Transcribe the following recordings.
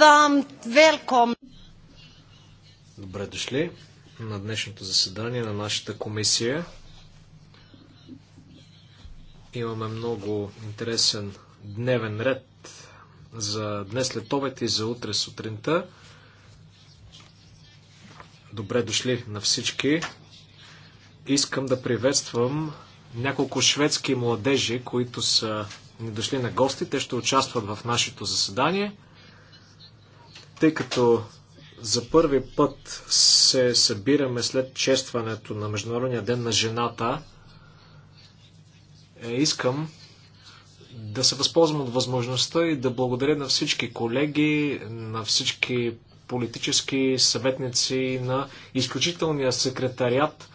varmt välkomna. Добре дошли на днешното заседание на нашата комисия. Имаме много интересен дневен ред за днес след обед и за утре сутринта. Добре дошли на всички. Искам да приветствам няколко шведски младежи, които са ни дошли на гости. Те ще участват в нашето заседание – тъй като за първи път се събираме след честването на Международния ден на жената, е, искам да се възползвам от възможността и да благодаря на всички колеги, на всички политически съветници, на изключителния секретариат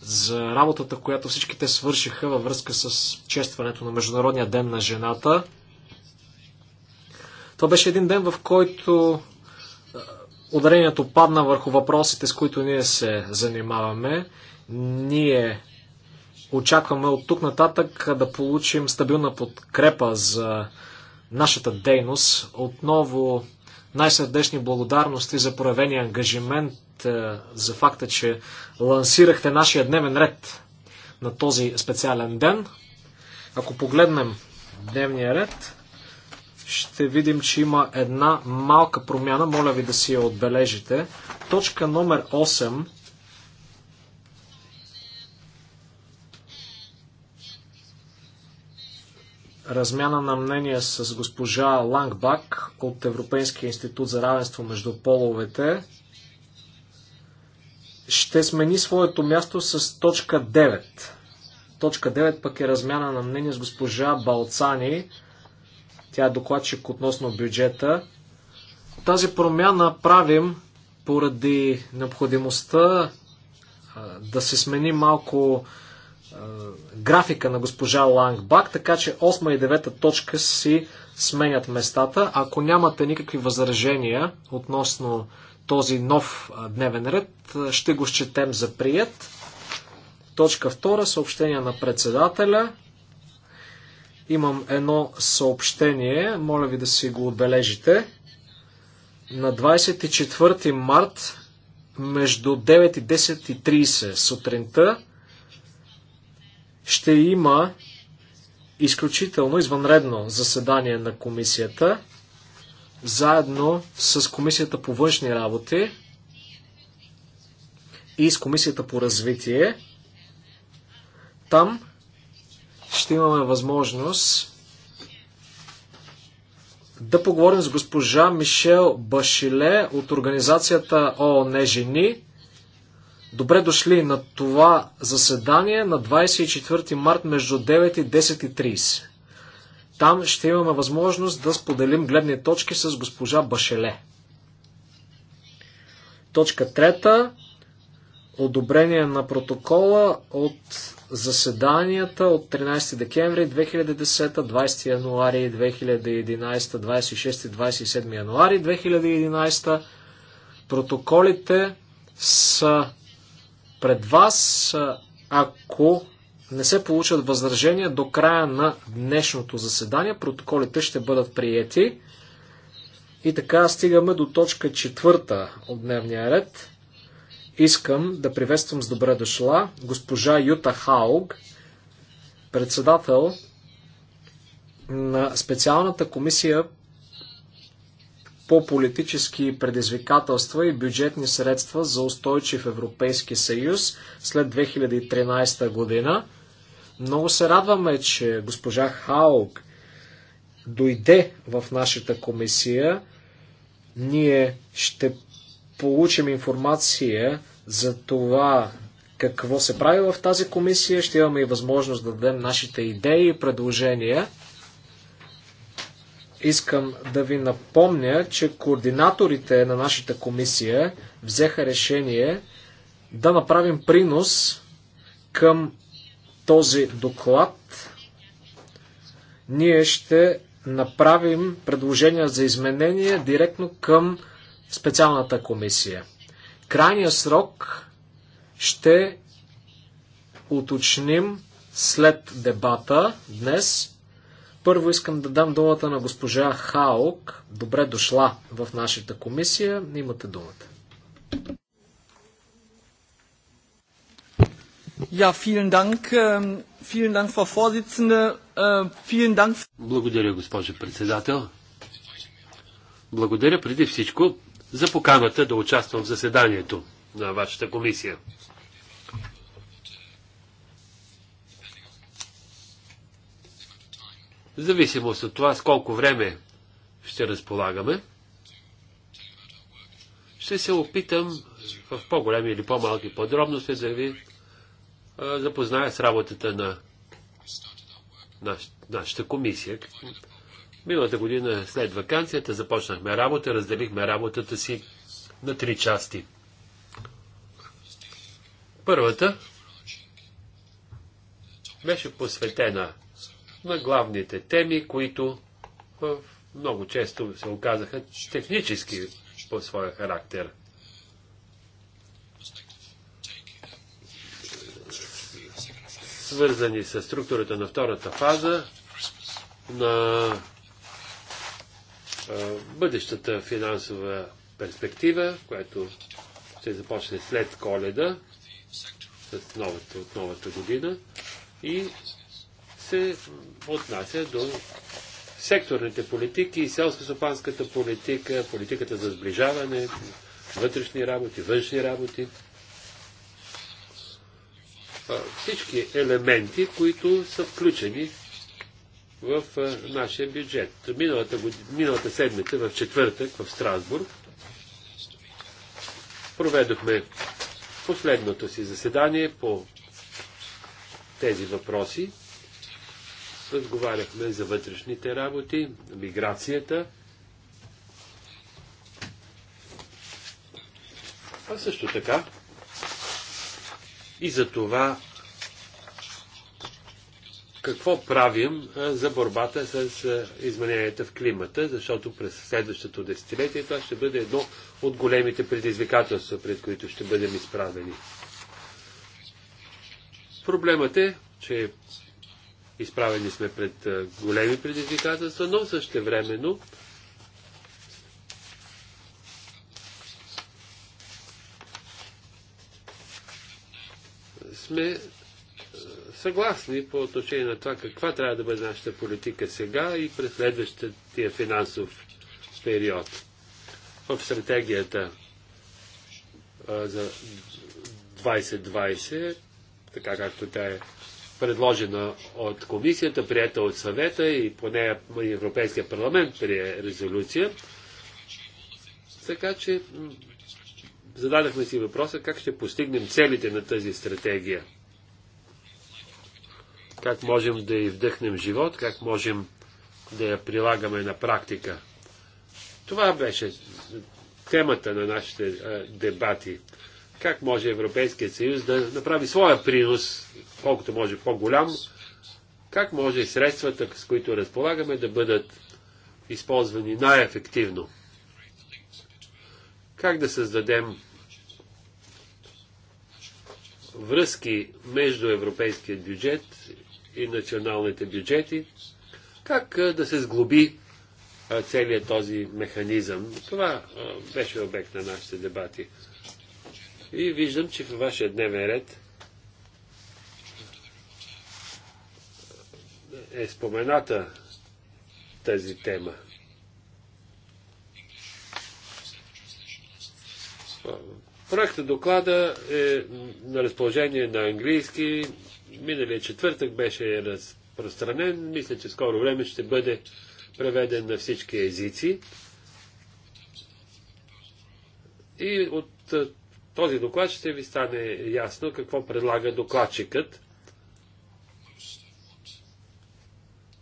за работата, която всички те свършиха във връзка с честването на Международния ден на жената. Това беше един ден, в който ударението падна върху въпросите, с които ние се занимаваме. Ние очакваме от тук нататък да получим стабилна подкрепа за нашата дейност. Отново най-сърдечни благодарности за проявения ангажимент, е, за факта, че лансирахте нашия дневен ред на този специален ден. Ако погледнем дневния ред, ще видим, че има една малка промяна. Моля ви да си я отбележите. Точка номер 8 размяна на мнения с госпожа Лангбак от Европейския институт за равенство между половете ще смени своето място с точка 9. Точка 9 пък е размяна на мнение с госпожа Балцани тя е докладчик относно бюджета. Тази промяна правим поради необходимостта да се смени малко графика на госпожа Лангбак, така че 8 и 9 точка си сменят местата. Ако нямате никакви възражения относно този нов дневен ред, ще го счетем за прият. Точка 2. Съобщение на председателя. Имам едно съобщение, моля ви да си го отбележите. На 24 март между 9 и 10.30 сутринта ще има изключително извънредно заседание на комисията, заедно с комисията по външни работи и с комисията по развитие. Там ще имаме възможност да поговорим с госпожа Мишел Башиле от организацията ООН Жени. Добре дошли на това заседание на 24 март между 9 и 10.30. Там ще имаме възможност да споделим гледни точки с госпожа Башеле. Точка 3. Одобрение на протокола от заседанията от 13 декември 2010, 20 януари 2011, 26 и 27 януари 2011. Протоколите са пред вас, ако не се получат възражения до края на днешното заседание, протоколите ще бъдат приети. И така стигаме до точка четвърта от дневния ред. Искам да приветствам с добре дошла госпожа Юта Хауг, председател на специалната комисия по политически предизвикателства и бюджетни средства за устойчив Европейски съюз след 2013 година. Много се радваме, че госпожа Хауг дойде в нашата комисия. Ние ще получим информация за това какво се прави в тази комисия, ще имаме и възможност да дадем нашите идеи и предложения. Искам да ви напомня, че координаторите на нашата комисия взеха решение да направим принос към този доклад. Ние ще направим предложения за изменения директно към специалната комисия. Крайния срок ще уточним след дебата днес. Първо искам да дам думата на госпожа Хаук. Добре дошла в нашата комисия. Имате думата. Ja, vielen Dank, ähm, vielen Dank, Frau Vorsitzende, äh, vielen Dank. Благодаря, госпожо председател. Благодаря преди всичко за поканата да участвам в заседанието на вашата комисия. В зависимост от това с колко време ще разполагаме, ще се опитам в по-големи или по-малки подробности да ви запозная с работата на нашата комисия, Миналата година след вакансията започнахме работа, разделихме работата си на три части. Първата беше посветена на главните теми, които много често се оказаха технически по своя характер. Свързани с структурата на втората фаза на бъдещата финансова перспектива, която ще започне след коледа, с новата, от новата година и се отнася до секторните политики, селско сопанската политика, политиката за сближаване, вътрешни работи, външни работи. Всички елементи, които са включени в нашия бюджет. Миналата, година, миналата седмица, в четвъртък, в Страсбург, проведохме последното си заседание по тези въпроси. Разговаряхме за вътрешните работи, миграцията, а също така и за това какво правим за борбата с измененията в климата, защото през следващото десетилетие това ще бъде едно от големите предизвикателства, пред които ще бъдем изправени. Проблемът е, че изправени сме пред големи предизвикателства, но също времено сме съгласни по отношение на това каква трябва да бъде нашата политика сега и през следващия финансов период. В стратегията а, за 2020, така както тя е предложена от комисията, прията от съвета и по нея Европейския парламент прие резолюция. Така че зададахме си въпроса как ще постигнем целите на тази стратегия как можем да й вдъхнем живот, как можем да я прилагаме на практика. Това беше темата на нашите дебати. Как може Европейският съюз да направи своя принос, колкото може по-голям, как може средствата, с които разполагаме, да бъдат използвани най-ефективно. Как да създадем връзки между европейският бюджет и националните бюджети, как да се сглоби целият този механизъм. Това беше обект на нашите дебати. И виждам, че във вашия дневен ред е спомената тази тема. Проектът доклада е на разположение на английски. Миналия четвъртък беше разпространен. Мисля, че скоро време ще бъде преведен на всички езици. И от този доклад ще ви стане ясно какво предлага докладчикът,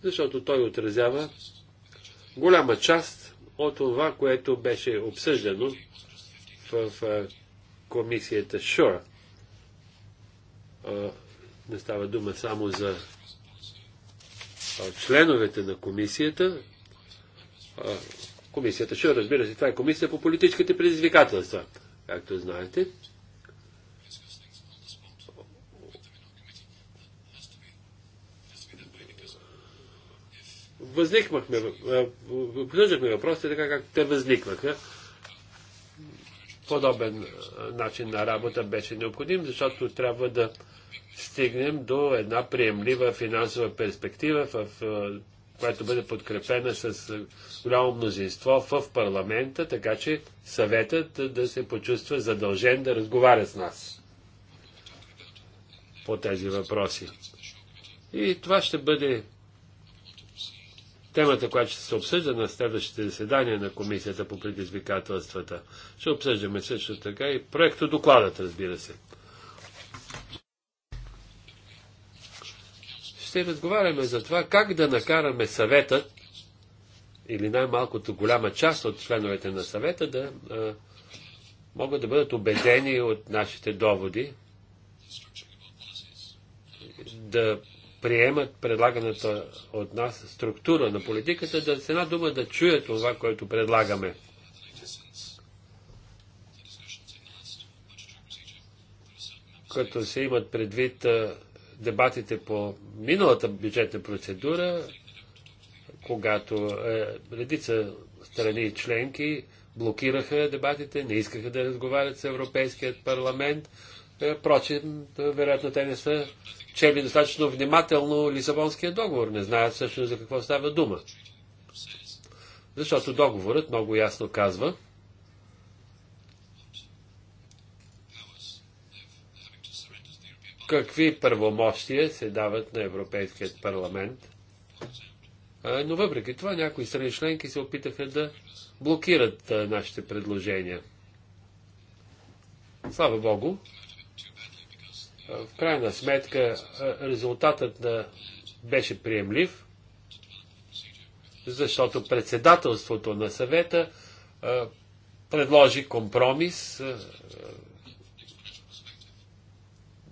защото той отразява голяма част от това, което беше обсъждано в комисията Шура. Не става дума само за членовете на комисията. Комисията Шура, разбира се, това е комисия по политическите предизвикателства, както знаете. възникнахме, обсъждахме въпросите така, както те възникнаха подобен начин на работа беше необходим, защото трябва да стигнем до една приемлива финансова перспектива, в която бъде подкрепена с голямо мнозинство в парламента, така че съветът да се почувства задължен да разговаря с нас по тези въпроси. И това ще бъде темата, която ще се обсъжда на следващите заседания на Комисията по предизвикателствата. Ще обсъждаме също така и проекто докладът, разбира се. Ще разговаряме за това как да накараме съветът или най-малкото голяма част от членовете на съвета да а, могат да бъдат убедени от нашите доводи, да приемат предлаганата от нас структура на политиката, да с една дума да чуят това, което предлагаме. Като се имат предвид дебатите по миналата бюджетна процедура, когато е, редица страни и членки блокираха дебатите, не искаха да разговарят с Европейският парламент. Е, прочим, вероятно те не са чели достатъчно внимателно Лисабонския договор, не знаят всъщност за какво става дума. Защото договорът много ясно казва, какви първомощия се дават на Европейският парламент. Но въпреки това някои страни членки се опитаха да блокират нашите предложения. Слава Богу, в крайна сметка резултатът на беше приемлив, защото председателството на съвета предложи компромис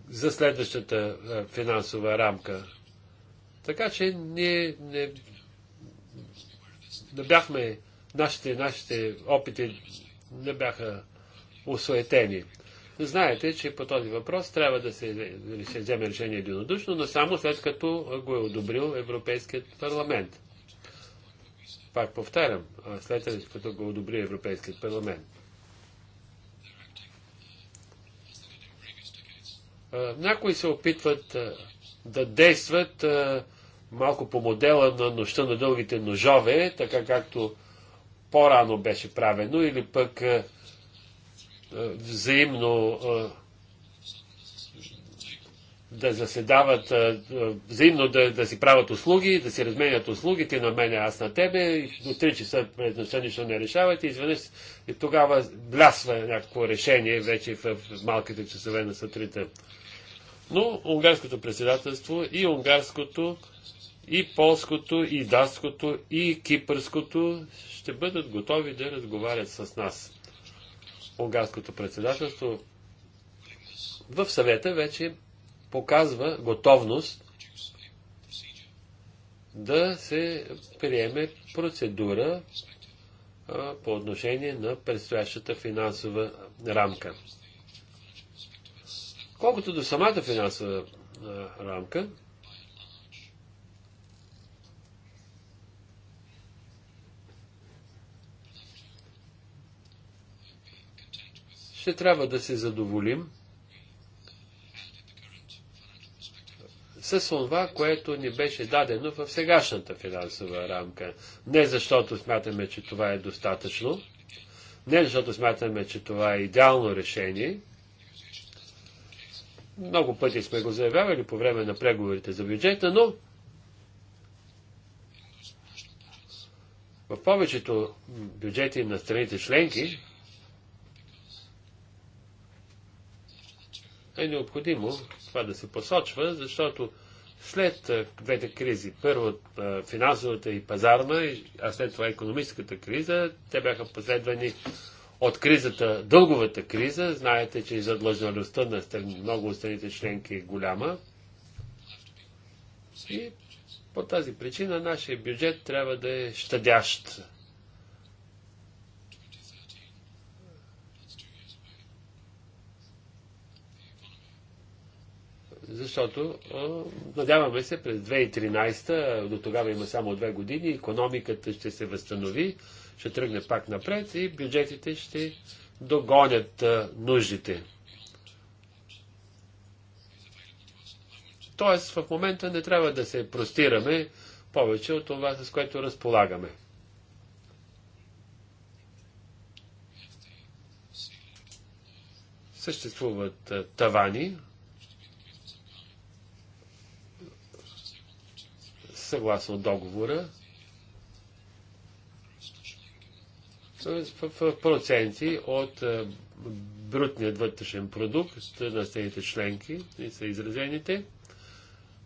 за следващата финансова рамка. Така че ние не, не бяхме, нашите, нашите опити не бяха осуетени. Знаете, че по този въпрос трябва да се, се вземе решение единодушно, но само след като го е одобрил Европейският парламент. Пак повтарям, след като го одобри Европейският парламент. Някои се опитват да действат малко по модела на нощта на дългите ножове, така както по-рано беше правено, или пък е, взаимно е, да заседават, е, взаимно да, да си правят услуги, да си разменят услугите на мене, аз на тебе, до 3 часа преднощта нищо не решавате, изведнъж и тогава блясва някакво решение вече в, в малките часове на сутринта. Но унгарското председателство и унгарското, и полското, и датското, и кипърското ще бъдат готови да разговарят с нас унгарското председателство в съвета вече показва готовност да се приеме процедура по отношение на предстоящата финансова рамка. Колкото до самата финансова рамка, ще трябва да се задоволим с това, което ни беше дадено в сегашната финансова рамка. Не защото смятаме, че това е достатъчно, не защото смятаме, че това е идеално решение. Много пъти сме го заявявали по време на преговорите за бюджета, но в повечето бюджети на страните членки е необходимо това да се посочва, защото след двете кризи, първо финансовата и пазарна, а след това економическата криза, те бяха последвани от кризата, дълговата криза. Знаете, че задлъжнаността на много от страните членки е голяма. И по тази причина нашия бюджет трябва да е щадящ Защото, надяваме се, през 2013, до тогава има само две години, економиката ще се възстанови, ще тръгне пак напред и бюджетите ще догонят нуждите. Тоест, в момента не трябва да се простираме повече от това, с което разполагаме. Съществуват тавани, съгласно договора, в проценти от е, брутният вътрешен продукт на страните членки и са изразените.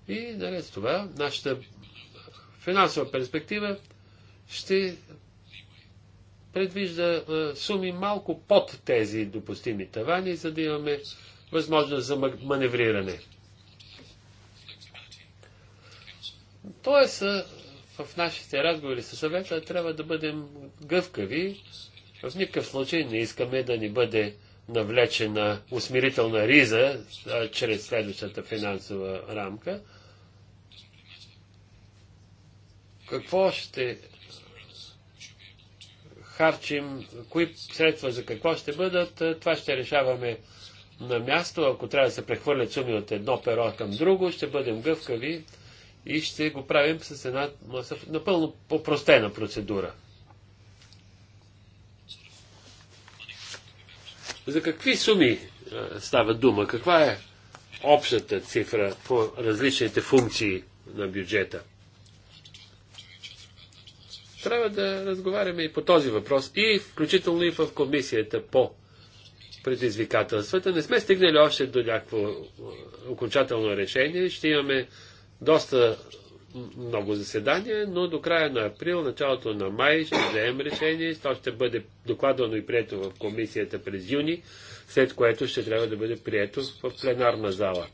И наред с това, нашата финансова перспектива ще предвижда е, суми малко под тези допустими тавани, за да имаме възможност за маневриране. Тоест, в нашите разговори с съвета трябва да бъдем гъвкави. В никакъв случай не искаме да ни бъде навлечена усмирителна риза а, чрез следващата финансова рамка. Какво ще харчим, кои средства за какво ще бъдат, това ще решаваме на място. Ако трябва да се прехвърлят суми от едно перо към друго, ще бъдем гъвкави и ще го правим с една напълно попростена процедура. За какви суми става дума? Каква е общата цифра по различните функции на бюджета? Трябва да разговаряме и по този въпрос, и включително и в комисията по предизвикателствата. Не сме стигнали още до някакво окончателно решение. Ще имаме доста много заседания, но до края на април, началото на май ще вземем решение. То ще бъде докладвано и прието в комисията през юни, след което ще трябва да бъде прието в пленарна зала.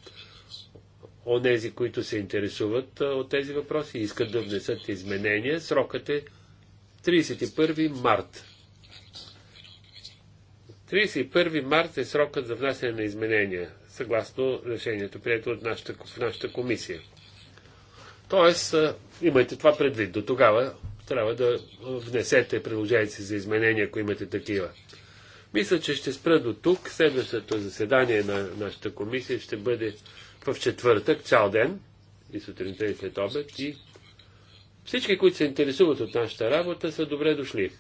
Онези, които се интересуват от тези въпроси и искат да внесат изменения, срокът е 31 март. 31 март е срокът за внасяне на изменения, съгласно решението, прието от нашата, в нашата комисия. Тоест, имайте това предвид. До тогава трябва да внесете предложения си за изменения, ако имате такива. Мисля, че ще спра до тук. Следващото заседание на нашата комисия ще бъде в четвъртък, цял ден, и сутринта, и след обед. И всички, които се интересуват от нашата работа, са добре дошли.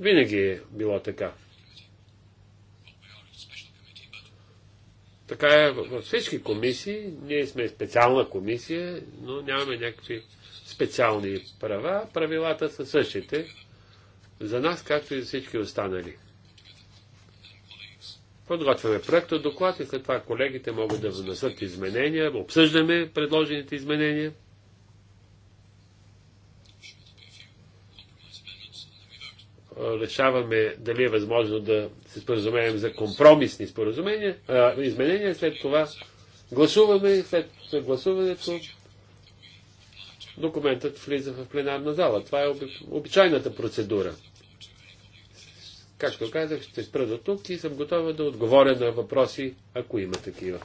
Винаги е било така. Така е във всички комисии. Ние сме специална комисия, но нямаме някакви специални права. Правилата са същите за нас, както и за всички останали. Подготвяме проекта доклад и след това колегите могат да внесат изменения, обсъждаме предложените изменения. решаваме дали е възможно да се споразумеем за компромисни споразумения, а, изменения, след това гласуваме и след гласуването документът влиза в пленарна зала. Това е обичайната процедура. Както казах, ще спра до тук и съм готова да отговоря на въпроси, ако има такива.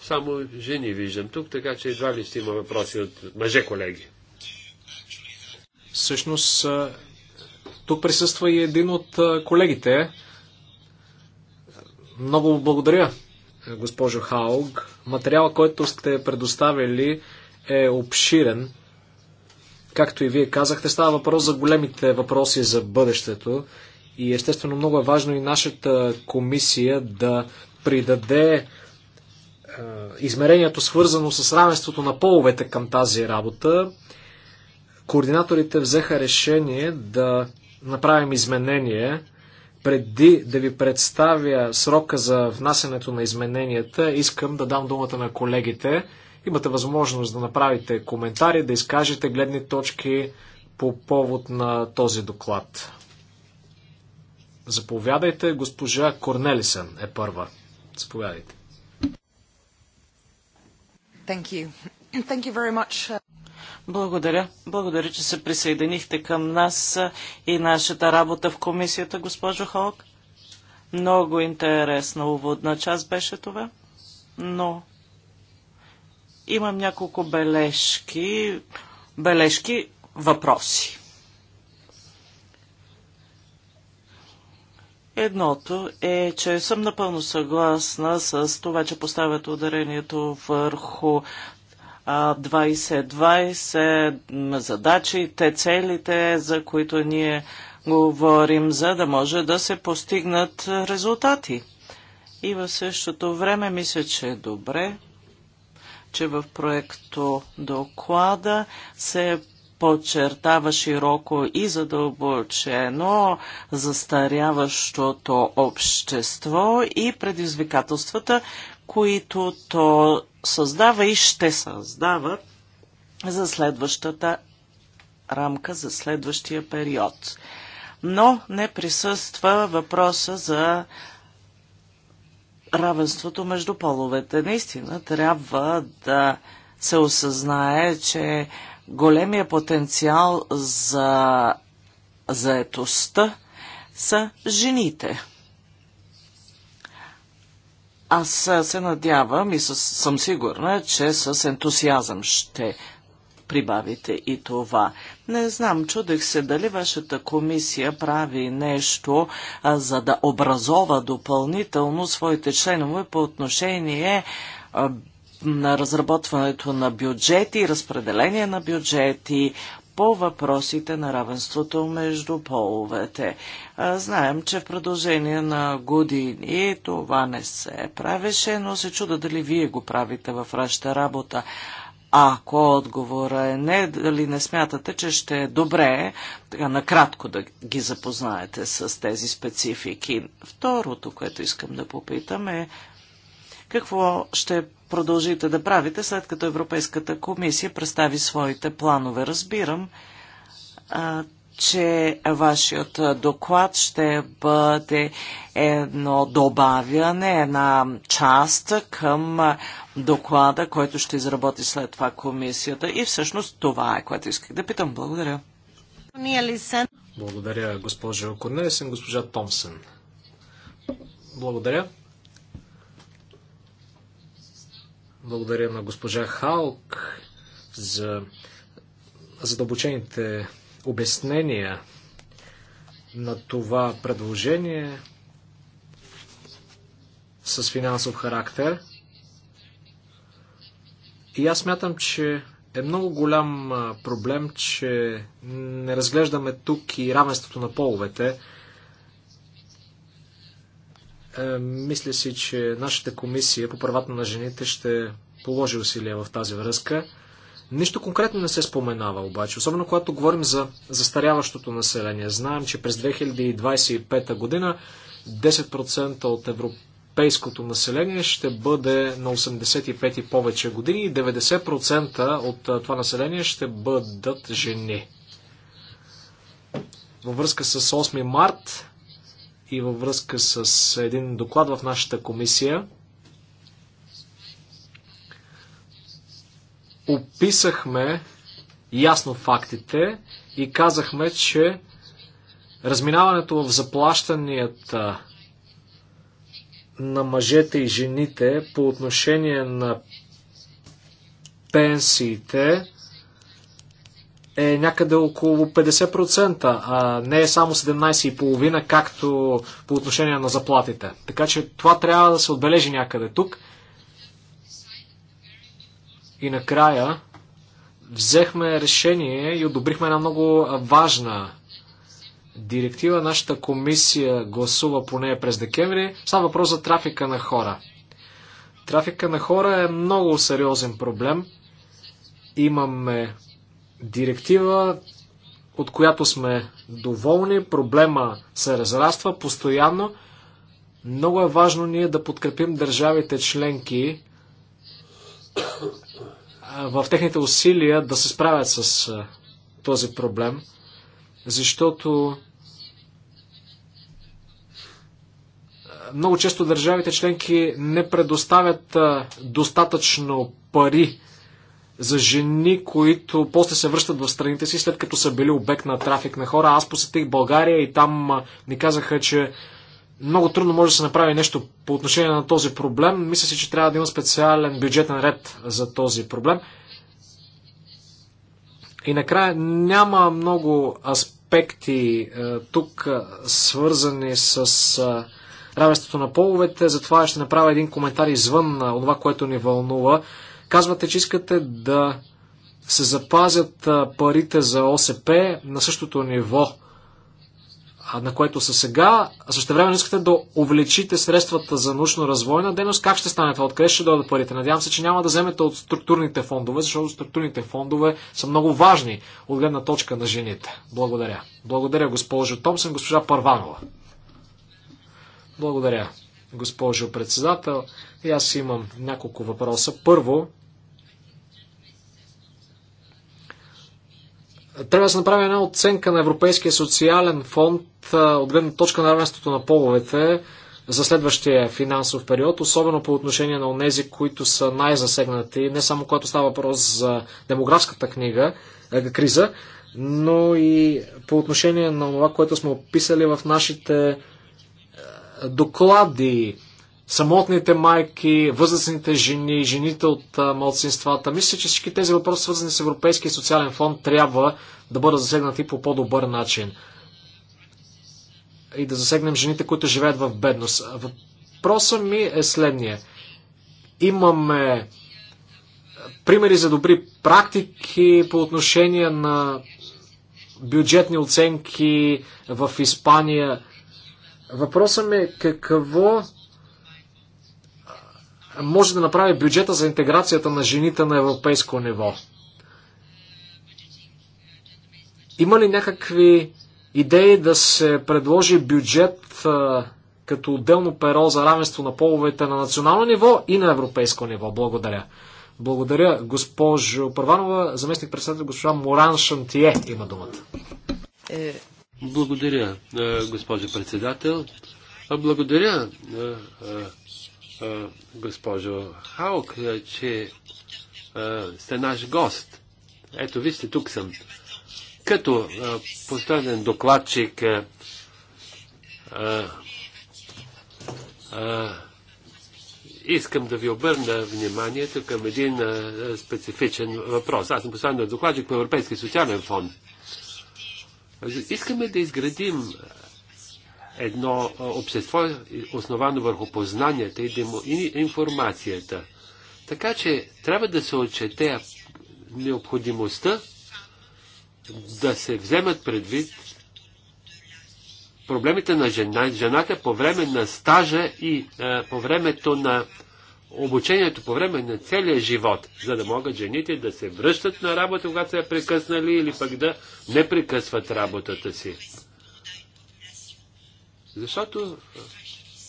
Само жени виждам тук, така че едва ли ще има въпроси от мъже колеги. Всъщност, тук присъства и един от колегите. Много благодаря, госпожо Хауг. Материалът, който сте предоставили е обширен. Както и вие казахте, става въпрос за големите въпроси за бъдещето. И естествено много е важно и нашата комисия да придаде измерението свързано с равенството на половете към тази работа координаторите взеха решение да направим изменение преди да ви представя срока за внасянето на измененията, искам да дам думата на колегите. Имате възможност да направите коментари, да изкажете гледни точки по повод на този доклад. Заповядайте, госпожа Корнелисън е първа. Заповядайте. Thank you. Thank you very much. Благодаря. Благодаря, че се присъединихте към нас и нашата работа в комисията, госпожо Холк. Много интересна уводна част беше това, но имам няколко бележки, бележки, въпроси. Едното е, че съм напълно съгласна с това, че поставят ударението върху 2020, задачите, целите, за които ние говорим, за да може да се постигнат резултати. И в същото време мисля, че е добре, че в проекто доклада се подчертава широко и задълбочено застаряващото общество и предизвикателствата, които то създава и ще създава за следващата рамка, за следващия период. Но не присъства въпроса за равенството между половете. Наистина трябва да се осъзнае, че големия потенциал за заетостта са жените. Аз се надявам и съм сигурна, че с ентусиазъм ще прибавите и това. Не знам, чудех се дали вашата комисия прави нещо, а, за да образова допълнително своите членове по отношение а, на разработването на бюджети, разпределение на бюджети, по въпросите на равенството между половете. Знаем, че в продължение на години това не се правеше, но се чуда дали вие го правите във вашата работа. Ако отговора е не, дали не смятате, че ще е добре така, накратко да ги запознаете с тези специфики? Второто, което искам да попитам е какво ще продължите да правите, след като Европейската комисия представи своите планове. Разбирам, а, че вашият доклад ще бъде едно добавяне, една част към доклада, който ще изработи след това комисията. И всъщност това е, което исках да питам. Благодаря. Благодаря, госпожо Корнелисен, госпожа Томсън. Благодаря. Благодаря на госпожа Халк за задълбочените обяснения на това предложение с финансов характер. И аз мятам, че е много голям проблем, че не разглеждаме тук и равенството на половете. Е, мисля си, че нашата комисия по правата на жените ще положи усилия в тази връзка. Нищо конкретно не се споменава обаче, особено когато говорим за застаряващото население. Знаем, че през 2025 година 10% от европейското население ще бъде на 85 и повече години и 90% от това население ще бъдат жени. Във връзка с 8 март и във връзка с един доклад в нашата комисия. Описахме ясно фактите и казахме, че разминаването в заплащанията на мъжете и жените по отношение на пенсиите е някъде около 50%, а не е само 17,5%, както по отношение на заплатите. Така че това трябва да се отбележи някъде тук. И накрая взехме решение и одобрихме една много важна директива. Нашата комисия гласува по нея през декември. Става въпрос за трафика на хора. Трафика на хора е много сериозен проблем. Имаме директива, от която сме доволни, проблема се разраства постоянно. Много е важно ние да подкрепим държавите членки в техните усилия да се справят с този проблем, защото много често държавите членки не предоставят достатъчно пари за жени, които после се връщат в страните си, след като са били обект на трафик на хора. Аз посетих България и там ни казаха, че много трудно може да се направи нещо по отношение на този проблем. Мисля си, че трябва да има специален бюджетен ред за този проблем. И накрая няма много аспекти тук, свързани с равенството на половете, затова ще направя един коментар извън това, което ни вълнува. Казвате, че искате да се запазят парите за ОСП на същото ниво, на което са сега, а също време искате да увеличите средствата за научно-развойна дейност. Как ще стане това? Откъде ще дойдат парите? Надявам се, че няма да вземете от структурните фондове, защото структурните фондове са много важни от гледна точка на жените. Благодаря. Благодаря, госпожо Томсън, госпожа Парванова. Благодаря, госпожо председател. И аз имам няколко въпроса. Първо, Трябва да се направи една оценка на Европейския социален фонд от гледна точка на равенството на половете за следващия финансов период, особено по отношение на онези, които са най-засегнати, не само когато става въпрос за демографската книга, криза, но и по отношение на това, което сме описали в нашите доклади, самотните майки, възрастните жени, жените от младсинствата. Мисля, че всички тези въпроси, свързани с Европейския социален фонд, трябва да бъдат засегнати по по-добър начин. И да засегнем жените, които живеят в бедност. Въпросът ми е следния. Имаме примери за добри практики по отношение на бюджетни оценки в Испания. Въпросът ми е какво може да направи бюджета за интеграцията на жените на европейско ниво? Има ли някакви идеи да се предложи бюджет а, като отделно перо за равенство на половете на национално ниво и на европейско ниво? Благодаря. Благодаря, госпожо Първанова. Заместник председател госпожа Моран Шантие има думата. Благодаря, госпожо председател. Благодаря госпожо Хаук, че сте наш гост. Ето, вижте, тук съм. Като постоянен докладчик искам да ви обърна вниманието към един а, специфичен въпрос. Аз съм постоянен докладчик по Европейския социален фонд. Искаме да изградим едно общество, основано върху познанията и информацията. Така че трябва да се отчете необходимостта да се вземат предвид проблемите на жена, жената по време на стажа и по времето на обучението, по време на целия живот, за да могат жените да се връщат на работа, когато са я прекъснали или пък да не прекъсват работата си. Защото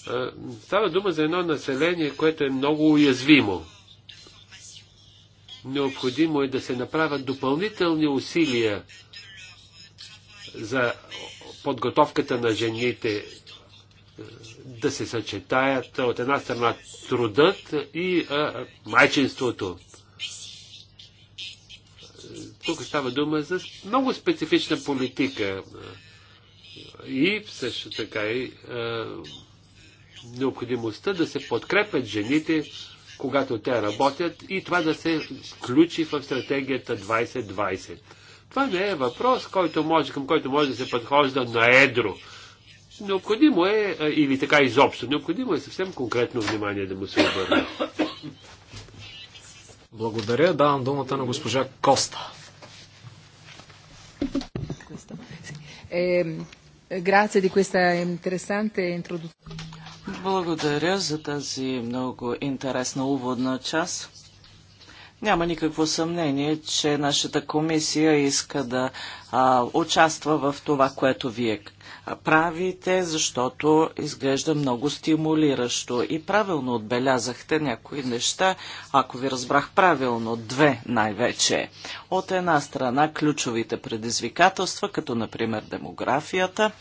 а, става дума за едно население, което е много уязвимо. Необходимо е да се направят допълнителни усилия за подготовката на жените, да се съчетаят от една страна трудът и а, майчинството. Тук става дума за много специфична политика и също така и е, необходимостта да се подкрепят жените, когато те работят и това да се включи в стратегията 2020. Това не е въпрос, който може, към който може да се подхожда на едро. Необходимо е, или така изобщо, необходимо е съвсем конкретно внимание да му се обърне. Благодаря. Давам думата на госпожа Коста. Е, Грация ди questa interessante introduzione. Благодаря за тази много интересна уводна част. Няма никакво съмнение, че нашата комисия иска да а, участва в това, което вие правите, защото изглежда много стимулиращо. И правилно отбелязахте някои неща, ако ви разбрах правилно, две най-вече. От една страна ключовите предизвикателства, като например демографията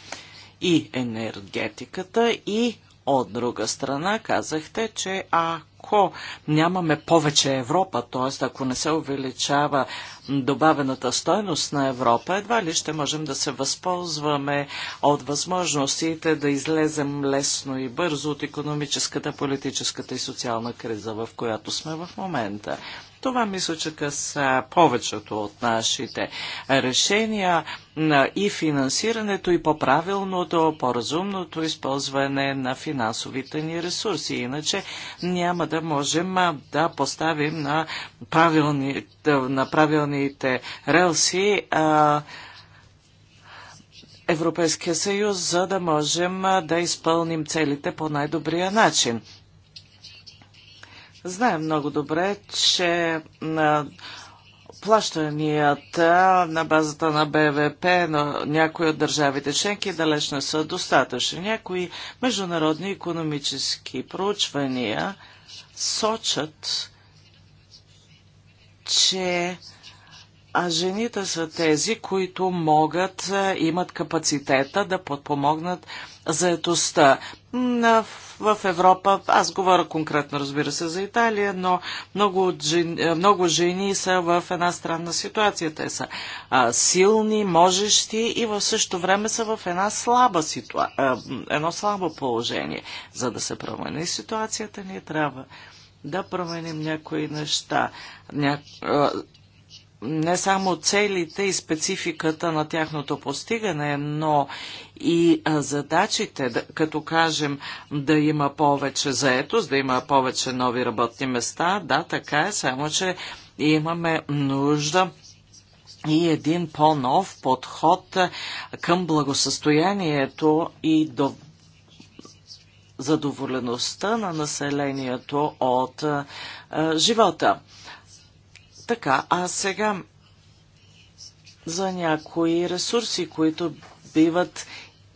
и енергетиката и от друга страна казахте, че а ако нямаме повече Европа, т.е. ако не се увеличава добавената стойност на Европа, едва ли ще можем да се възползваме от възможностите да излезем лесно и бързо от економическата, политическата и социална криза, в която сме в момента. Това мисля, че къса повечето от нашите решения и финансирането, и по-правилното, по-разумното използване на финансовите ни ресурси. Иначе няма да можем да поставим на, правилни, на правилните релси а, Европейския съюз, за да можем да изпълним целите по най-добрия начин. Знаем много добре, че на плащанията на базата на БВП на някои от държавите членки далеч не са достатъчни. Някои международни економически проучвания сочат, че а жените са тези, които могат, имат капацитета да подпомогнат заетостта в Европа. Аз говоря конкретно, разбира се, за Италия, но много жени, е, много жени са в една странна ситуация. Те са а, силни, можещи и в същото време са в една слаба ситуа... а, е, едно слабо положение. За да се промени ситуацията, ние трябва да променим някои неща. Ня... Е, не само целите и спецификата на тяхното постигане, но и задачите, като кажем да има повече заетост, да има повече нови работни места, да, така е, само че имаме нужда и един по-нов подход към благосъстоянието и до задоволеността на населението от а, живота. Така, а сега за някои ресурси, които биват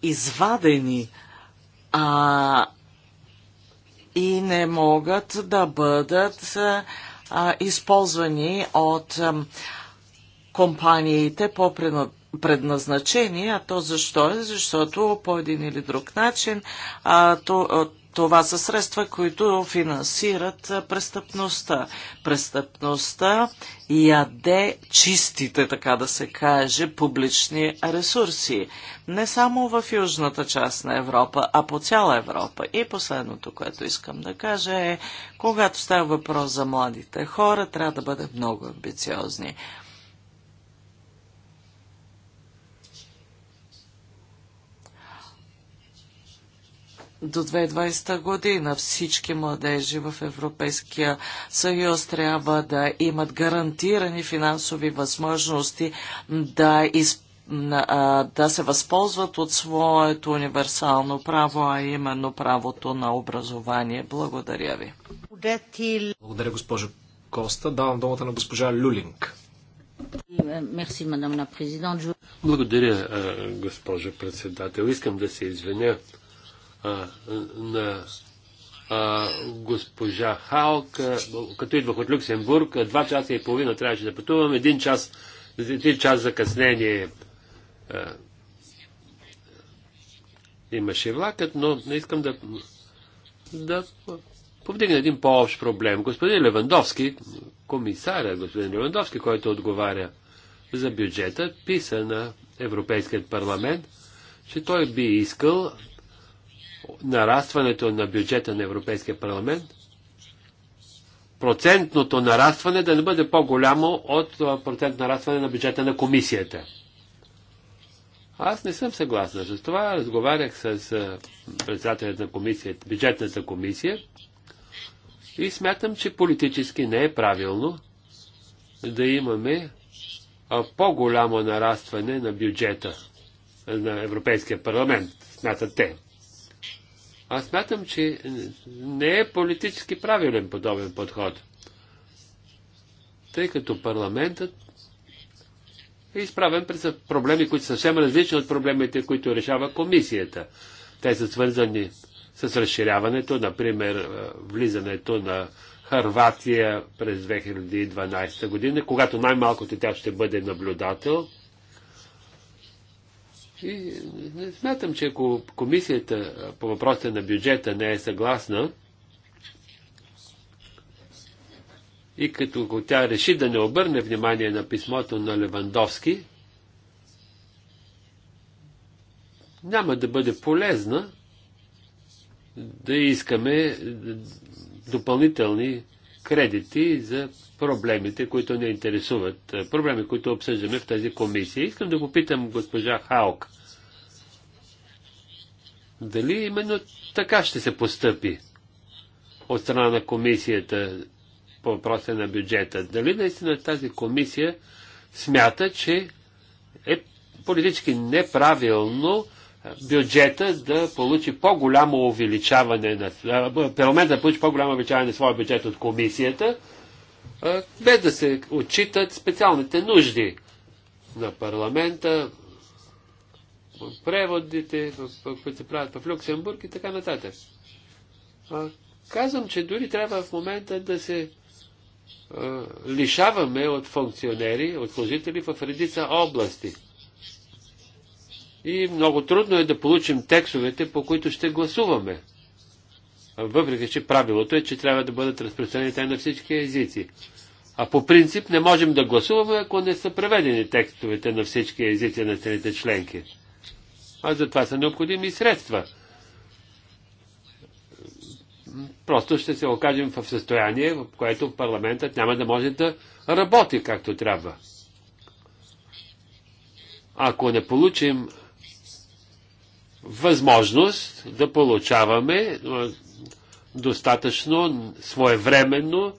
извадени а, и не могат да бъдат а, използвани от а, компаниите по предназначение, а то защо е? Защото по един или друг начин а, то, това са средства, които финансират престъпността. Престъпността яде чистите, така да се каже, публични ресурси. Не само в южната част на Европа, а по цяла Европа. И последното, което искам да кажа е, когато става въпрос за младите хора, трябва да бъдем много амбициозни. до 2020 година всички младежи в Европейския съюз трябва да имат гарантирани финансови възможности да използват да се възползват от своето универсално право, а именно правото на образование. Благодаря ви. Благодаря, госпожо Коста. Давам думата на госпожа Люлинг. Благодаря, госпожо председател. Искам да се извиня на а, госпожа Халк, като идвах от Люксембург, два часа и половина трябваше да пътувам, един час, един час закъснение а, имаше влакът, но не искам да, да повдигна един по-общ проблем. Господин Левандовски, комисаря господин Левандовски, който отговаря за бюджета, писа на Европейският парламент, че той би искал нарастването на бюджета на Европейския парламент, процентното нарастване да не бъде по-голямо от процент нарастване на бюджета на комисията. Аз не съм съгласна с това. Разговарях с председателят на комисията, бюджетната комисия и смятам, че политически не е правилно да имаме по-голямо нарастване на бюджета на Европейския парламент, смятат те. Аз смятам, че не е политически правилен подобен подход, тъй като парламентът е изправен пред проблеми, които са съвсем различни от проблемите, които решава комисията. Те са свързани с разширяването, например, е, влизането на Харватия през 2012 година, когато най-малкото тя ще бъде наблюдател – и смятам, че ако комисията по въпроса на бюджета не е съгласна и като тя реши да не обърне внимание на писмото на Левандовски, няма да бъде полезна да искаме допълнителни кредити за проблемите, които не интересуват, е, проблеми, които обсъждаме в тази комисия. Искам да попитам госпожа Халк. Дали именно така ще се постъпи от страна на комисията по въпроса на бюджета? Дали наистина тази комисия смята, че е политически неправилно е, бюджета да получи по-голямо увеличаване на... Е, Парламент да получи по-голямо увеличаване на своя бюджет от комисията, без да се отчитат специалните нужди на парламента, преводите, които се правят в Люксембург и така нататък. Казвам, че дори трябва в момента да се лишаваме от функционери, от служители в редица области. И много трудно е да получим текстовете, по които ще гласуваме. Въпреки, че правилото е, че трябва да бъдат разпространени те на всички езици. А по принцип не можем да гласуваме, ако не са преведени текстовете на всички езици на страните членки. А за това са необходими средства. Просто ще се окажем в състояние, в което парламентът няма да може да работи както трябва. Ако не получим възможност да получаваме достатъчно, своевременно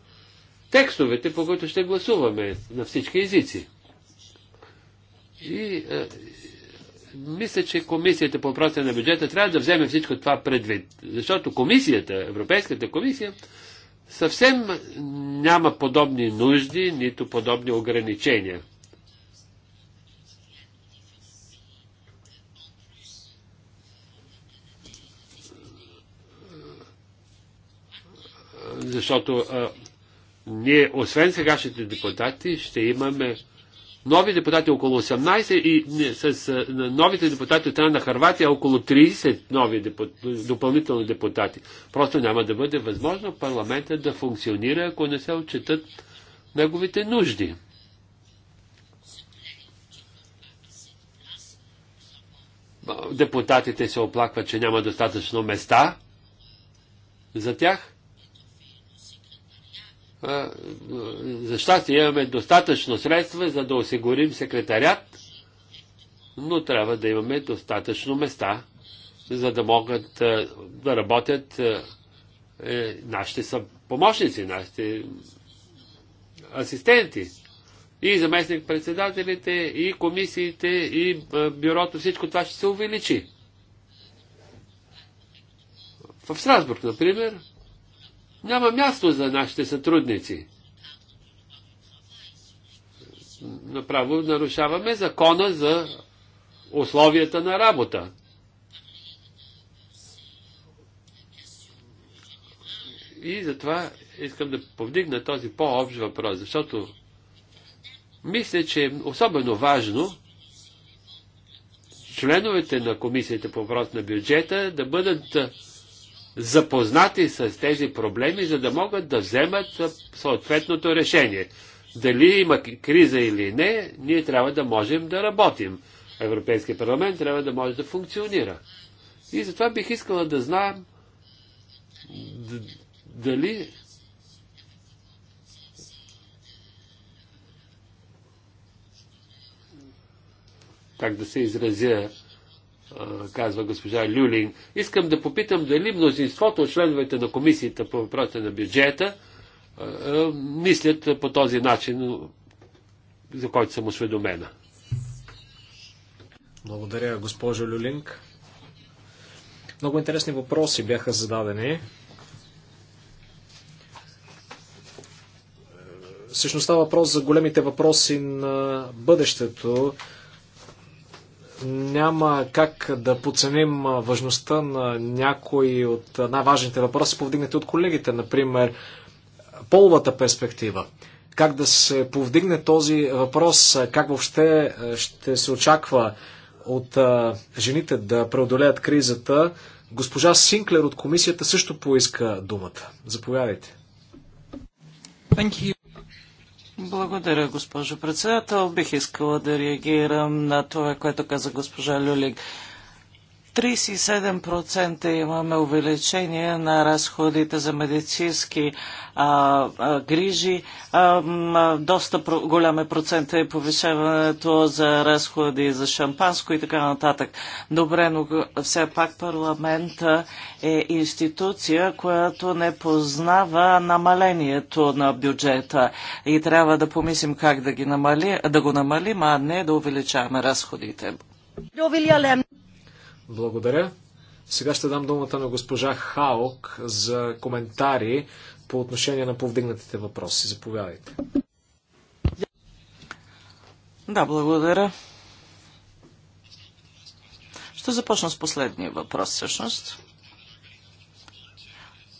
текстовете, по които ще гласуваме на всички езици. И е, мисля, че комисията по въпроса на бюджета трябва да вземе всичко това предвид. Защото комисията, Европейската комисия, съвсем няма подобни нужди, нито подобни ограничения. защото а, ние, освен сегашните депутати, ще имаме нови депутати около 18 и не, с а, новите депутати от страна на Харватия около 30 нови депут, допълнителни депутати. Просто няма да бъде възможно парламента да функционира, ако не се отчитат неговите нужди. Депутатите се оплакват, че няма достатъчно места за тях за щастие имаме достатъчно средства, за да осигурим секретарят, но трябва да имаме достатъчно места, за да могат да работят е, нашите помощници, нашите асистенти и заместник-председателите, и комисиите, и бюрото, всичко това ще се увеличи. В Страсбург, например, няма място за нашите сътрудници. Направо нарушаваме закона за условията на работа. И затова искам да повдигна този по-общ въпрос, защото мисля, че е особено важно членовете на комисията по въпрос на бюджета да бъдат запознати с тези проблеми, за да могат да вземат съответното решение. Дали има криза или не, ние трябва да можем да работим. Европейския парламент трябва да може да функционира. И затова бих искала да знаем дали как да се изразя казва госпожа Люлин. Искам да попитам дали мнозинството от членовете на комисията по въпроса на бюджета мислят по този начин, за който съм осведомена. Благодаря, госпожо Люлинг. Много интересни въпроси бяха зададени. Всъщност става въпрос за големите въпроси на бъдещето няма как да подценим важността на някои от най-важните въпроси, повдигнати от колегите, например половата перспектива. Как да се повдигне този въпрос, как въобще е, ще се очаква от е, жените да преодолеят кризата. Госпожа Синклер от комисията също поиска думата. Заповядайте. Thank you. Благодаря, госпожо председател. Бих искала да реагирам на това, което каза госпожа Люлик. 37% имаме увеличение на разходите за медицински а, а, грижи. А, а, доста про, голям е процент е повишаването за разходи за шампанско и така нататък. Добре, но все пак парламента е институция, която не познава намалението на бюджета и трябва да помислим как да, ги намали, да го намалим, а не да увеличаваме разходите. Благодаря. Сега ще дам думата на госпожа Хаок за коментари по отношение на повдигнатите въпроси. Заповядайте. Да, благодаря. Ще започна с последния въпрос, всъщност.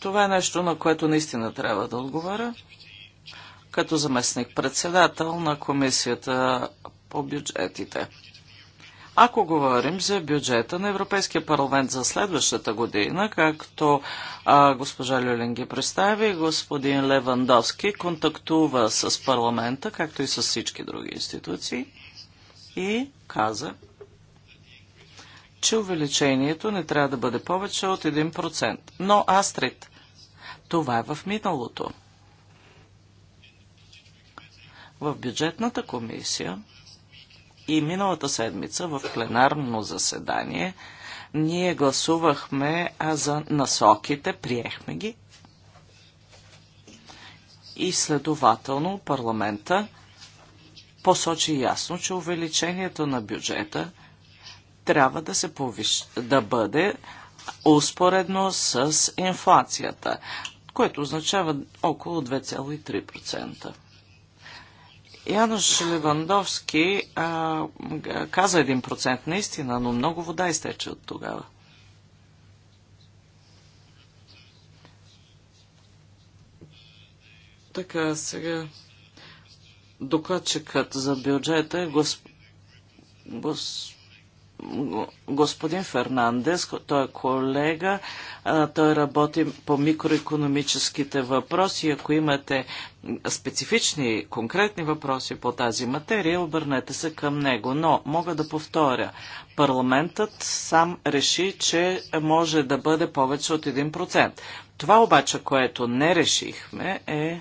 Това е нещо, на което наистина трябва да отговоря. Като заместник-председател на комисията по бюджетите. Ако говорим за бюджета на Европейския парламент за следващата година, както а, госпожа Люлин ги представи, господин Левандовски контактува с парламента, както и с всички други институции и каза, че увеличението не трябва да бъде повече от 1%. Но, Астрид, това е в миналото. В бюджетната комисия и миналата седмица в пленарно заседание ние гласувахме за насоките, приехме ги. И следователно парламента посочи ясно, че увеличението на бюджета трябва да, се повиш... да бъде успоредно с инфлацията, което означава около 2,3%. Янош Левандовски а, каза 1% наистина, но много вода изтече от тогава. Така, сега докладчикът за бюджета е госп... Гос господин Фернандес, той е колега, той работи по микроекономическите въпроси. Ако имате специфични, конкретни въпроси по тази материя, обърнете се към него. Но мога да повторя, парламентът сам реши, че може да бъде повече от 1%. Това обаче, което не решихме е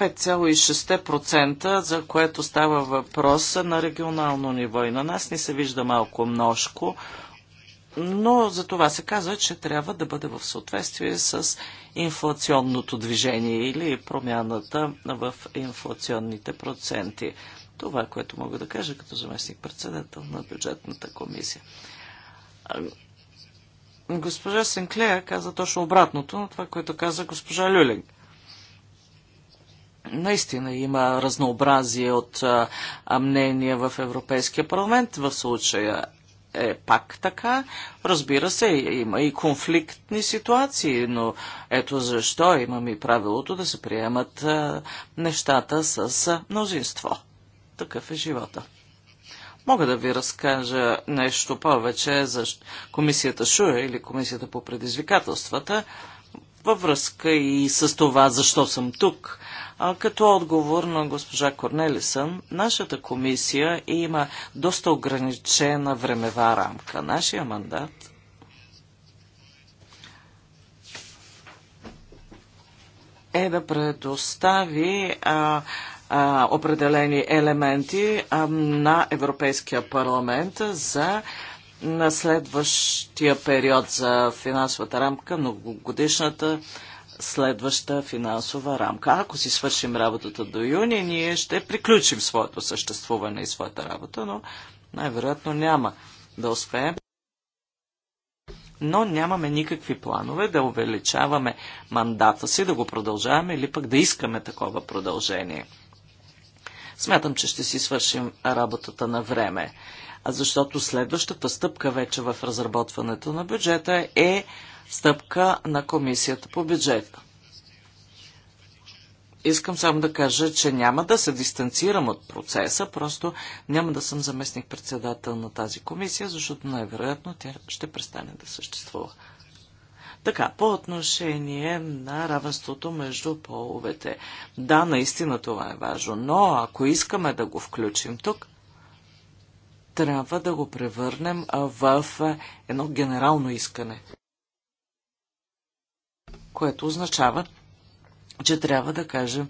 5,6%, за което става въпрос на регионално ниво. И на нас ни се вижда малко множко, но за това се казва, че трябва да бъде в съответствие с инфлационното движение или промяната в инфлационните проценти. Това, което мога да кажа като заместник-председател на бюджетната комисия. Госпожа Сенклея каза точно обратното на това, което каза госпожа Люлинг наистина има разнообразие от мнения в Европейския парламент. В случая е пак така. Разбира се, има и конфликтни ситуации, но ето защо имам и правилото да се приемат нещата с мнозинство. Такъв е живота. Мога да ви разкажа нещо повече за комисията Шуя или комисията по предизвикателствата във връзка и с това защо съм тук като отговор на госпожа Корнелисън, нашата комисия има доста ограничена времева рамка. Нашия мандат е да предостави а, а, определени елементи а, на Европейския парламент за на следващия период за финансовата рамка, многогодишната следваща финансова рамка. Ако си свършим работата до юни, ние ще приключим своето съществуване и своята работа, но най-вероятно няма да успеем. Но нямаме никакви планове да увеличаваме мандата си, да го продължаваме или пък да искаме такова продължение. Смятам, че ще си свършим работата на време, а защото следващата стъпка вече в разработването на бюджета е стъпка на комисията по бюджета. Искам само да кажа, че няма да се дистанцирам от процеса, просто няма да съм заместник-председател на тази комисия, защото най-вероятно тя ще престане да съществува. Така, по отношение на равенството между половете. Да, наистина това е важно, но ако искаме да го включим тук, трябва да го превърнем в едно генерално искане което означава, че трябва да кажем,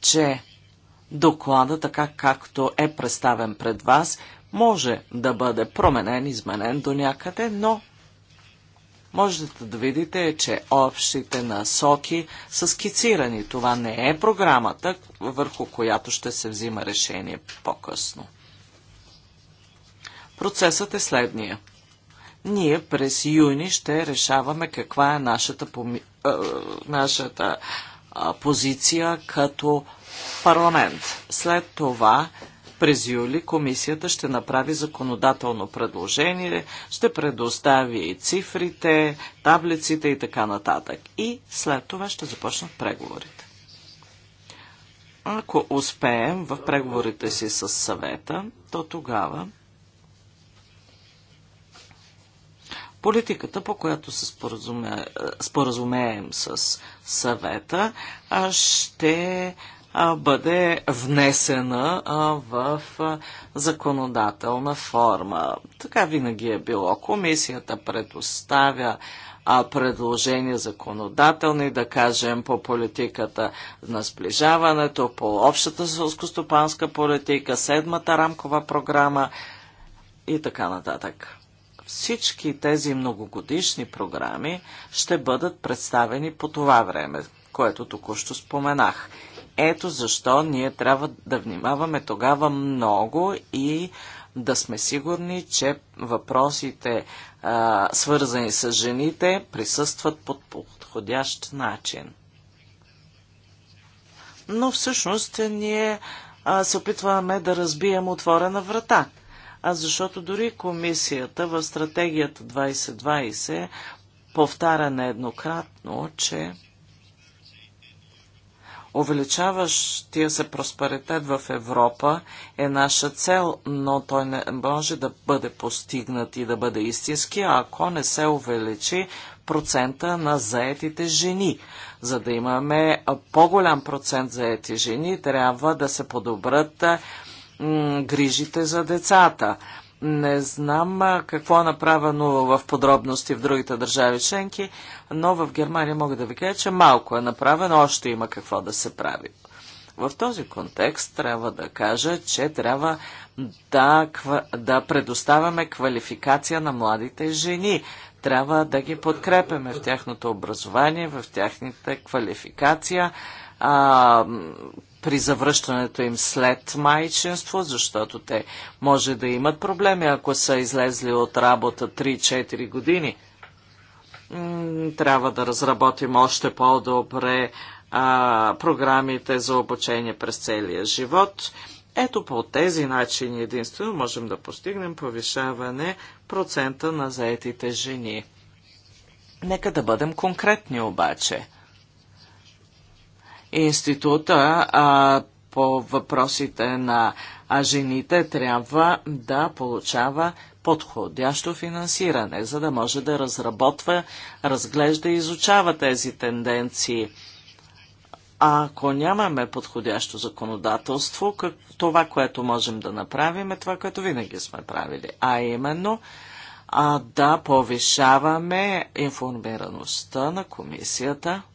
че доклада, така както е представен пред вас, може да бъде променен, изменен до някъде, но можете да видите, че общите насоки са скицирани. Това не е програмата, върху която ще се взима решение по-късно. Процесът е следния ние през юни ще решаваме каква е нашата, поми... нашата позиция като парламент. След това през юли комисията ще направи законодателно предложение, ще предостави и цифрите, таблиците и така нататък. И след това ще започнат преговорите. Ако успеем в преговорите си с съвета, то тогава Политиката, по която се споразуме, е, споразумеем с съвета, ще бъде внесена в законодателна форма. Така винаги е било. Комисията предоставя предложения законодателни, да кажем, по политиката на сближаването, по общата сълскостопанска политика, седмата рамкова програма и така нататък всички тези многогодишни програми ще бъдат представени по това време, което току-що споменах. Ето защо ние трябва да внимаваме тогава много и да сме сигурни, че въпросите, а, свързани с жените, присъстват под подходящ начин. Но всъщност ние а, се опитваме да разбием отворена врата – а защото дори комисията в стратегията 2020 повтаря нееднократно, че увеличаващия се просперитет в Европа е наша цел, но той не може да бъде постигнат и да бъде истински, ако не се увеличи процента на заетите жени. За да имаме по-голям процент заети жени, трябва да се подобрат грижите за децата. Не знам какво е направено в подробности в другите държави членки, но в Германия мога да ви кажа, че малко е направено, още има какво да се прави. В този контекст трябва да кажа, че трябва да, да предоставяме квалификация на младите жени. Трябва да ги подкрепяме в тяхното образование, в тяхните квалификация, а, при завръщането им след майчинство, защото те може да имат проблеми, ако са излезли от работа 3-4 години. Трябва да разработим още по-добре програмите за обучение през целия живот. Ето по тези начини единствено можем да постигнем повишаване процента на заетите жени. Нека да бъдем конкретни обаче – института а, по въпросите на а жените трябва да получава подходящо финансиране, за да може да разработва, разглежда и изучава тези тенденции. А ако нямаме подходящо законодателство, как, това, което можем да направим е това, което винаги сме правили, а именно а, да повишаваме информираността на комисията –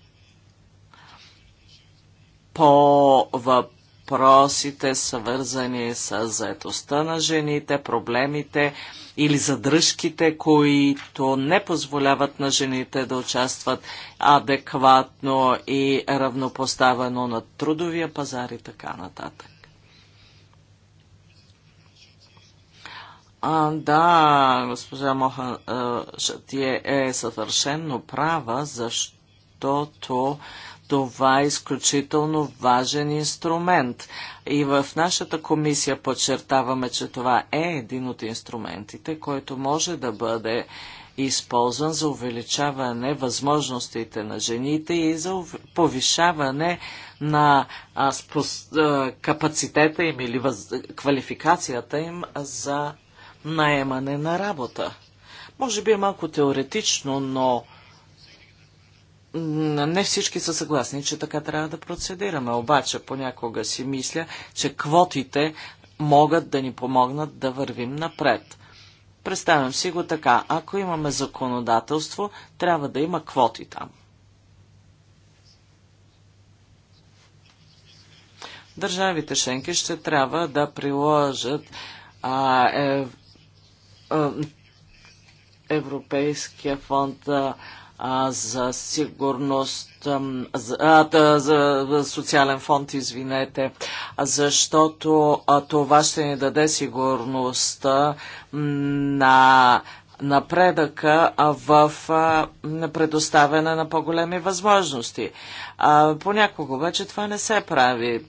по въпросите, свързани с заетостта на жените, проблемите или задръжките, които не позволяват на жените да участват адекватно и равнопоставено на трудовия пазар и така нататък. А, да, госпожа Мохан Шатие е съвършенно права, защото това е изключително важен инструмент. И в нашата комисия подчертаваме, че това е един от инструментите, който може да бъде използван за увеличаване възможностите на жените и за повишаване на капацитета им или квалификацията им за наемане на работа. Може би е малко теоретично, но не всички са съгласни, че така трябва да процедираме. Обаче понякога си мисля, че квотите могат да ни помогнат да вървим напред. Представям си го така. Ако имаме законодателство, трябва да има квоти там. Държавите шенки ще трябва да приложат а, е, е, Европейския фонд. А, за сигурност, за, за, за социален фонд, извинете, защото това ще ни даде сигурност на напредъка в предоставяне на по-големи възможности. понякога обаче това не се прави.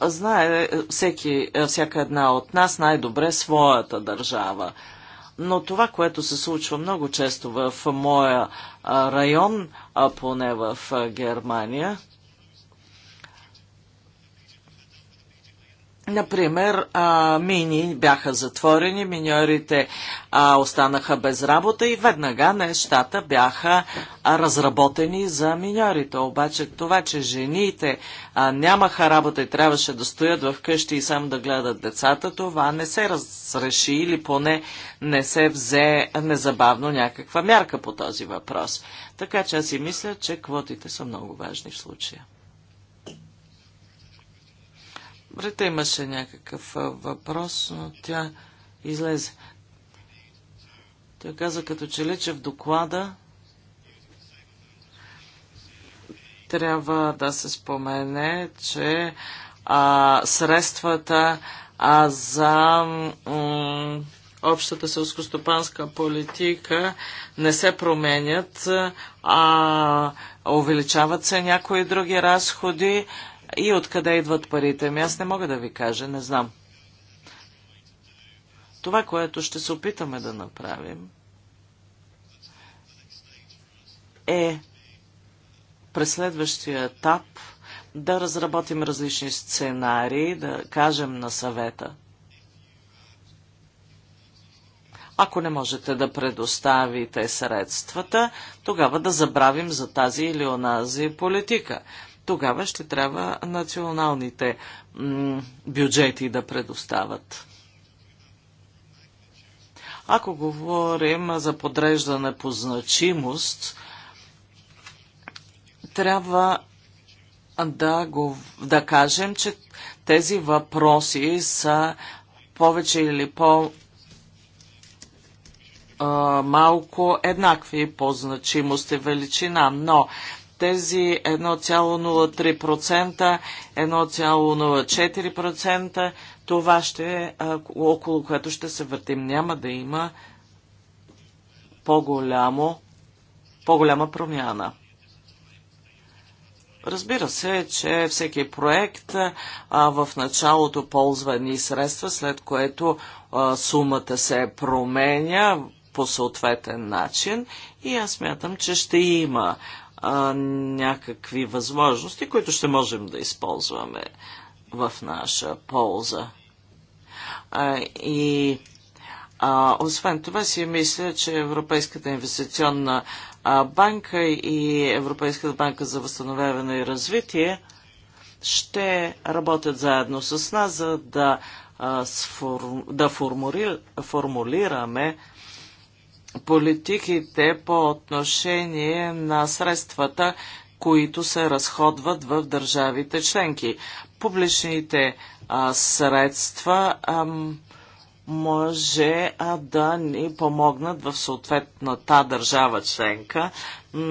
Знае всеки, всяка една от нас най-добре своята държава. Но това, което се случва много често в моя район, а поне в Германия, Например, мини бяха затворени, миньорите останаха без работа и веднага нещата бяха разработени за миньорите. Обаче това, че жените нямаха работа и трябваше да стоят в къщи и само да гледат децата, това не се разреши или поне не се взе незабавно някаква мярка по този въпрос. Така че аз и мисля, че квотите са много важни в случая. Рета имаше някакъв въпрос, но тя излезе. Тя каза, като че ли, че в доклада трябва да се спомене, че а, средствата а, за м, общата селскостопанска политика не се променят, а увеличават се някои други разходи и откъде идват парите? ми, аз не мога да ви кажа, не знам. Това, което ще се опитаме да направим, е през следващия етап да разработим различни сценарии, да кажем на съвета. Ако не можете да предоставите средствата, тогава да забравим за тази или онази политика тогава ще трябва националните бюджети да предоставят. Ако говорим за подреждане по значимост, трябва да, го, да кажем, че тези въпроси са повече или по малко еднакви по значимост и величина, но тези 1,03%, 1,04%, това ще е около което ще се въртим. Няма да има по-голямо, по-голяма промяна. Разбира се, че всеки проект а, в началото ползва ни средства, след което а, сумата се променя по съответен начин и аз мятам, че ще има а, някакви възможности, които ще можем да използваме в наша полза. А, и а, освен това си мисля, че Европейската инвестиционна банка и Европейската банка за възстановяване и развитие ще работят заедно с нас, за да, а, сфор... да формули... формулираме политиките по отношение на средствата, които се разходват в държавите членки. Публичните а, средства а, може а, да ни помогнат в съответната държава членка.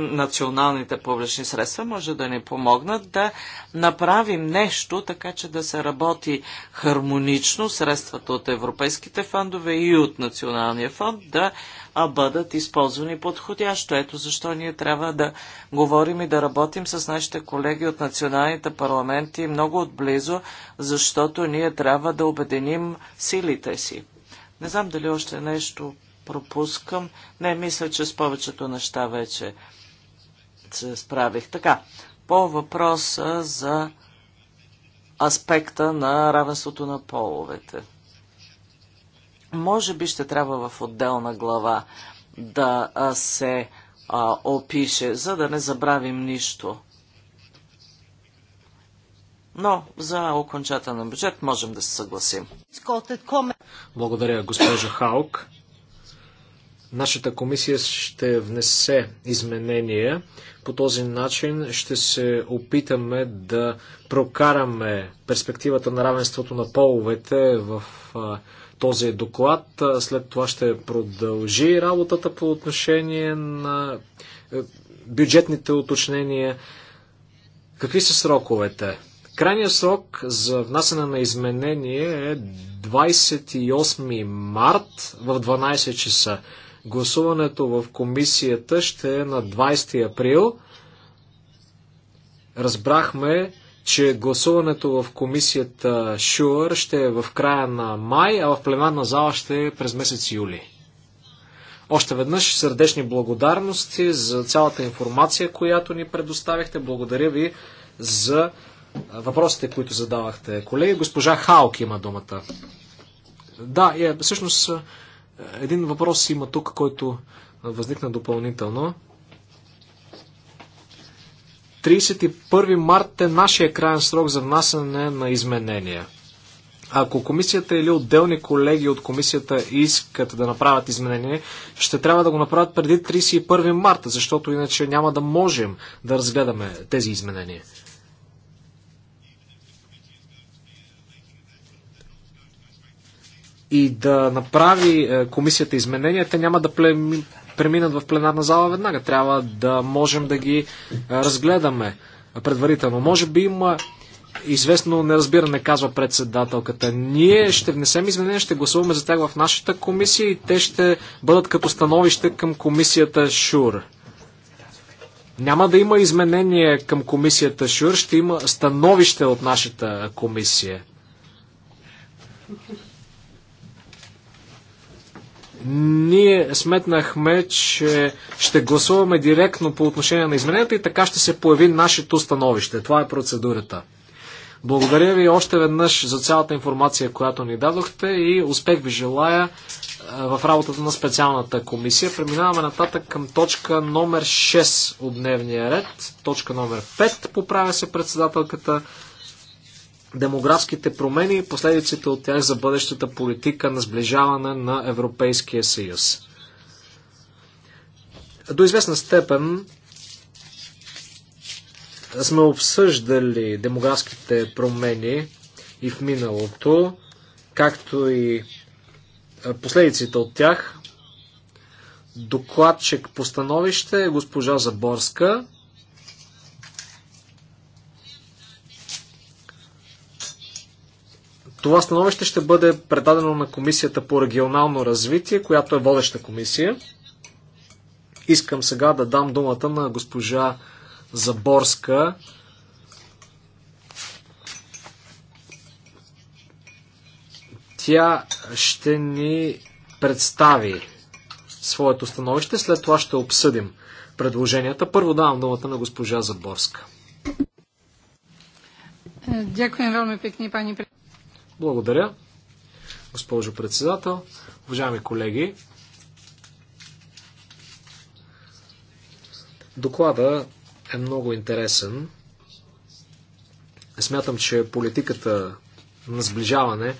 Националните публични средства може да ни помогнат да направим нещо, така че да се работи хармонично средствата от европейските фондове и от националния фонд да а бъдат използвани подходящо. Ето защо ние трябва да говорим и да работим с нашите колеги от националните парламенти много отблизо, защото ние трябва да обединим силите си. Не знам дали още нещо пропускам. Не, мисля, че с повечето неща вече се справих. Така, по въпроса за аспекта на равенството на половете. Може би ще трябва в отделна глава да се а, опише, за да не забравим нищо. Но за окончателен бюджет можем да се съгласим. Благодаря, госпожа Хаук. Нашата комисия ще внесе изменения. По този начин ще се опитаме да прокараме перспективата на равенството на половете в този доклад. След това ще продължи работата по отношение на е, бюджетните уточнения. Какви са сроковете? Крайният срок за внасяне на изменение е 28 март в 12 часа. Гласуването в комисията ще е на 20 април. Разбрахме, че гласуването в комисията Шуър ще е в края на май, а в пленарна зала ще е през месец юли. Още веднъж сърдечни благодарности за цялата информация, която ни предоставихте. Благодаря ви за въпросите, които задавахте. Колеги, госпожа Халк има думата. Да, е, всъщност е, един въпрос има тук, който възникна допълнително. 31 март е нашия крайен срок за внасяне на изменения. Ако комисията или отделни колеги от комисията искат да направят изменение, ще трябва да го направят преди 31 марта, защото иначе няма да можем да разгледаме тези изменения. И да направи е, комисията изменения, те няма да преминат в пленарна зала веднага. Трябва да можем да ги разгледаме предварително. Може би има известно неразбиране, казва председателката. Ние ще внесем изменения, ще гласуваме за тях в нашата комисия и те ще бъдат като становище към комисията ШУР. Няма да има изменения към комисията ШУР, ще има становище от нашата комисия. Ние сметнахме, че ще гласуваме директно по отношение на измененията и така ще се появи нашето становище. Това е процедурата. Благодаря ви още веднъж за цялата информация, която ни дадохте и успех ви желая е, в работата на специалната комисия. Преминаваме нататък към точка номер 6 от дневния ред. Точка номер 5 поправя се председателката демографските промени и последиците от тях за бъдещата политика на сближаване на Европейския съюз. До известна степен сме обсъждали демографските промени и в миналото, както и последиците от тях. Докладчик по становище е госпожа Заборска. Това становище ще бъде предадено на Комисията по регионално развитие, която е водеща комисия. Искам сега да дам думата на госпожа Заборска. Тя ще ни представи своето становище, след това ще обсъдим предложенията. Първо давам думата на госпожа Заборска. Дякую, вельми пекни, пани благодаря, госпожо председател. Уважаеми колеги, доклада е много интересен. Смятам, че политиката на сближаване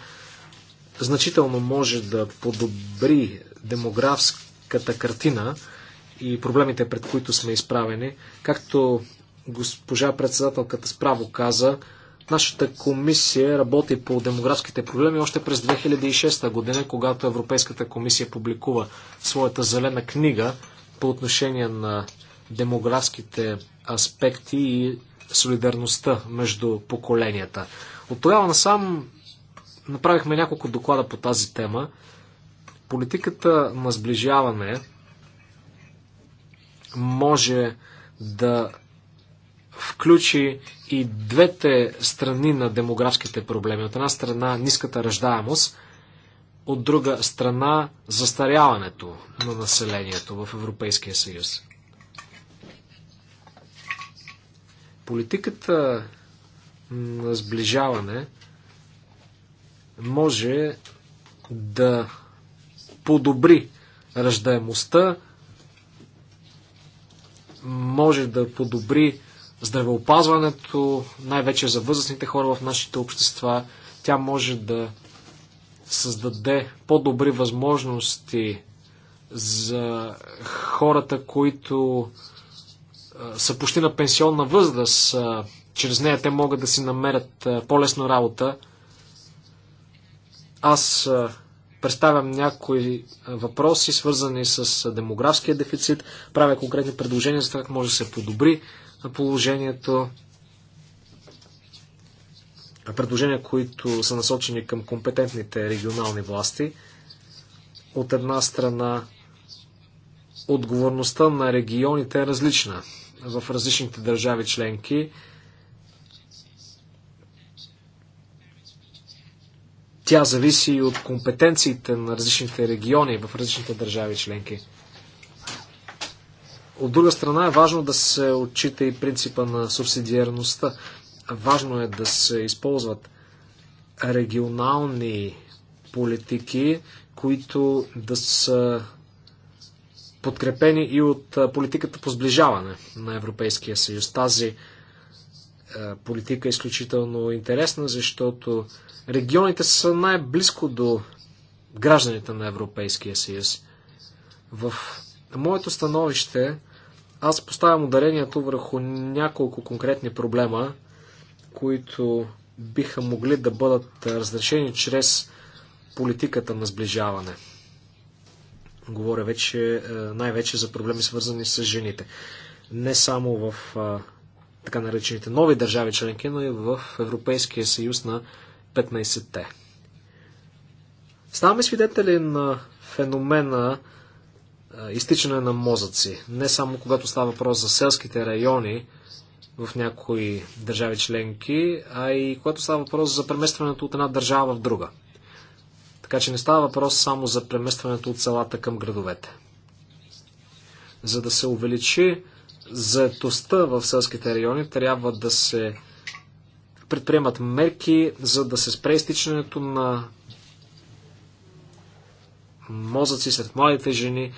значително може да подобри демографската картина и проблемите, пред които сме изправени. Както госпожа председателката справо каза, Нашата комисия работи по демографските проблеми още през 2006 година, когато Европейската комисия публикува своята зелена книга по отношение на демографските аспекти и солидарността между поколенията. От тогава насам направихме няколко доклада по тази тема. Политиката на сближаване може да включи и двете страни на демографските проблеми. От една страна ниската ръждаемост, от друга страна застаряването на населението в Европейския съюз. Политиката на сближаване може да подобри ръждаемостта, може да подобри здравеопазването, най-вече за възрастните хора в нашите общества. Тя може да създаде по-добри възможности за хората, които са почти на пенсионна възраст. Чрез нея те могат да си намерят по-лесно работа. Аз представям някои въпроси, свързани с демографския дефицит, правя конкретни предложения за това как може да се подобри на положението. Предложения, които са насочени към компетентните регионални власти. От една страна, отговорността на регионите е различна в различните държави членки. Тя зависи и от компетенциите на различните региони в различните държави членки. От друга страна е важно да се отчита и принципа на субсидиарността. Важно е да се използват регионални политики, които да са подкрепени и от политиката по сближаване на Европейския съюз. Тази политика е изключително интересна, защото регионите са най-близко до гражданите на Европейския съюз. В моето становище аз поставям ударението върху няколко конкретни проблема, които биха могли да бъдат разрешени чрез политиката на сближаване. Говоря вече е, най-вече за проблеми свързани с жените. Не само в е, така наречените нови държави членки, но и в Европейския съюз на 15-те. Ставаме свидетели на феномена изтичане на мозъци. Не само когато става въпрос за селските райони в някои държави членки, а и когато става въпрос за преместването от една държава в друга. Така че не става въпрос само за преместването от селата към градовете. За да се увеличи заетостта в селските райони, трябва да се предприемат мерки, за да се спре изтичането на мозъци сред младите жени,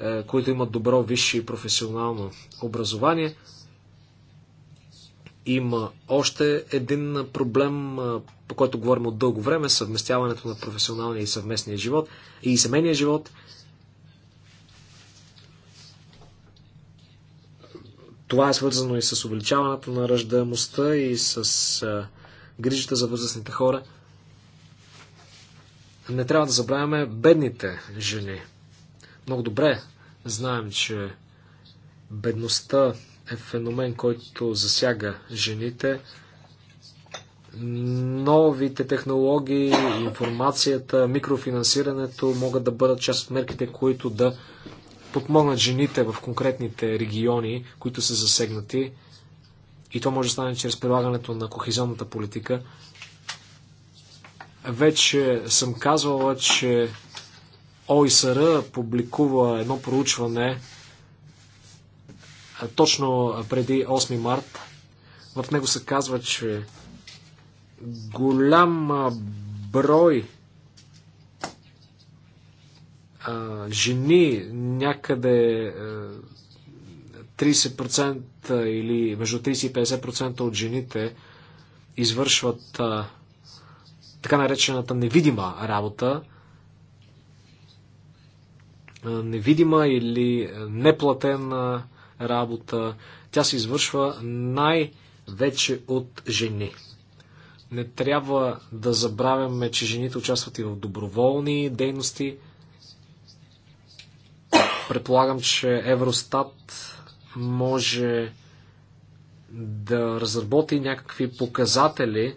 е, които имат добро висше и професионално образование. Има още един проблем, е, по който говорим от дълго време съвместяването на професионалния и съвместния живот и семейния живот. Това е свързано и с увеличаването на ръждаемостта и с е, грижата за възрастните хора. Не трябва да забравяме бедните жени – много добре знаем, че бедността е феномен, който засяга жените. Новите технологии, информацията, микрофинансирането могат да бъдат част от мерките, които да подмогнат жените в конкретните региони, които са засегнати. И то може да стане чрез прилагането на кохезионната политика. Вече съм казвала, че ОИСР публикува едно проучване точно преди 8 март. В него се казва, че голям брой а, жени някъде 30% или между 30 и 50% от жените извършват а, така наречената невидима работа, невидима или неплатена работа. Тя се извършва най-вече от жени. Не трябва да забравяме, че жените участват и в доброволни дейности. Предполагам, че Евростат може да разработи някакви показатели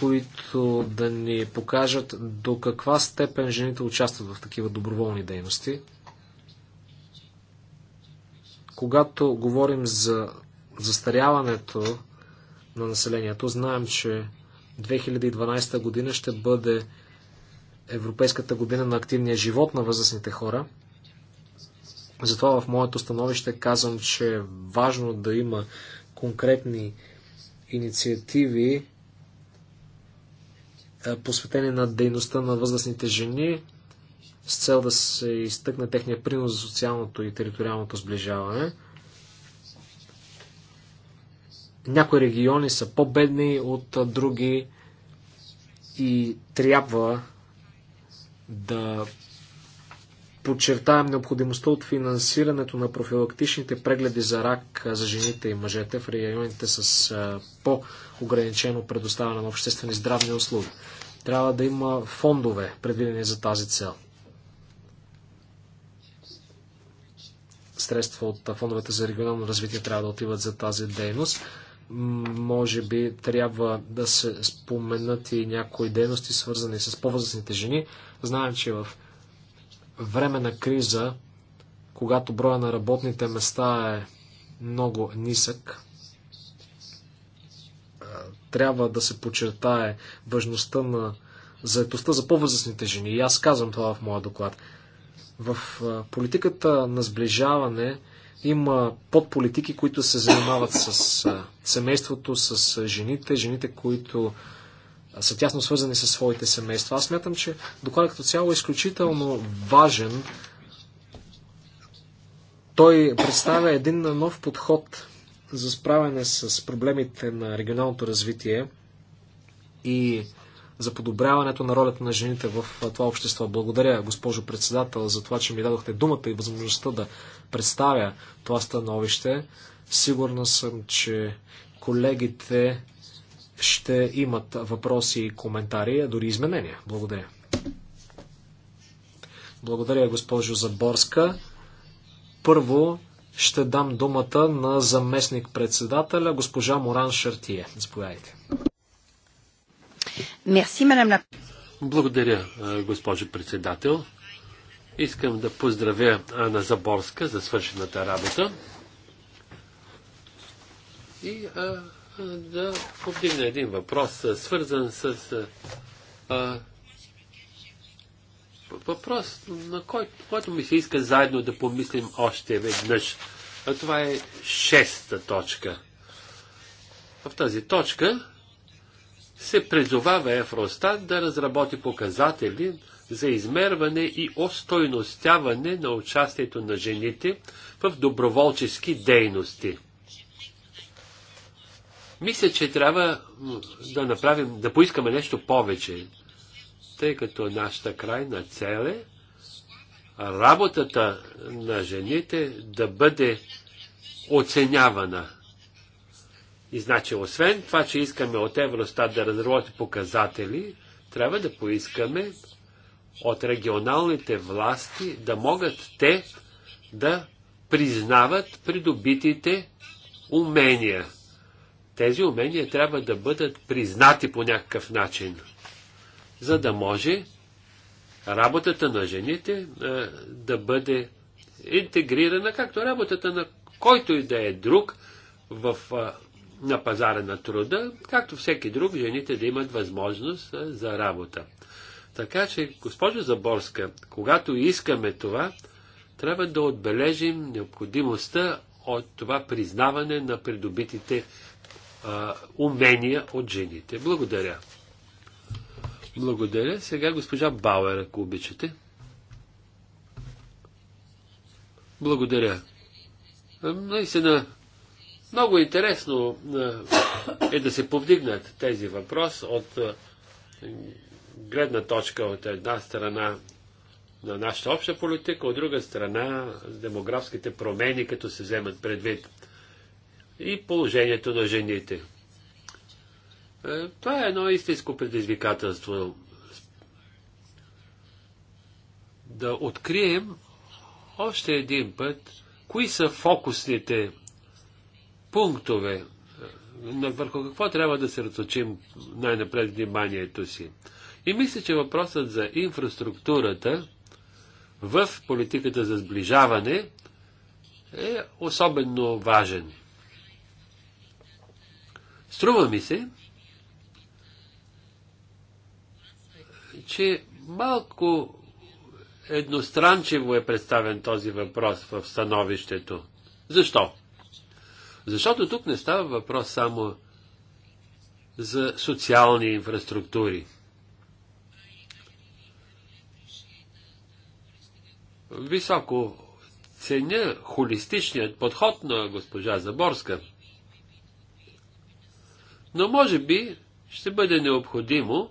които да ни покажат до каква степен жените участват в такива доброволни дейности. Когато говорим за застаряването на населението, знаем, че 2012 година ще бъде Европейската година на активния живот на възрастните хора. Затова в моето становище казвам, че е важно да има конкретни инициативи, е посветени на дейността на възрастните жени с цел да се изтъкне техния принос за социалното и териториалното сближаване. Някои региони са по-бедни от други и трябва да подчертаем необходимостта от финансирането на профилактичните прегледи за рак за жените и мъжете в районите с по-ограничено предоставяне на обществени здравни услуги. Трябва да има фондове, предвидени за тази цел. Средства от фондовете за регионално развитие трябва да отиват за тази дейност. Може би трябва да се споменат и някои дейности, свързани с по-възрастните жени. Знаем, че в време на криза, когато броя на работните места е много нисък, трябва да се подчертае важността на заетостта за по-възрастните жени. И аз казвам това в моя доклад. В политиката на сближаване има подполитики, които се занимават с семейството, с жените, жените, които са тясно свързани със своите семейства. Аз смятам, че докладът като цяло е изключително важен. Той представя един нов подход за справяне с проблемите на регионалното развитие и за подобряването на ролята на жените в това общество. Благодаря, госпожо председател, за това, че ми дадохте думата и възможността да представя това становище. Сигурна съм, че колегите ще имат въпроси и коментари, а дори изменения. Благодаря. Благодаря, госпожо Заборска. Първо ще дам думата на заместник-председателя, госпожа Моран Шартие. Заповядайте. Благодаря, госпожо председател. Искам да поздравя Ана Заборска за свършената работа. И а, да повдигна един въпрос, свързан с а, въпрос, на който, който ми се иска заедно да помислим още веднъж. А това е шеста точка. В тази точка се призовава Евростат да разработи показатели за измерване и остойностяване на участието на жените в доброволчески дейности – мисля, че трябва да направим, да поискаме нещо повече, тъй като нашата крайна цел е работата на жените да бъде оценявана. И значи, освен това, че искаме от Евростат да разработи показатели, трябва да поискаме от регионалните власти да могат те да признават придобитите умения. Тези умения трябва да бъдат признати по някакъв начин, за да може работата на жените е, да бъде интегрирана, както работата на който и да е друг в, е, на пазара на труда, както всеки друг, жените да имат възможност е, за работа. Така че, госпожо Заборска, когато искаме това, трябва да отбележим необходимостта от това признаване на придобитите а, умения от жените. Благодаря. Благодаря. Сега госпожа Бауер, ако обичате. Благодаря. Наистина, много интересно е да се повдигнат тези въпрос от гледна точка от една страна на нашата обща политика, от друга страна демографските промени, като се вземат предвид и положението на жените. Е, това е едно истинско предизвикателство. Да открием още един път кои са фокусните пунктове, е, върху какво трябва да се разточим най-напред вниманието си. И мисля, че въпросът за инфраструктурата в политиката за сближаване е особено важен. Струва ми се, че малко едностранчиво е представен този въпрос в становището. Защо? Защото тук не става въпрос само за социални инфраструктури. Високо ценя холистичният подход на госпожа Заборска – но може би ще бъде необходимо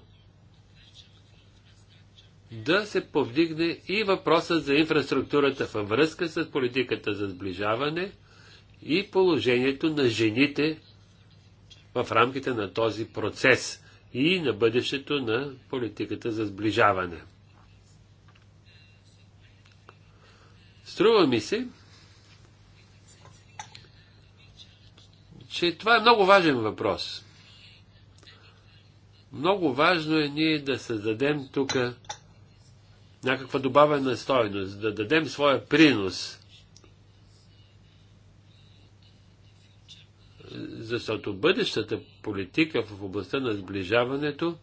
да се повдигне и въпросът за инфраструктурата във връзка с политиката за сближаване и положението на жените в рамките на този процес и на бъдещето на политиката за сближаване. Струва ми се, че това е много важен въпрос – много важно е ние да създадем тук някаква добавена стойност, да дадем своя принос. Защото бъдещата политика в областта на сближаването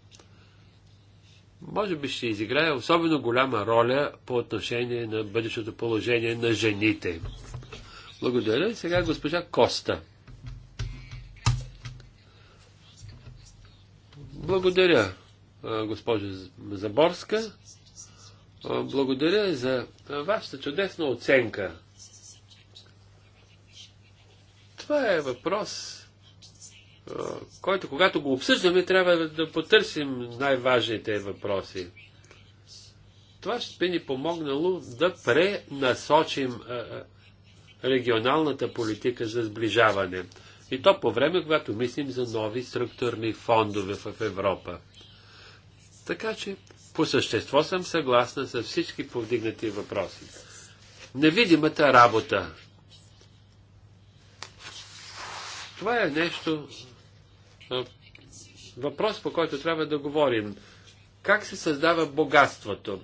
може би ще изиграе особено голяма роля по отношение на бъдещото положение на жените. Благодаря. Сега госпожа Коста. Благодаря, госпожо Заборска. Благодаря за вашата чудесна оценка. Това е въпрос, който когато го обсъждаме, трябва да потърсим най-важните въпроси. Това ще би ни помогнало да пренасочим регионалната политика за сближаване. И то по време, когато мислим за нови структурни фондове в Европа. Така че по същество съм съгласна с всички повдигнати въпроси. Невидимата работа. Това е нещо, въпрос по който трябва да говорим. Как се създава богатството?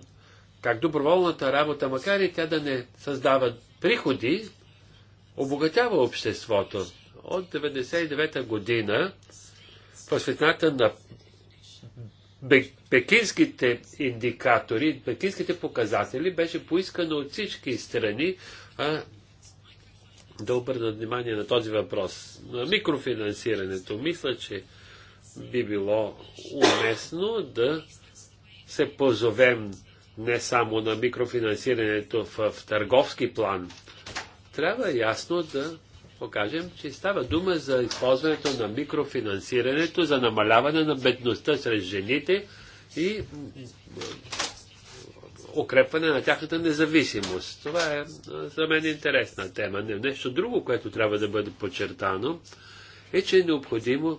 Как доброволната работа, макар и тя да не създава приходи, обогатява обществото. От 1999 година, в светната на пекинските индикатори, пекинските показатели, беше поискано от всички страни а, да обърнат внимание на този въпрос. На микрофинансирането мисля, че би било уместно да се позовем не само на микрофинансирането в, в търговски план. Трябва ясно да покажем, че става дума за използването на микрофинансирането, за намаляване на бедността сред жените и укрепване на тяхната независимост. Това е за мен интересна тема. Нещо друго, което трябва да бъде подчертано, е, че е необходимо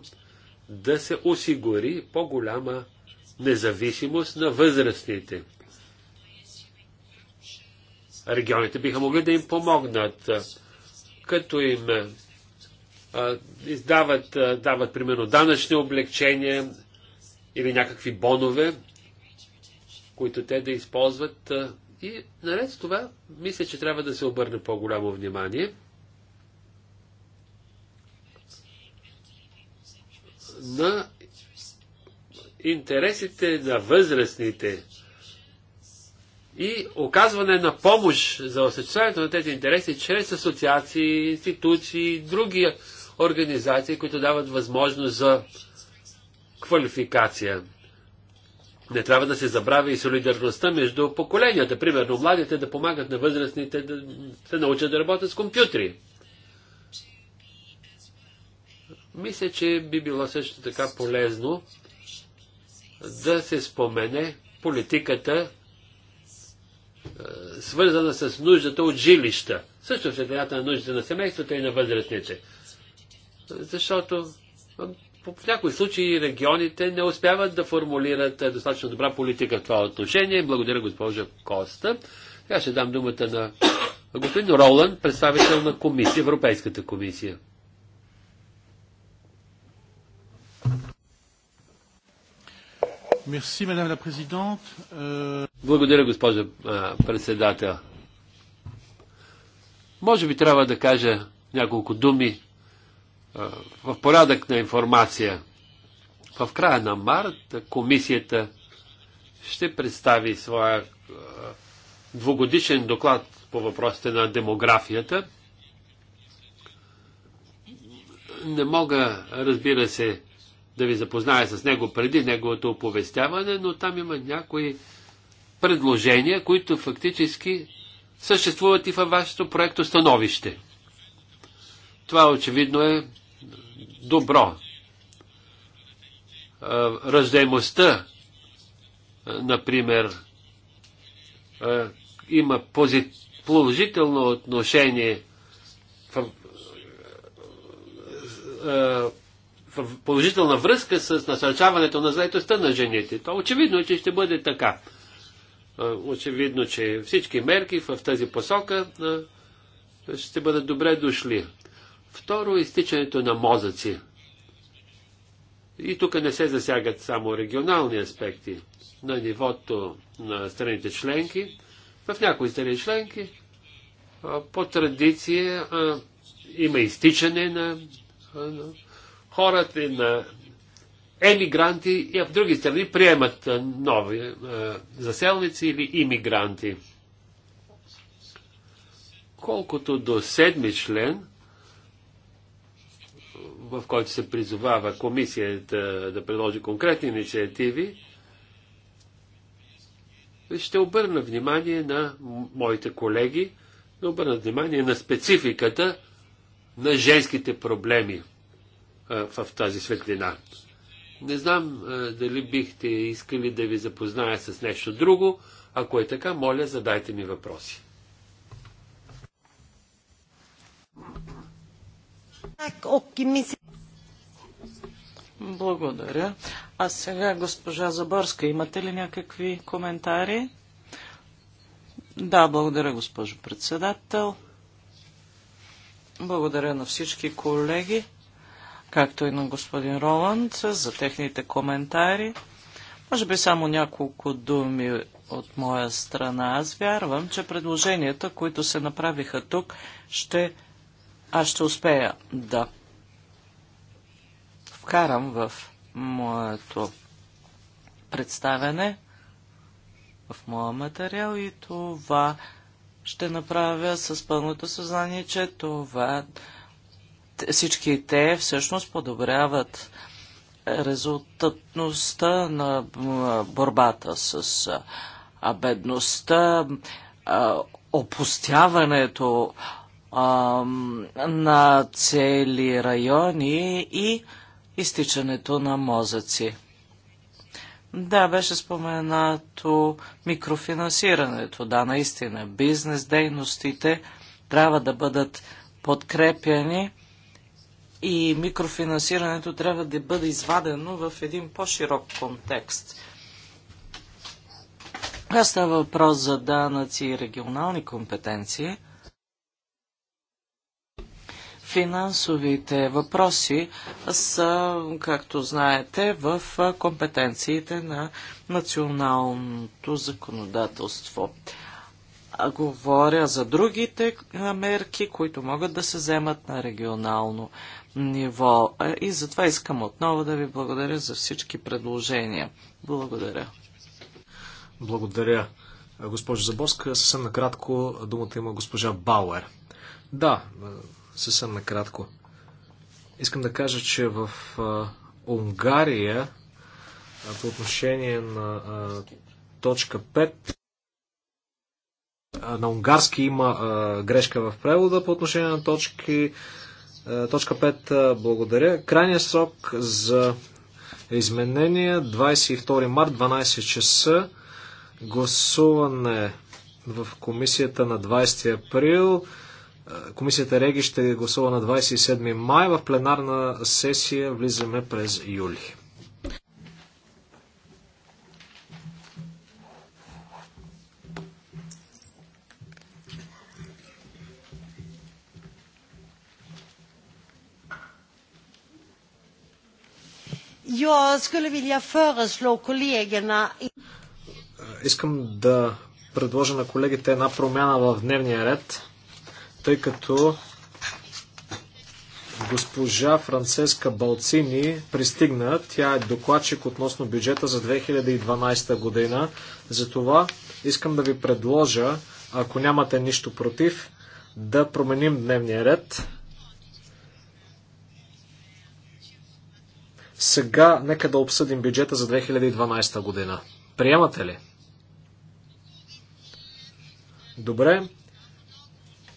да се осигури по-голяма независимост на възрастните. Регионите биха могли да им помогнат като им издават, дават примерно данъчни облегчения или някакви бонове, които те да използват. И наред с това, мисля, че трябва да се обърне по-голямо внимание на интересите на възрастните и оказване на помощ за осъществяването на тези интереси чрез асоциации, институции, други организации, които дават възможност за квалификация. Не трябва да се забравя и солидарността между поколенията. Примерно, младите да помагат на възрастните да се научат да работят с компютри. Мисля, че би било също така полезно да се спомене политиката е, свързана с нуждата от жилища. Също светлината на нуждите на семейството и на възрастните. Защото е, в някои случаи регионите не успяват да формулират е, достатъчно добра политика в това отношение. Благодаря госпожа Коста. Сега ще дам думата на господин Роланд, представител на комисия, Европейската комисия. Merci, madame la euh, Благодаря, госпожа председател. Може би трябва да кажа няколко думи в порядък на информация. В края на март комисията ще представи своя двугодишен доклад по въпросите на демографията. Не мога, разбира се, да ви запознае с него преди неговото оповестяване, но там има някои предложения, които фактически съществуват и във вашето проекто становище. Това очевидно е добро. Раждаемостта, например, има положително отношение в положителна връзка с насърчаването на заетостта на жените. То очевидно че ще бъде така. Очевидно, че всички мерки в тази посока ще бъдат добре дошли. Второ, изтичането на мозъци. И тук не се засягат само регионални аспекти на нивото на страните членки. В някои страни членки по традиция има изтичане на хората на емигранти и в други страни приемат нови заселници или иммигранти. Колкото до седми член, в който се призовава комисията да предложи конкретни инициативи, ще обърна внимание на моите колеги, да обърна внимание на спецификата на женските проблеми – в тази светлина. Не знам дали бихте искали да ви запозная с нещо друго. Ако е така, моля, задайте ми въпроси. Благодаря. А сега, госпожа Заборска, имате ли някакви коментари? Да, благодаря, госпожо председател. Благодаря на всички колеги както и на господин Роланд, за техните коментари. Може би само няколко думи от моя страна. Аз вярвам, че предложенията, които се направиха тук, ще... аз ще успея да вкарам в моето представяне, в моя материал и това ще направя с пълното съзнание, че това всички те всъщност подобряват резултатността на борбата с бедността, опустяването на цели райони и изтичането на мозъци. Да, беше споменато микрофинансирането. Да, наистина, бизнес дейностите трябва да бъдат подкрепяни и микрофинансирането трябва да бъде извадено в един по-широк контекст. Това става въпрос за данъци и регионални компетенции, финансовите въпроси са, както знаете, в компетенциите на националното законодателство. А говоря за другите мерки, които могат да се вземат на регионално ниво. И затова искам отново да ви благодаря за всички предложения. Благодаря. Благодаря. Госпожо Заборска, съвсем накратко думата има госпожа Бауер. Да, съвсем накратко. Искам да кажа, че в Унгария по отношение на точка 5 на унгарски има грешка в превода по отношение на точки Точка 5. Благодаря. Крайният срок за изменения 22 март 12 часа. Гласуване в комисията на 20 април. Комисията Реги ще гласува на 27 май. В пленарна сесия влизаме през юли. Jag skulle vilja föreslå kollegorna... Искам да предложа на колегите една промяна в дневния ред, тъй като госпожа Францеска Балцини пристигна. Тя е докладчик относно бюджета за 2012 година. Затова искам да ви предложа, ако нямате нищо против, да променим дневния ред Сега нека да обсъдим бюджета за 2012 година. Приемате ли? Добре.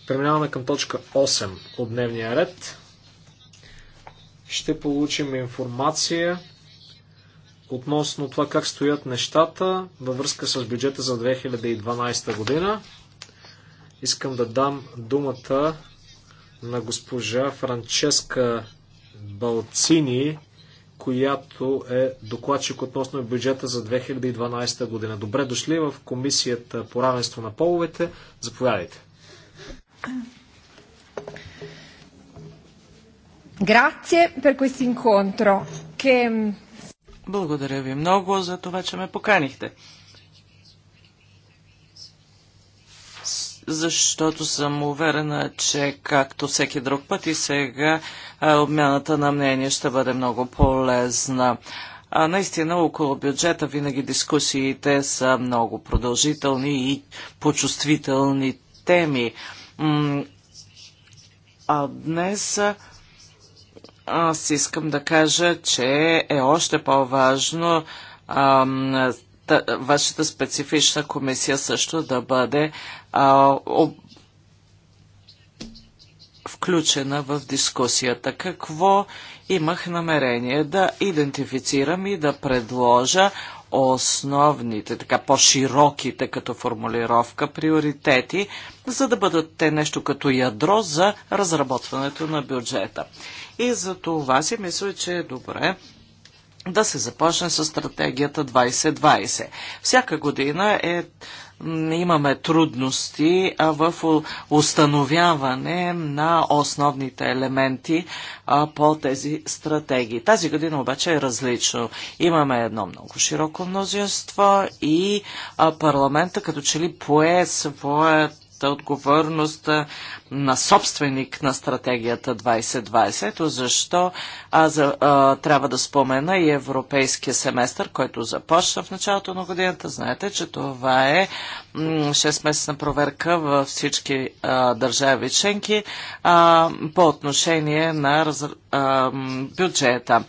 Преминаваме към точка 8 от дневния ред. Ще получим информация относно това как стоят нещата във връзка с бюджета за 2012 година. Искам да дам думата на госпожа Франческа Балцини, която е докладчик относно бюджета за 2012 година. Добре дошли в Комисията по равенство на половете. Заповядайте. Grazie per questo incontro. Che... Благодаря ви много за това, че ме поканихте. Защото съм уверена, че както всеки друг път и сега е, обмяната на мнение ще бъде много полезна. А, наистина около бюджета винаги дискусиите са много продължителни и почувствителни теми. А днес аз искам да кажа, че е още по-важно вашата специфична комисия също да бъде а, об включена в дискусията. Какво имах намерение да идентифицирам и да предложа основните, така по-широките като формулировка приоритети, за да бъдат те нещо като ядро за разработването на бюджета. И за това си мисля, че е добре да се започне с стратегията 2020. Всяка година е имаме трудности в установяване на основните елементи по тези стратегии. Тази година обаче е различно. Имаме едно много широко мнозинство и парламента като че ли пое своят отговорност на собственик на стратегията 2020. защо защо за, а, трябва да спомена и европейския семестър, който започна в началото на годината. Знаете, че това е 6-месечна проверка във всички а, държави членки а, по отношение на раз, а, бюджета.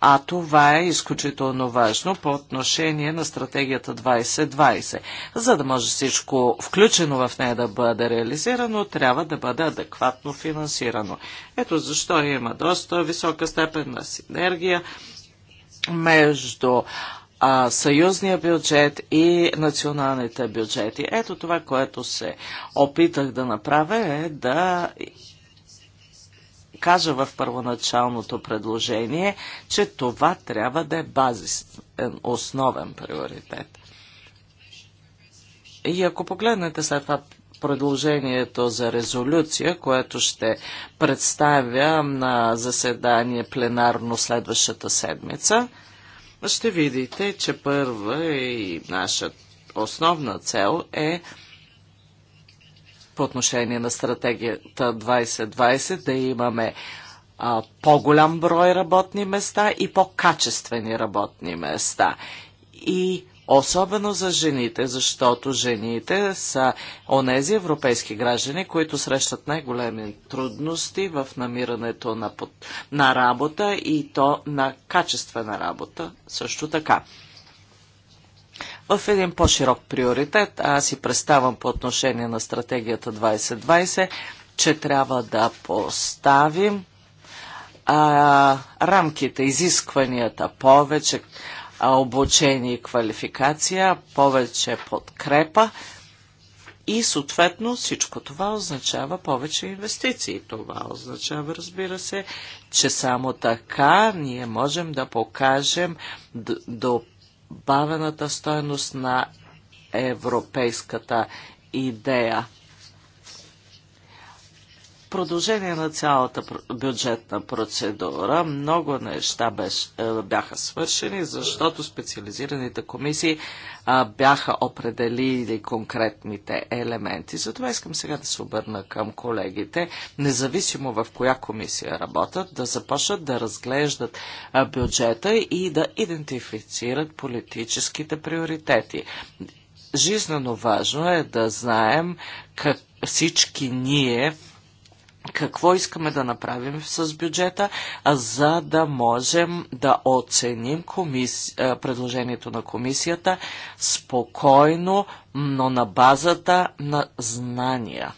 А това е изключително важно по отношение на стратегията 2020. За да може всичко включено в нея да бъде реализирано, трябва да бъде адекватно финансирано. Ето защо има доста висока степен на синергия между а, съюзния бюджет и националните бюджети. Ето това, което се опитах да направя е да кажа в първоначалното предложение, че това трябва да е базисен, основен приоритет. И ако погледнете след това предложението за резолюция, което ще представя на заседание пленарно следващата седмица, ще видите, че първа е и наша основна цел е по отношение на стратегията 2020 да имаме по-голям брой работни места и по-качествени работни места. И Особено за жените, защото жените са онези европейски граждани, които срещат най-големи трудности в намирането на, под... на работа и то на качествена работа също така. В един по-широк приоритет, аз си представам по отношение на стратегията 2020, че трябва да поставим а, рамките, изискванията повече, обучение и квалификация, повече подкрепа и съответно всичко това означава повече инвестиции. Това означава, разбира се, че само така ние можем да покажем добавената стоеност на европейската идея продължение на цялата бюджетна процедура много неща е, бяха свършени, защото специализираните комисии а, е, бяха определили конкретните елементи. Затова искам сега да се обърна към колегите, независимо в коя комисия работят, да започнат да разглеждат е, бюджета и да идентифицират политическите приоритети. Жизнено важно е да знаем как всички ние какво искаме да направим с бюджета, за да можем да оценим комис... Е, предложението на комисията спокойно, но на базата на знания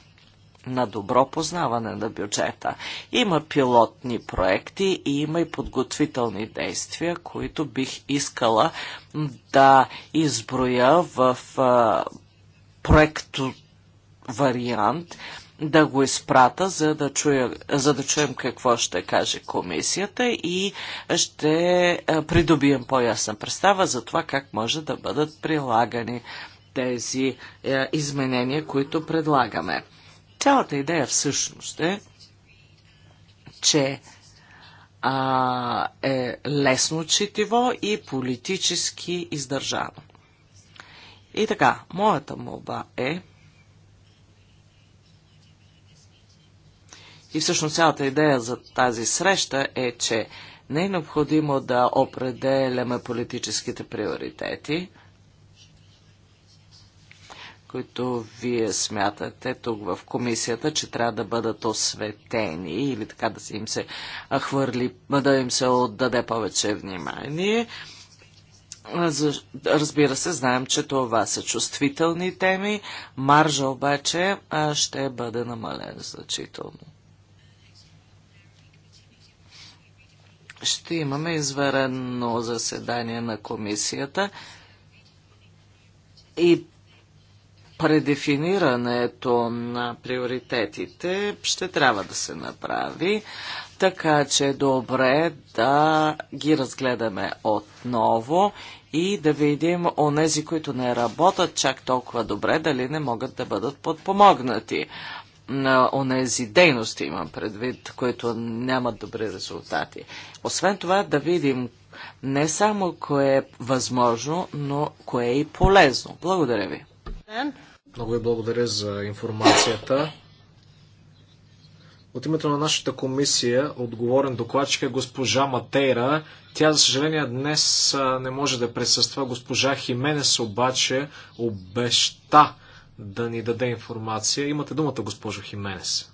на добро познаване на бюджета. Има пилотни проекти и има и подготвителни действия, които бих искала да изброя в е, проекто вариант да го изпрата, за да, чуя, за да чуем какво ще каже комисията и ще придобием по-ясна представа за това как може да бъдат прилагани тези изменения, които предлагаме. Цялата идея всъщност е, че а, е лесно четиво и политически издържано. И така, моята молба е И всъщност цялата идея за тази среща е, че не е необходимо да определяме политическите приоритети, които вие смятате тук в комисията, че трябва да бъдат осветени или така да им се хвърли, да им се отдаде повече внимание. Разбира се, знаем, че това са чувствителни теми. Маржа обаче ще бъде намален значително. ще имаме изварено заседание на комисията и предефинирането на приоритетите ще трябва да се направи, така че е добре да ги разгледаме отново и да видим онези, които не работят чак толкова добре, дали не могат да бъдат подпомогнати на онези дейности, имам предвид, които нямат добри резултати. Освен това да видим не само кое е възможно, но кое е и полезно. Благодаря ви. Много ви благодаря за информацията. От името на нашата комисия, отговорен докладчик е госпожа Матейра. Тя, за съжаление, днес не може да присъства. Госпожа Хименес обаче обеща да ни даде информация. Имате думата, госпожо Хименес.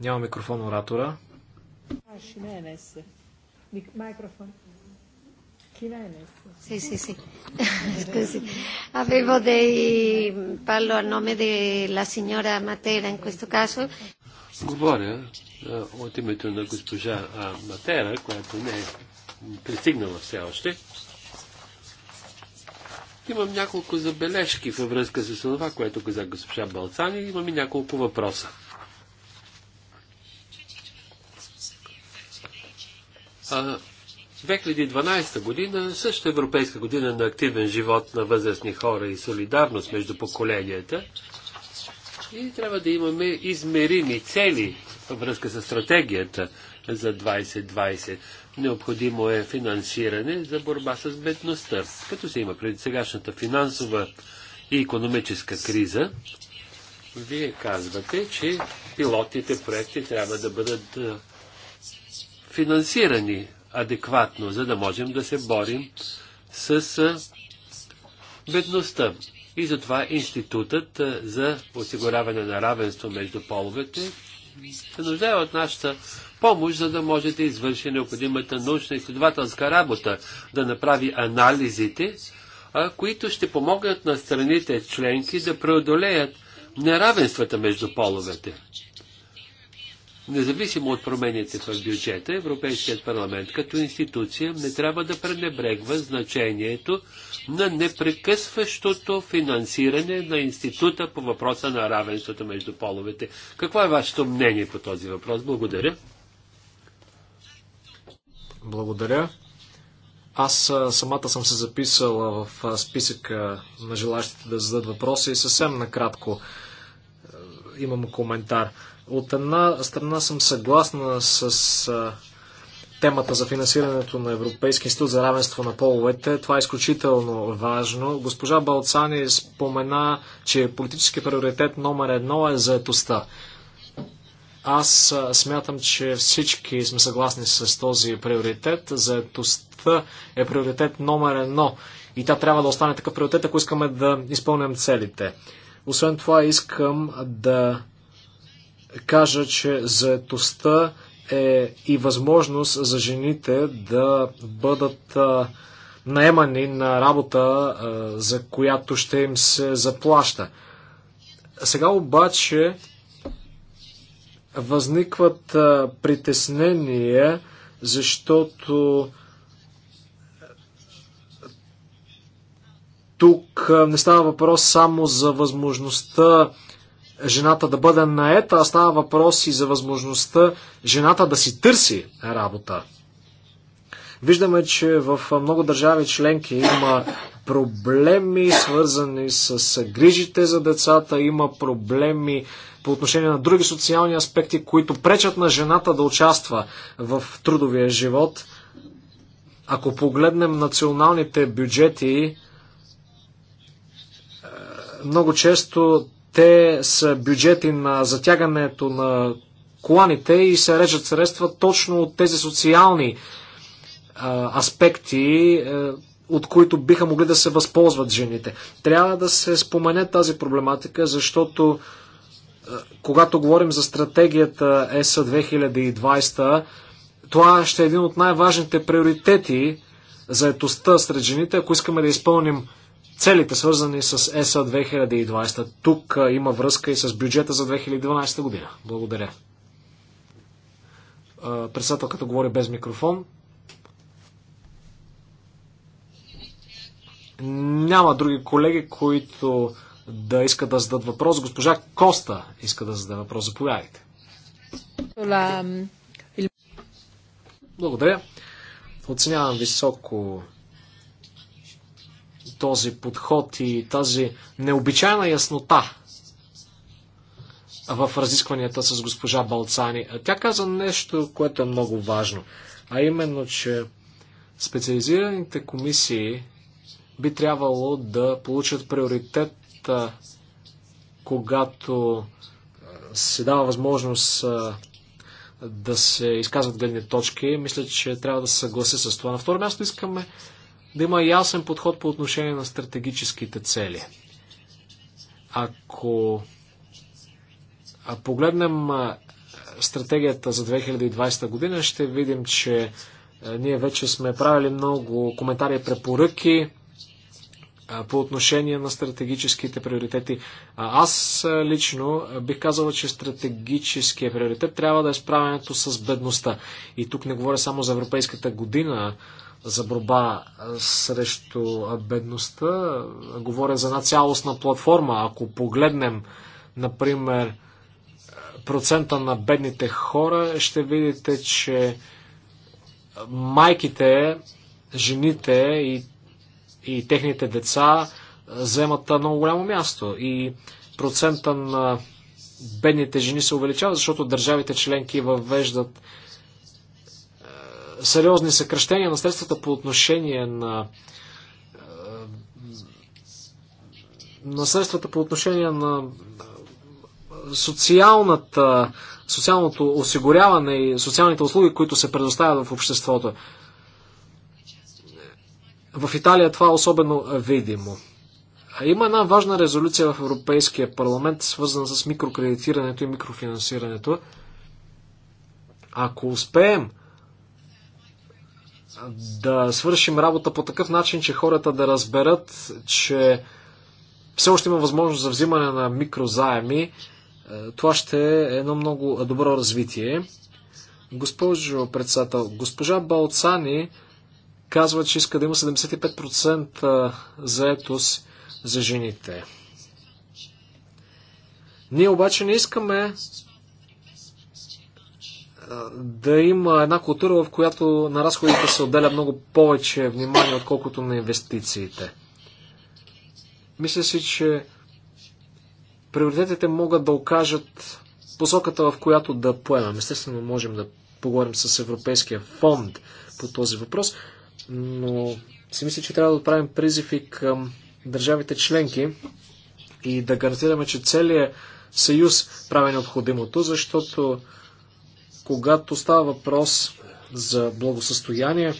Няма микрофон оратора. Хименес. Микрофон. Sì, sì, sì. Avevo dei... parlo a nome della signora Matera in questo caso. Говоря от името на госпожа Матера, която не е пристигнала все още. Имам няколко забележки във връзка с това, което каза госпожа Балцани. Имам и няколко въпроса. А, 2012 година също Европейска година на активен живот на възрастни хора и солидарност между поколенията. И трябва да имаме измерими цели във връзка с стратегията за 2020. Необходимо е финансиране за борба с бедността. Като се има преди сегашната финансова и економическа криза, вие казвате, че пилотните проекти трябва да бъдат е, финансирани адекватно, за да можем да се борим с е, бедността. И затова институтът е, за осигуряване на равенство между половете се нуждае от нашата помощ, за да може да извърши необходимата научна изследователска работа, да направи анализите, които ще помогнат на страните членки да преодолеят неравенствата между половете. Независимо от промените в бюджета, Европейският парламент като институция не трябва да пренебрегва значението на непрекъсващото финансиране на института по въпроса на равенството между половете. Какво е вашето мнение по този въпрос? Благодаря. Благодаря. Аз самата съм се записала в списъка на желащите да зададат въпроси и съвсем накратко имам коментар. От една страна съм съгласна с темата за финансирането на Европейски институт за равенство на половете. Това е изключително важно. Госпожа Балцани спомена, че политически приоритет номер едно е заетостта. Аз смятам, че всички сме съгласни с този приоритет. Заетостта е приоритет номер едно и тя трябва да остане такъв приоритет, ако искаме да изпълним целите. Освен това искам да кажа, че заетостта е и възможност за жените да бъдат наемани на работа, за която ще им се заплаща. Сега обаче възникват притеснения, защото тук не става въпрос само за възможността жената да бъде наета, а става въпрос и за възможността жената да си търси работа. Виждаме, че в много държави членки има проблеми, свързани с грижите за децата, има проблеми по отношение на други социални аспекти, които пречат на жената да участва в трудовия живот. Ако погледнем националните бюджети, е, много често те са бюджети на затягането на коланите и се режат средства точно от тези социални а, аспекти, а, е, от които биха могли да се възползват жените. Трябва да се спомене тази проблематика, защото а, е, когато говорим за стратегията ЕСА 2020, това ще е един от най-важните приоритети за етостта сред жените, ако искаме да изпълним целите, свързани с ЕСА 2020. Тук има връзка и с бюджета за 2012 година. Благодаря. Председателката говори без микрофон. Няма други колеги, които да искат да зададат въпрос. Госпожа Коста иска да зададе въпрос. Заповядайте. Благодаря. Оценявам високо този подход и тази необичайна яснота в разискванията с госпожа Балцани. Тя каза нещо, което е много важно, а именно, че специализираните комисии би трябвало да получат приоритет, когато се дава възможност да се изказват гледни точки. Мисля, че трябва да се съглася с това. На второ място искаме да има ясен подход по отношение на стратегическите цели. Ако погледнем стратегията за 2020 година, ще видим, че ние вече сме правили много коментари и препоръки по отношение на стратегическите приоритети. Аз лично бих казал, че стратегическия приоритет трябва да е справянето с бедността. И тук не говоря само за Европейската година за борба срещу бедността. Говоря за една цялостна платформа. Ако погледнем, например, процента на бедните хора, ще видите, че майките, жените и, и техните деца вземат много голямо място. И процента на бедните жени се увеличава, защото държавите членки въвеждат сериозни съкръщения на средствата по отношение на е, на средствата по отношение на е, социалната, социалното осигуряване и социалните услуги, които се предоставят в обществото. В Италия това е особено видимо. Има една важна резолюция в Европейския парламент, свързана с микрокредитирането и микрофинансирането. Ако успеем да свършим работа по такъв начин, че хората да разберат, че все още има възможност за взимане на микрозаеми, е, това ще е едно много добро развитие. Госпожо председател, госпожа Балцани казва, че иска да има 75% заетост за жените. Ние обаче не искаме да има една култура, в която на разходите се отделя много повече внимание, отколкото на инвестициите. Мисля си, че приоритетите могат да окажат посоката, в която да поемем. Естествено, можем да поговорим с Европейския фонд по този въпрос, но си мисля, че трябва да отправим призив и към държавите членки и да гарантираме, че целият съюз прави необходимото, защото когато става въпрос за благосъстояние,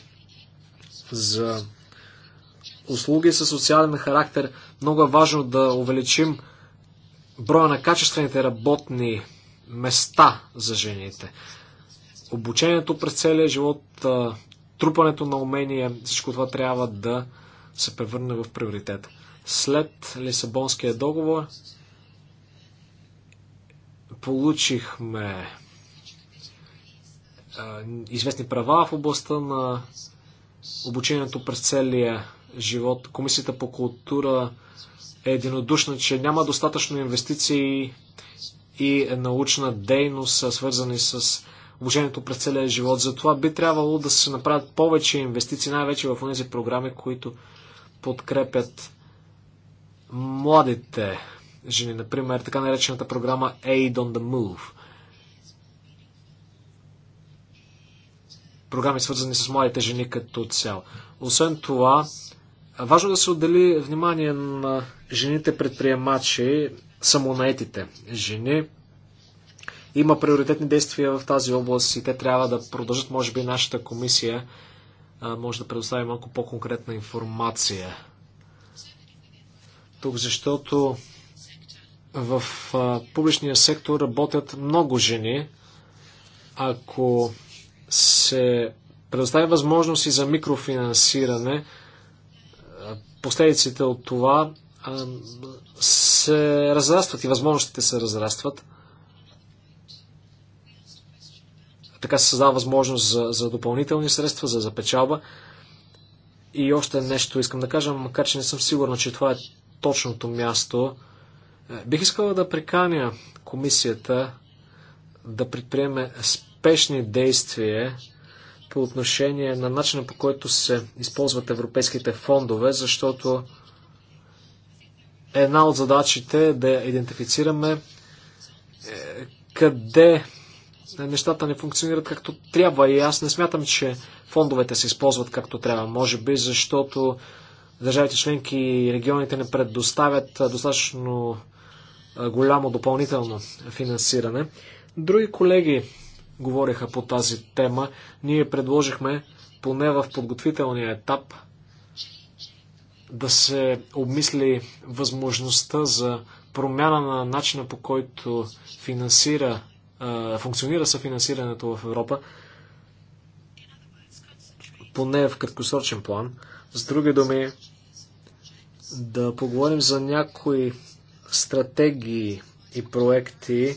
за услуги със социален характер, много е важно да увеличим броя на качествените работни места за жените. Обучението през целия живот, трупането на умения, всичко това трябва да се превърне в приоритет. След Лисабонския договор получихме известни права в областта на обучението през целия живот. Комисията по култура е единодушна, че няма достатъчно инвестиции и научна дейност, свързани с обучението през целия живот. Затова би трябвало да се направят повече инвестиции, най-вече в тези програми, които подкрепят младите жени. Например, така наречената програма Aid on the Move – програми, свързани с младите жени като цяло. Освен това, важно е да се отдели внимание на жените предприемачи, самонаетите жени. Има приоритетни действия в тази област и те трябва да продължат, може би, нашата комисия може да предостави малко по-конкретна информация. Тук, защото в публичния сектор работят много жени. Ако се предостави възможност и за микрофинансиране. Последиците от това се разрастват и възможностите се разрастват. Така се създава възможност за, за допълнителни средства, за запечалба. И още нещо искам да кажа, макар че не съм сигурна, че това е точното място. Е, бих искала да приканя комисията да предприеме успешни действия по отношение на начина по който се използват европейските фондове, защото една от задачите е да идентифицираме е, къде нещата не функционират както трябва и аз не смятам, че фондовете се използват както трябва. Може би защото държавите членки и регионите не предоставят достатъчно голямо допълнително финансиране. Други колеги Говореха по тази тема. Ние предложихме поне в подготвителния етап да се обмисли възможността за промяна на начина по който финансира, функционира съфинансирането в Европа, поне в краткосрочен план. С други думи, да поговорим за някои стратегии и проекти,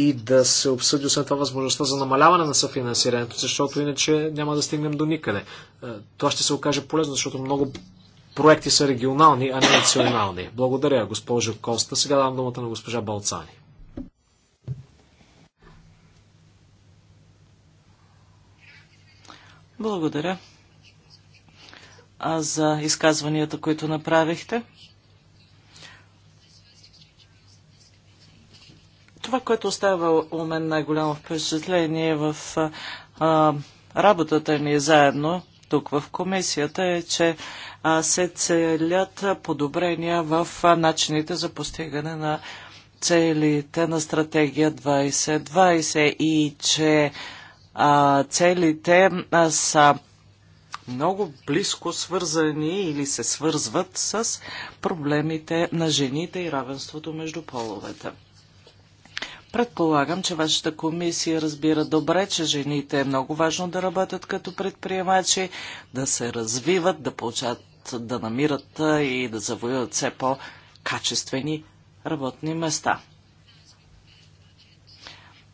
и да се обсъди освен това възможността за намаляване на съфинансирането, защото иначе няма да стигнем до никъде. Е, това ще се окаже полезно, защото много проекти са регионални, а не национални. Благодаря, госпожо Коста. Сега давам думата на госпожа Балцани. Благодаря а за изказванията, които направихте. Това, което остава у мен най-голямо впечатление в а, работата ни заедно тук в комисията е, че а, се целят подобрения в а, начините за постигане на целите на стратегия 2020 и че а, целите а, са много близко свързани или се свързват с проблемите на жените и равенството между половете. Предполагам, че вашата комисия разбира добре, че жените е много важно да работят като предприемачи, да се развиват, да получат, да намират и да завоюват все по-качествени работни места.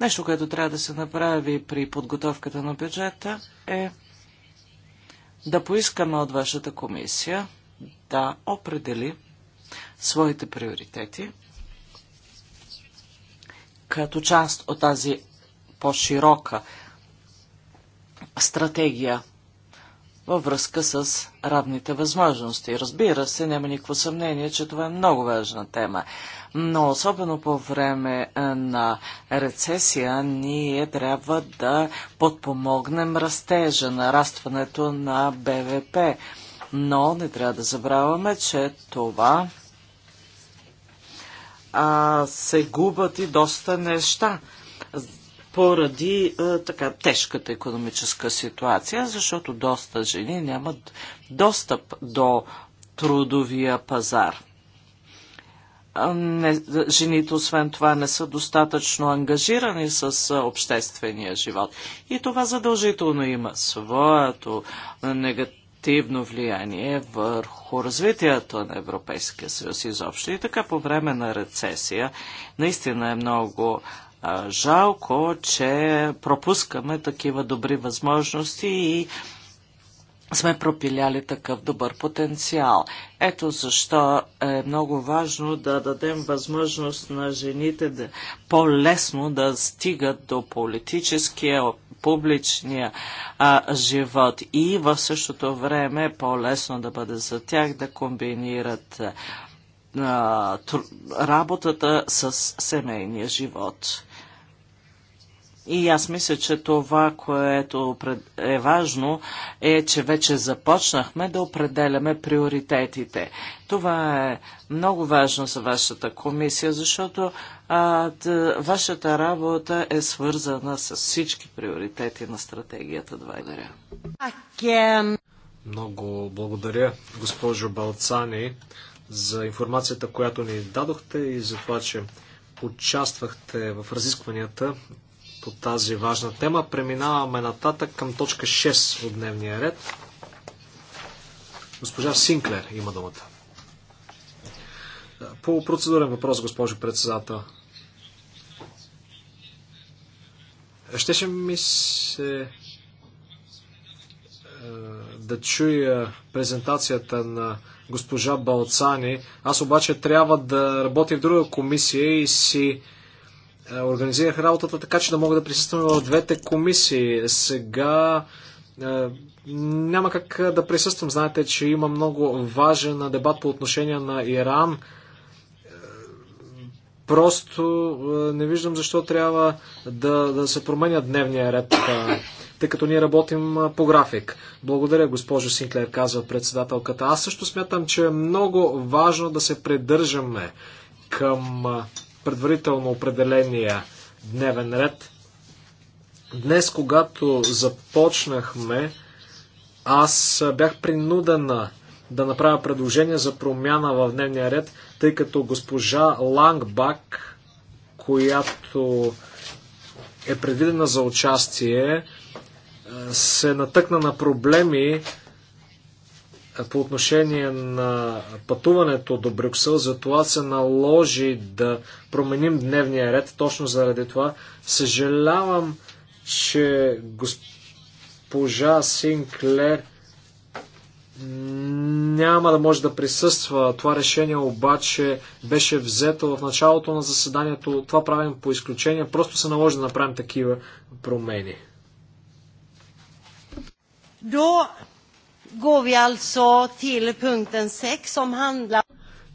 Нещо, което трябва да се направи при подготовката на бюджета е да поискаме от вашата комисия да определи своите приоритети – като част от тази по-широка стратегия във връзка с равните възможности. Разбира се, няма никакво съмнение, че това е много важна тема. Но особено по време на рецесия ние трябва да подпомогнем растежа, нарастването на БВП. Но не трябва да забравяме, че това а, се губят и доста неща поради а, така тежката економическа ситуация, защото доста жени нямат достъп до трудовия пазар. Не, жените, освен това, не са достатъчно ангажирани с обществения живот. И това задължително има своето негативно негативно влияние върху развитието на Европейския съюз изобщо. И така по време на рецесия наистина е много а, жалко, че пропускаме такива добри възможности и сме пропиляли такъв добър потенциал. Ето защо е много важно да дадем възможност на жените да, по-лесно да стигат до политическия, публичния а, живот и в същото време по-лесно да бъде за тях да комбинират а, работата с семейния живот. И аз мисля, че това, което е важно, е, че вече започнахме да определяме приоритетите. Това е много важно за вашата комисия, защото а, да, вашата работа е свързана с всички приоритети на стратегията. Благодаря. Много благодаря, госпожо Балцани, за информацията, която ни дадохте и за това, че участвахте в разискванията по тази важна тема. Преминаваме нататък към точка 6 от дневния ред. Госпожа Синклер има думата. По процедурен въпрос, госпожо председател. Щеше ми се е, да чуя презентацията на госпожа Балцани. Аз обаче трябва да работя в друга комисия и си е, организирах работата така, че да мога да присъствам в двете комисии. Сега е, няма как да присъствам. Знаете, че има много важен дебат по отношение на Иран. Е, просто не виждам защо трябва да, да се променя дневния ред, тъй като ние работим по график. Благодаря, госпожо Синклер, казва председателката. Аз също смятам, че е много важно да се придържаме към предварително определения дневен ред. Днес, когато започнахме, аз бях принудена да направя предложение за промяна в дневния ред, тъй като госпожа Лангбак, която е предвидена за участие, е, се натъкна на проблеми по отношение на пътуването до Брюксел, затова се наложи да променим дневния ред. Точно заради това съжалявам, че госпожа Синклер няма да може да присъства. Това решение обаче беше взето в началото на заседанието. Това правим по изключение. Просто се наложи да направим такива промени. До går vi alltså till punkten 6 som handlar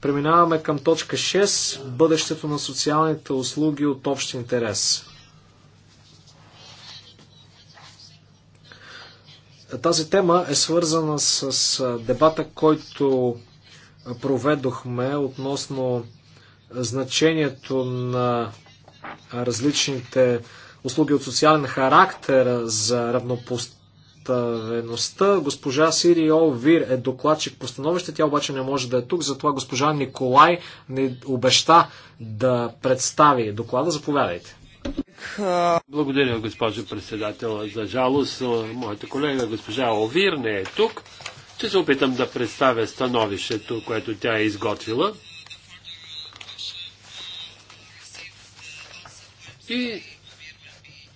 Преминаваме към точка 6 бъдещето на социалните услуги от общ интерес. Тази тема е свързана с дебата, който проведохме относно значението на различните услуги от социален характер за равнопоставеност представеността. Госпожа Сири Овир е докладчик по становище, тя обаче не може да е тук, затова госпожа Николай не обеща да представи доклада. Заповядайте. Благодаря, госпожо председател. За жалост, моята колега госпожа Овир не е тук. Ще се опитам да представя становището, което тя е изготвила. И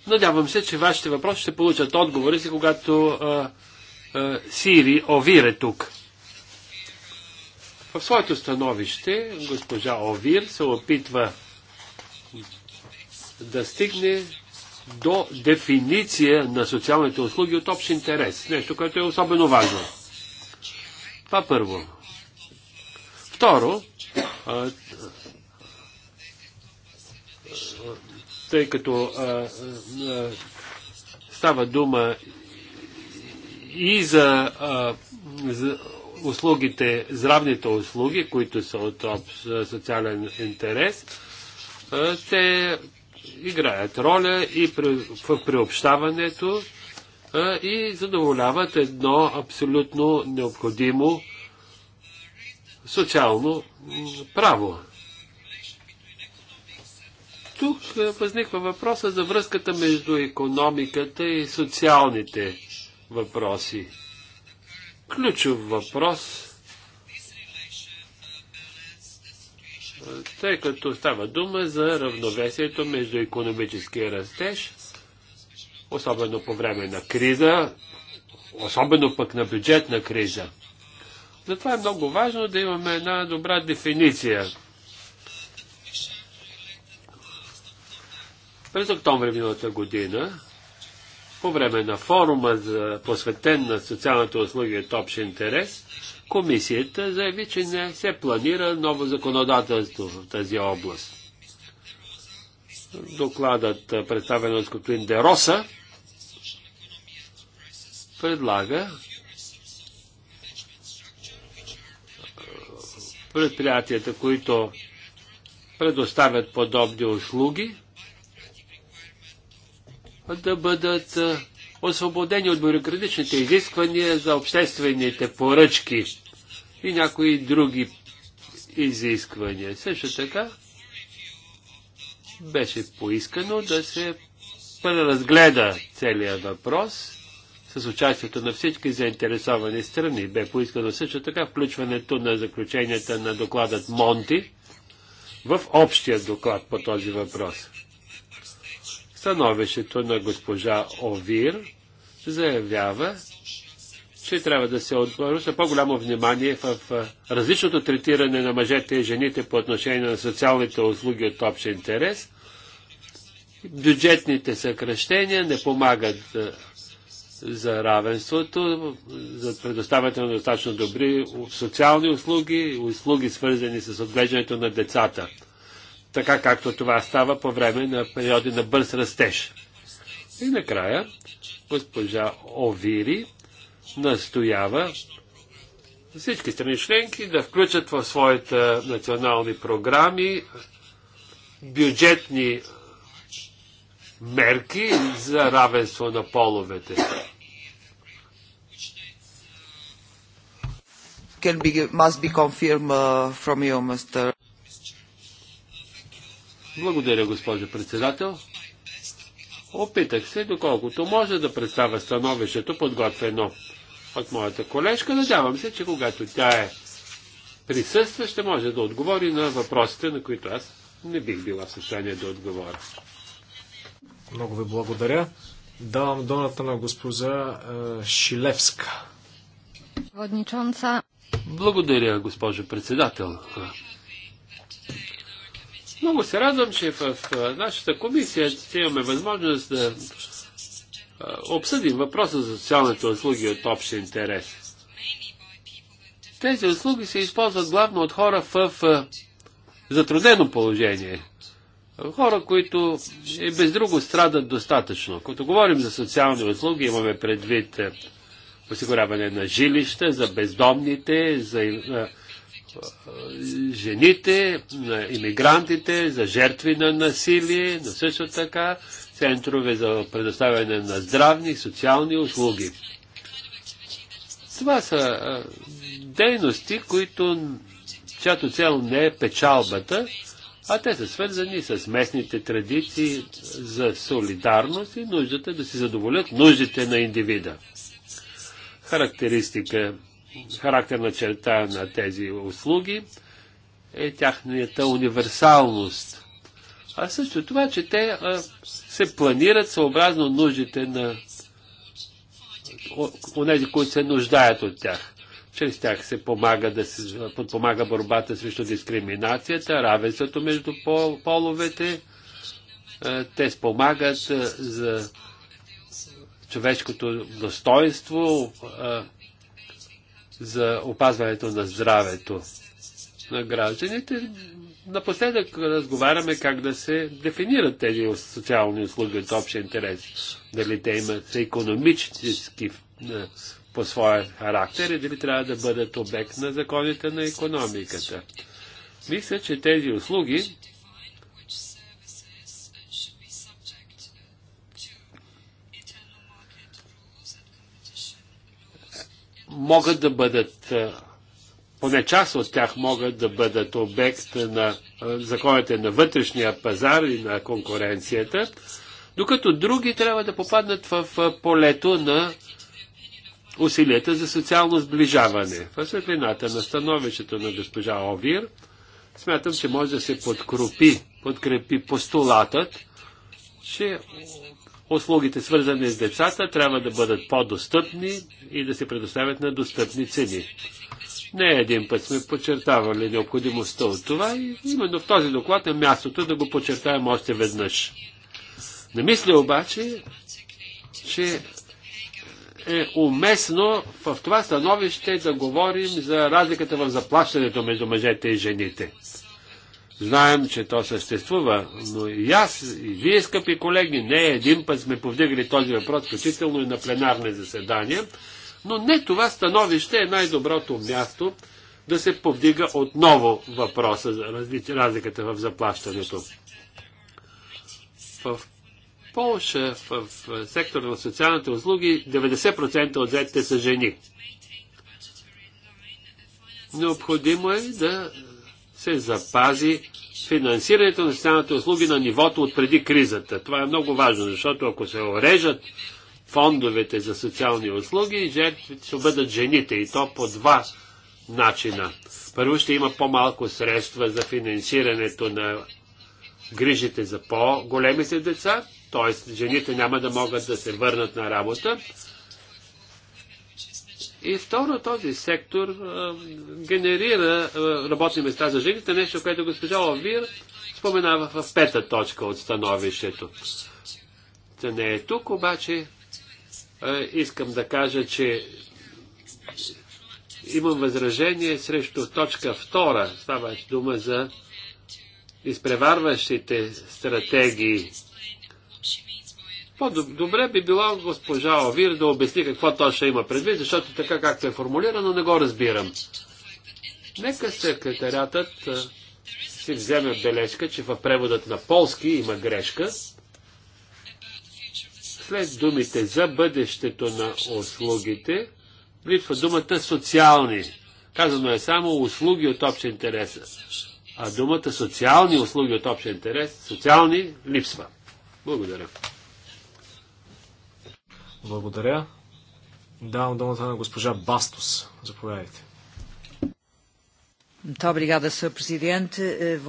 Надявам се, че вашите въпроси ще получат отговори си, когато а, а, Сири Овир е тук. В своето становище госпожа Овир се опитва да стигне до дефиниция на социалните услуги от общ интерес. Нещо, което е особено важно. Това първо. Второ, тъй като а, а, става дума и за, а, за услугите, здравните услуги, които са от общ социален интерес, а, те играят роля и при, в приобщаването а, и задоволяват едно абсолютно необходимо социално право тук е, възниква въпроса за връзката между економиката и социалните въпроси. Ключов въпрос, тъй като става дума за равновесието между економическия растеж, особено по време на криза, особено пък на бюджетна криза. Затова е много важно да имаме една добра дефиниция През октомври миналата година, по време на форума, за, посветен на социалната услуги от общ интерес, комисията заяви, че не се планира ново законодателство в тази област. Докладът, представен от Скотлин Дероса, предлага предприятията, които предоставят подобни услуги, да бъдат освободени от бюрократичните изисквания за обществените поръчки и някои други изисквания. Също така беше поискано да се преразгледа целият въпрос с участието на всички заинтересовани страни. Бе поискано също така включването на заключенията на докладът Монти в общия доклад по този въпрос. Становището на госпожа Овир заявява, че трябва да се отпоръча по-голямо внимание в различното третиране на мъжете и жените по отношение на социалните услуги от общ интерес. Бюджетните съкръщения не помагат е, за равенството, за предоставянето на достатъчно добри социални услуги, услуги свързани с отглеждането на децата така както това става по време на периоди на бърз растеж. И накрая госпожа Овири настоява всички страни членки да включат в своите национални програми бюджетни мерки за равенство на половете. Can be, must be confirmed uh, from you, Mr. Благодаря, госпожо председател. Опитах се, доколкото може да представя становището, подготвено от моята колежка. Надявам се, че когато тя е присъства, ще може да отговори на въпросите, на които аз не бих била в състояние да отговоря. Много ви благодаря. Давам доната на госпожа е, Шилевска. Благодаря, госпожо председател. Много се радвам, че в нашата комисия ще имаме възможност да обсъдим въпроса за социалните услуги от общ интерес. Тези услуги се използват главно от хора в затруднено положение. Хора, които и без друго страдат достатъчно. Като говорим за социални услуги, имаме предвид осигуряване на жилища, за бездомните, за е, жените, на иммигрантите, за жертви на насилие, но също така центрове за предоставяне на здравни, и социални услуги. Това са дейности, които, чиято цел не е печалбата, а те са свързани с местните традиции за солидарност и нуждата да се задоволят нуждите на индивида. Характеристика характерна черта на тези услуги е тяхната универсалност. А също това, че те а, се планират съобразно нуждите на тези, които се нуждаят от тях. Чрез тях се помага да се подпомага борбата срещу дискриминацията, равенството между пол, половете. А, те спомагат а, за човешкото достоинство, а, за опазването на здравето на гражданите. Напоследък разговаряме как да се дефинират тези социални услуги от общ интерес. Дали те имат економически е, по своя характер и дали трябва да бъдат обект на законите на економиката. Мисля, че тези услуги могат да бъдат, поне част от тях могат да бъдат обект на законите на вътрешния пазар и на конкуренцията, докато други трябва да попаднат в полето на усилията за социално сближаване. В светлината на становището на госпожа Овир, смятам, че може да се подкрепи, подкрепи постулатът, че Услугите, свързани с децата, трябва да бъдат по-достъпни и да се предоставят на достъпни цени. Не един път сме подчертавали необходимостта от това и именно в този доклад е мястото да го подчертаем още веднъж. Не мисля обаче, че е уместно в това становище да говорим за разликата в заплащането между мъжете и жените. Знаем, че то съществува, но и аз, и вие, скъпи колеги, не един път сме повдигали този въпрос, включително и на пленарни заседания, но не това становище е най-доброто място да се повдига отново въпроса за разликата в заплащането. В Полша, в сектора на социалните услуги, 90% от заетите са жени. Необходимо е да се запази финансирането на социалните услуги на нивото от преди кризата. Това е много важно, защото ако се орежат фондовете за социални услуги, жертвите ще бъдат жените и то по два начина. Първо ще има по-малко средства за финансирането на грижите за по-големите деца, т.е. жените няма да могат да се върнат на работа, и второ, този сектор а, генерира а, работни места за жените, нещо, което госпожа Овир споменава в пета точка от становището. Та не е тук, обаче а, искам да кажа, че имам възражение срещу точка втора. Става дума за изпреварващите стратегии по-добре би било госпожа Овир да обясни какво точно има предвид, защото така както е формулирано, не го разбирам. Нека секретарятът си вземе бележка, че в преводът на полски има грешка. След думите за бъдещето на услугите, липсва думата социални. Казано е само услуги от общ интерес. А думата социални услуги от общ интерес, социални, липсва. Благодаря. Благодаря. Давам думата на госпожа Бастос. Заповядайте. Eh,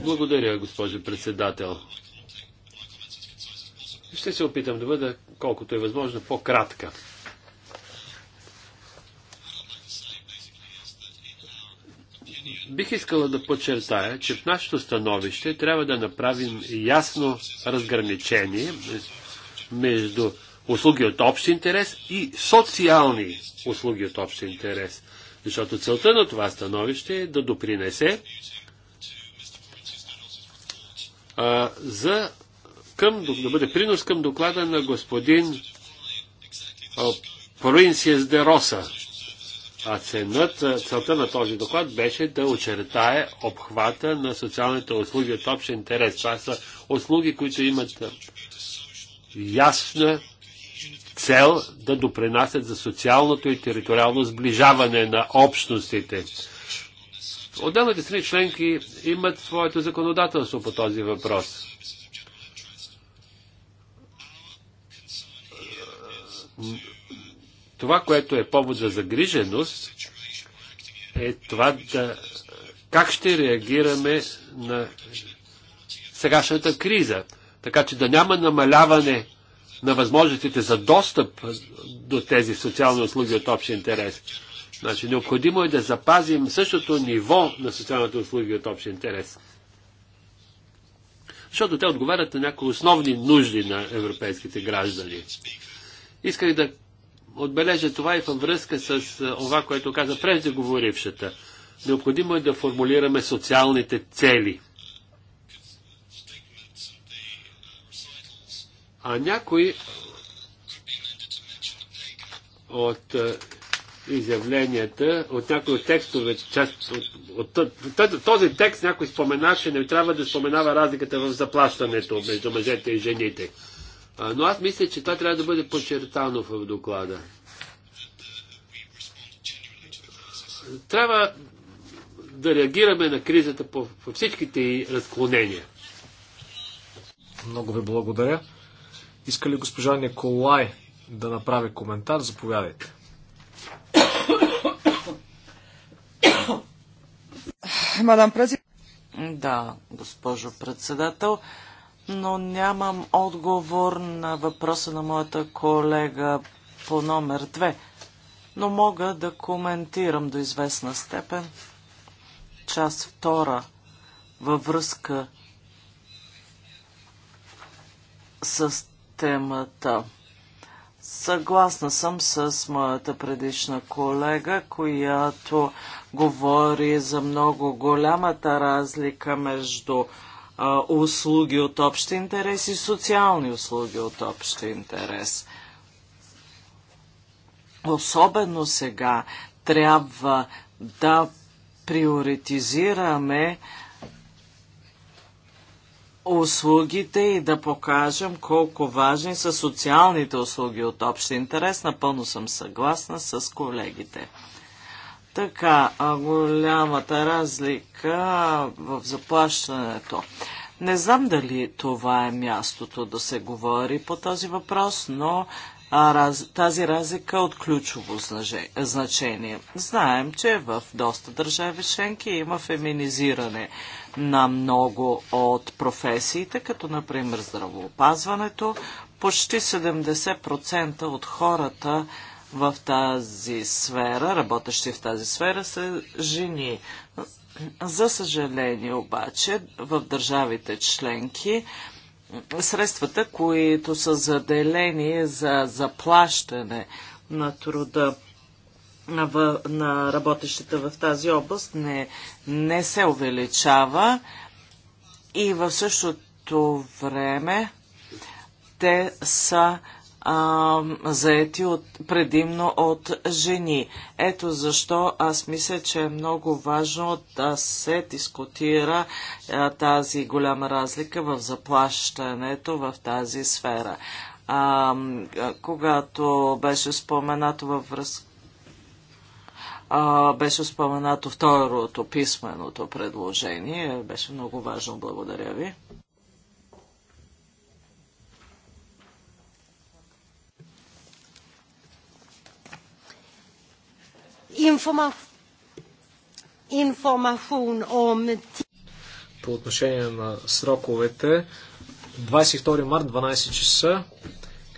Благодаря, госпожо председател. Ще се опитам да бъда колкото е възможно по-кратка. Бих искала да подчертая, че в нашето становище трябва да направим ясно разграничение между услуги от общ интерес и социални услуги от общ интерес. Защото целта на това становище е да допринесе а, за към, да бъде принос към доклада на господин а, Провинсиес де Роса. А ценът, целта на този доклад беше да очертае обхвата на социалните услуги от общ интерес. Това са услуги, които имат ясна цел да допренасят за социалното и териториално сближаване на общностите. Отделните страни членки имат своето законодателство по този въпрос. Това, което е повод за загриженост, е това да как ще реагираме на сегашната криза така че да няма намаляване на възможностите за достъп до тези социални услуги от общ интерес. Значи, необходимо е да запазим същото ниво на социалните услуги от общ интерес. Защото те отговарят на някои основни нужди на европейските граждани. Исках да отбележа това и във връзка с това, което каза преждеговорившата. Необходимо е да формулираме социалните цели. А някои от е, изявленията, от някои от текстове, част, от, от, този текст някой споменаше, не трябва да споменава разликата в заплащането между мъжете и жените. Но аз мисля, че това трябва да бъде подчертано в доклада. Трябва да реагираме на кризата по, по всичките й разклонения. Много ви благодаря. Иска ли госпожа Николай да направи коментар? Заповядайте. Мадам Прези. Да, госпожо председател, но нямам отговор на въпроса на моята колега по номер две. но мога да коментирам до известна степен част втора във връзка с темата. Съгласна съм с моята предишна колега, която говори за много голямата разлика между а, услуги от общ интерес и социални услуги от общ интерес. Особено сега трябва да приоритизираме а, услугите и да покажем колко важни са социалните услуги от общ интерес. Напълно съм съгласна с колегите. Така, голямата разлика в заплащането. Не знам дали това е мястото да се говори по този въпрос, но раз, тази разлика е от ключово значение. Знаем, че в доста държави членки има феминизиране на много от професиите, като например здравоопазването. Почти 70% от хората в тази сфера, работещи в тази сфера, са жени. За съжаление обаче, в държавите членки средствата, които са заделени за заплащане на труда на работещите в тази област не, не се увеличава и в същото време те са а, заети от, предимно от жени. Ето защо аз мисля, че е много важно да се дискутира а, тази голяма разлика в заплащането в тази сфера. А, когато беше споменато във връзка а, беше споменато второто писменото предложение. Беше много важно. Благодаря ви. По отношение на сроковете, 22 март, 12 часа,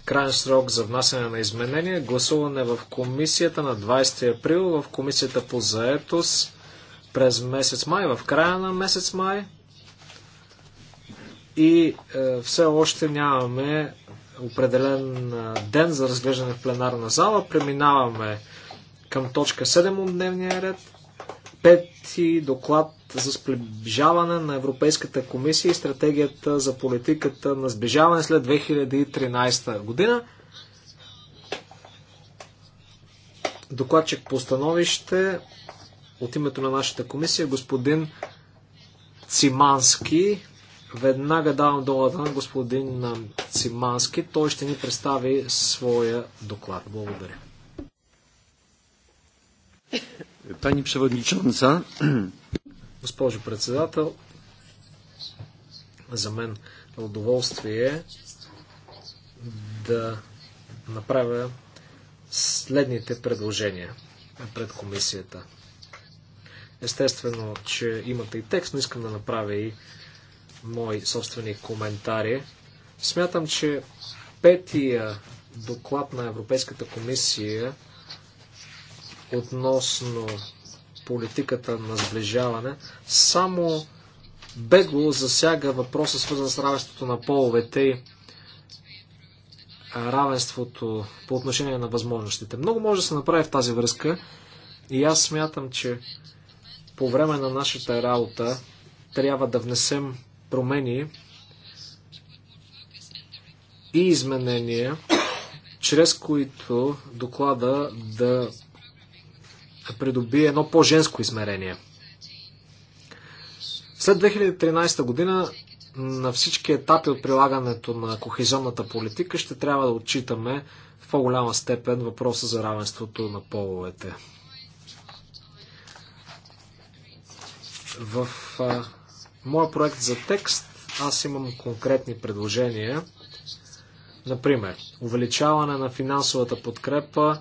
Крайен срок за внасяне на изменения. Гласуване в комисията на 20 април, в комисията по заетост през месец май, в края на месец май. И е, все още нямаме определен е, ден за разглеждане в пленарна зала. Преминаваме към точка 7 от дневния ред. Пети доклад за сближаване на Европейската комисия и стратегията за политиката на сближаване след 2013 година. Докладчик по становище от името на нашата комисия господин Цимански. Веднага давам долата на господин Цимански. Той ще ни представи своя доклад. Благодаря. Pani przewodnicząca. Госпожо председател, за мен е удоволствие да направя следните предложения пред комисията. Естествено, че имате и текст, но искам да направя и мои собствени коментари. Смятам, че петия доклад на Европейската комисия относно политиката на сближаване, само бегло засяга въпроса, свързан с равенството на половете и равенството по отношение на възможностите. Много може да се направи в тази връзка и аз смятам, че по време на нашата работа трябва да внесем промени и изменения, чрез които доклада да Придобие едно по-женско измерение. След 2013 година на всички етапи от прилагането на кохезионната политика ще трябва да отчитаме в по-голяма степен въпроса за равенството на половете. В а, моя проект за текст аз имам конкретни предложения. Например, увеличаване на финансовата подкрепа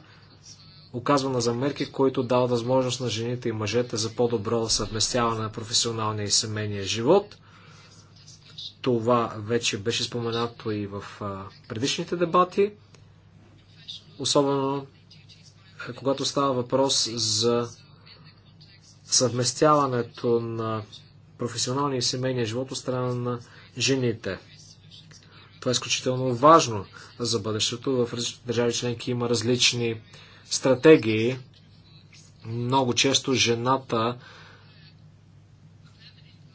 Оказва на замерки, които дава възможност на жените и мъжете за по-добро съвместяване на професионалния и семейния живот. Това вече беше споменато и в предишните дебати, особено когато става въпрос за съвместяването на професионалния и семейния живот от страна на жените. Това е изключително важно за бъдещето. В различните държави членки има различни стратегии. Много често жената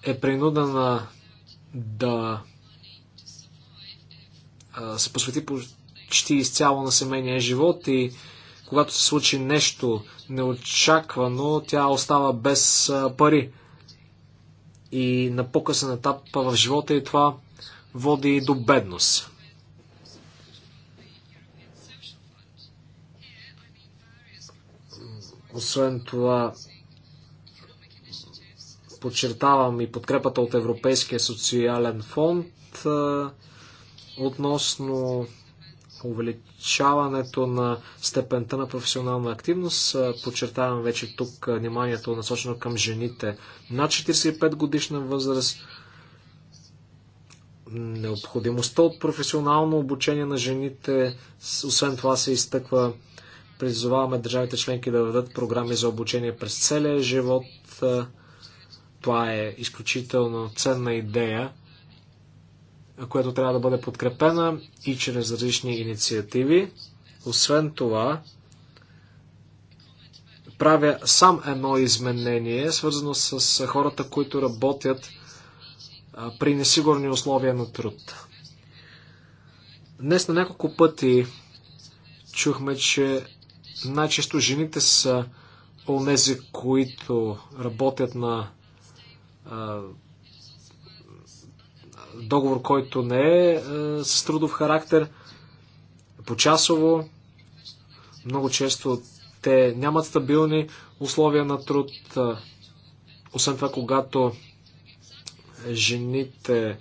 е принудена да се посвети почти изцяло на семейния живот и когато се случи нещо неочаквано, тя остава без пари. И на по-късен етап в живота и това води до бедност. Освен това, подчертавам и подкрепата от Европейския социален фонд относно увеличаването на степента на професионална активност. Подчертавам вече тук вниманието насочено към жените на 45 годишна възраст. Необходимостта от професионално обучение на жените, освен това се изтъква Призоваваме държавите членки да въведат програми за обучение през целия живот. Това е изключително ценна идея, която трябва да бъде подкрепена и чрез различни инициативи. Освен това, правя сам едно изменение, свързано с хората, които работят при несигурни условия на труд. Днес на няколко пъти чухме, че най-често жените са онези, които работят на а, договор, който не е а, с трудов характер, почасово. Много често те нямат стабилни условия на труд. Освен това, когато жените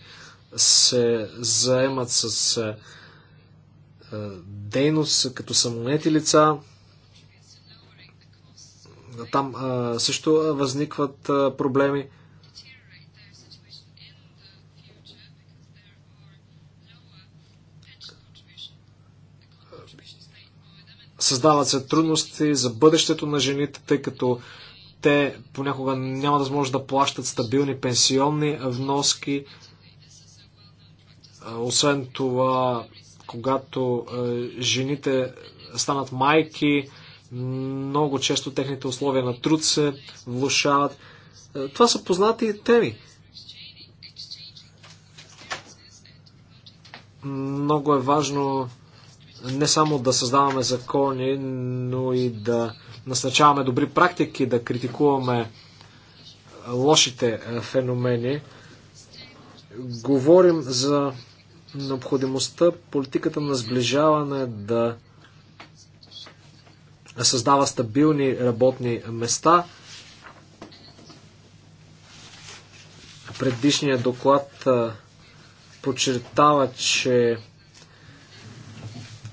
се заемат с дейност като самонети лица, там също възникват проблеми. Създават се трудности за бъдещето на жените, тъй като те понякога няма възможност да плащат стабилни пенсионни вноски. Освен това, когато жените станат майки, много често техните условия на труд се влушават. Е, това са познати теми. Много е важно не само да създаваме закони, но и да насърчаваме добри практики, да критикуваме лошите е, феномени. Говорим за необходимостта политиката на сближаване да създава стабилни работни места. Предишният доклад подчертава, че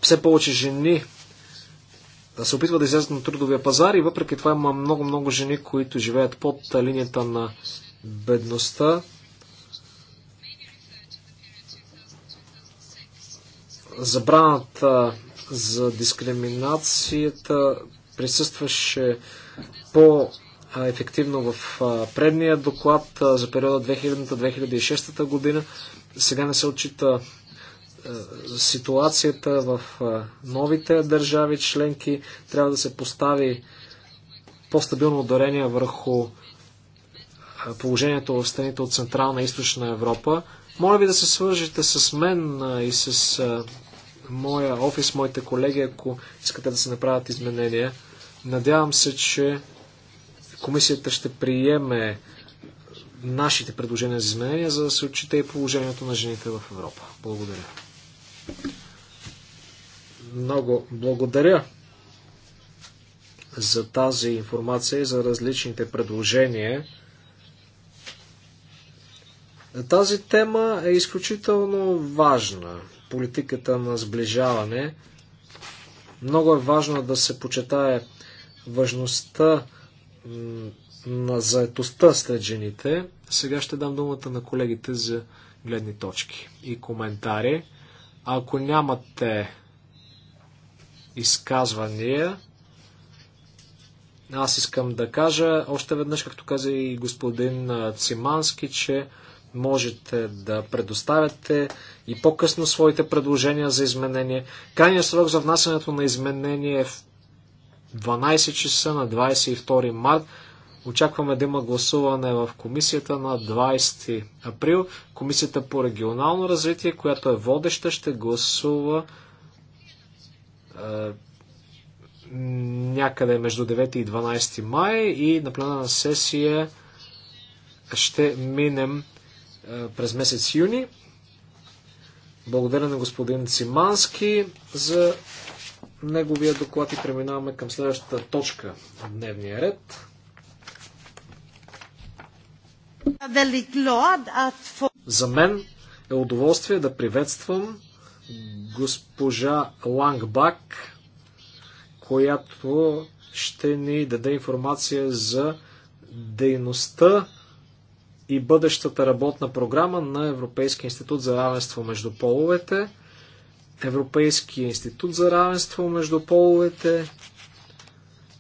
все повече жени да се опитват да излязат на трудовия пазар и въпреки това има много-много жени, които живеят под линията на бедността. Забраната за дискриминацията присъстваше по ефективно в предния доклад за периода 2000-2006 година. Сега не се отчита ситуацията в новите държави членки. Трябва да се постави по-стабилно ударение върху положението в страните от Централна и Източна Европа. Моля ви да се свържете с мен и с моя офис, моите колеги, ако искате да се направят изменения. Надявам се, че комисията ще приеме нашите предложения за изменения, за да се отчита и положението на жените в Европа. Благодаря. Много благодаря за тази информация и за различните предложения. Тази тема е изключително важна политиката на сближаване. Много е важно да се почетае важността на заетостта сред жените. Сега ще дам думата на колегите за гледни точки и коментари. ако нямате изказвания, аз искам да кажа още веднъж, както каза и господин Цимански, че можете да предоставяте и по-късно своите предложения за изменение. Крайният срок за внасянето на изменение е в 12 часа на 22 март. Очакваме да има гласуване в комисията на 20 април. Комисията по регионално развитие, която е водеща, ще гласува е, някъде между 9 и 12 май и на пленарна сесия ще минем през месец юни. Благодаря на господин Цимански за неговия доклад и преминаваме към следващата точка в дневния ред. За мен е удоволствие да приветствам госпожа Лангбак, която ще ни даде информация за дейността и бъдещата работна програма на Европейския институт за равенство между половете, Европейския институт за равенство между половете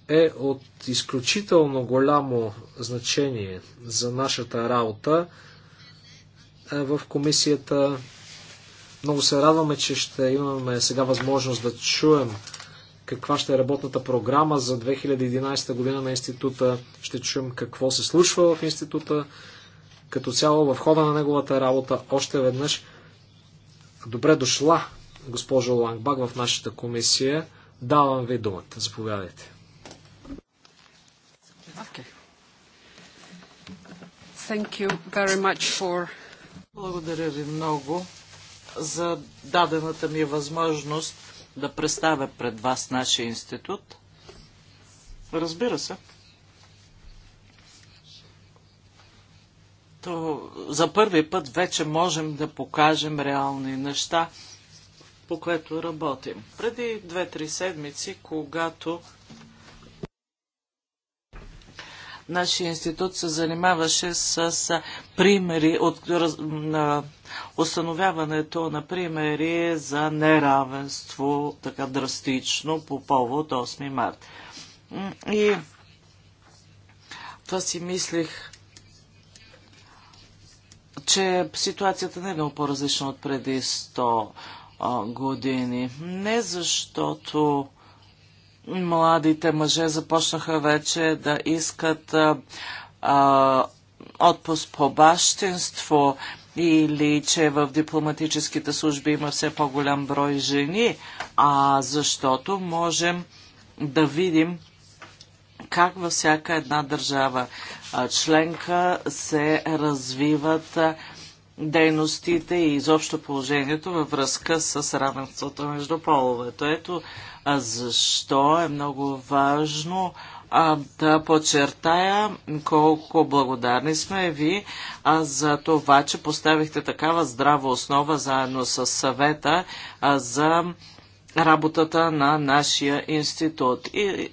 е от изключително голямо значение за нашата работа е, в комисията. Много се радваме, че ще имаме сега възможност да чуем каква ще е работната програма за 2011 година на института. Ще чуем какво се случва в института като цяло в хода на неговата работа още веднъж. Добре дошла, госпожо Лангбак, в нашата комисия. Давам ви думата. Заповядайте. Okay. Thank you very much for... Благодаря ви много за дадената ми възможност да представя пред вас нашия институт. Разбира се, то за първи път вече можем да покажем реални неща, по което работим. Преди две-три седмици, когато нашия институт се занимаваше с примери от установяването на примери за неравенство така драстично по повод 8 март. И това си мислих че ситуацията не е много по-различна от преди 100 а, години. Не защото младите мъже започнаха вече да искат а, а, отпуск по бащинство или че в дипломатическите служби има все по-голям брой жени, а защото можем да видим как във всяка една държава членка се развиват дейностите и изобщо положението във връзка с равенството между половето. Ето защо е много важно да подчертая колко благодарни сме ви за това, че поставихте такава здрава основа заедно с съвета а, за работата на нашия институт. И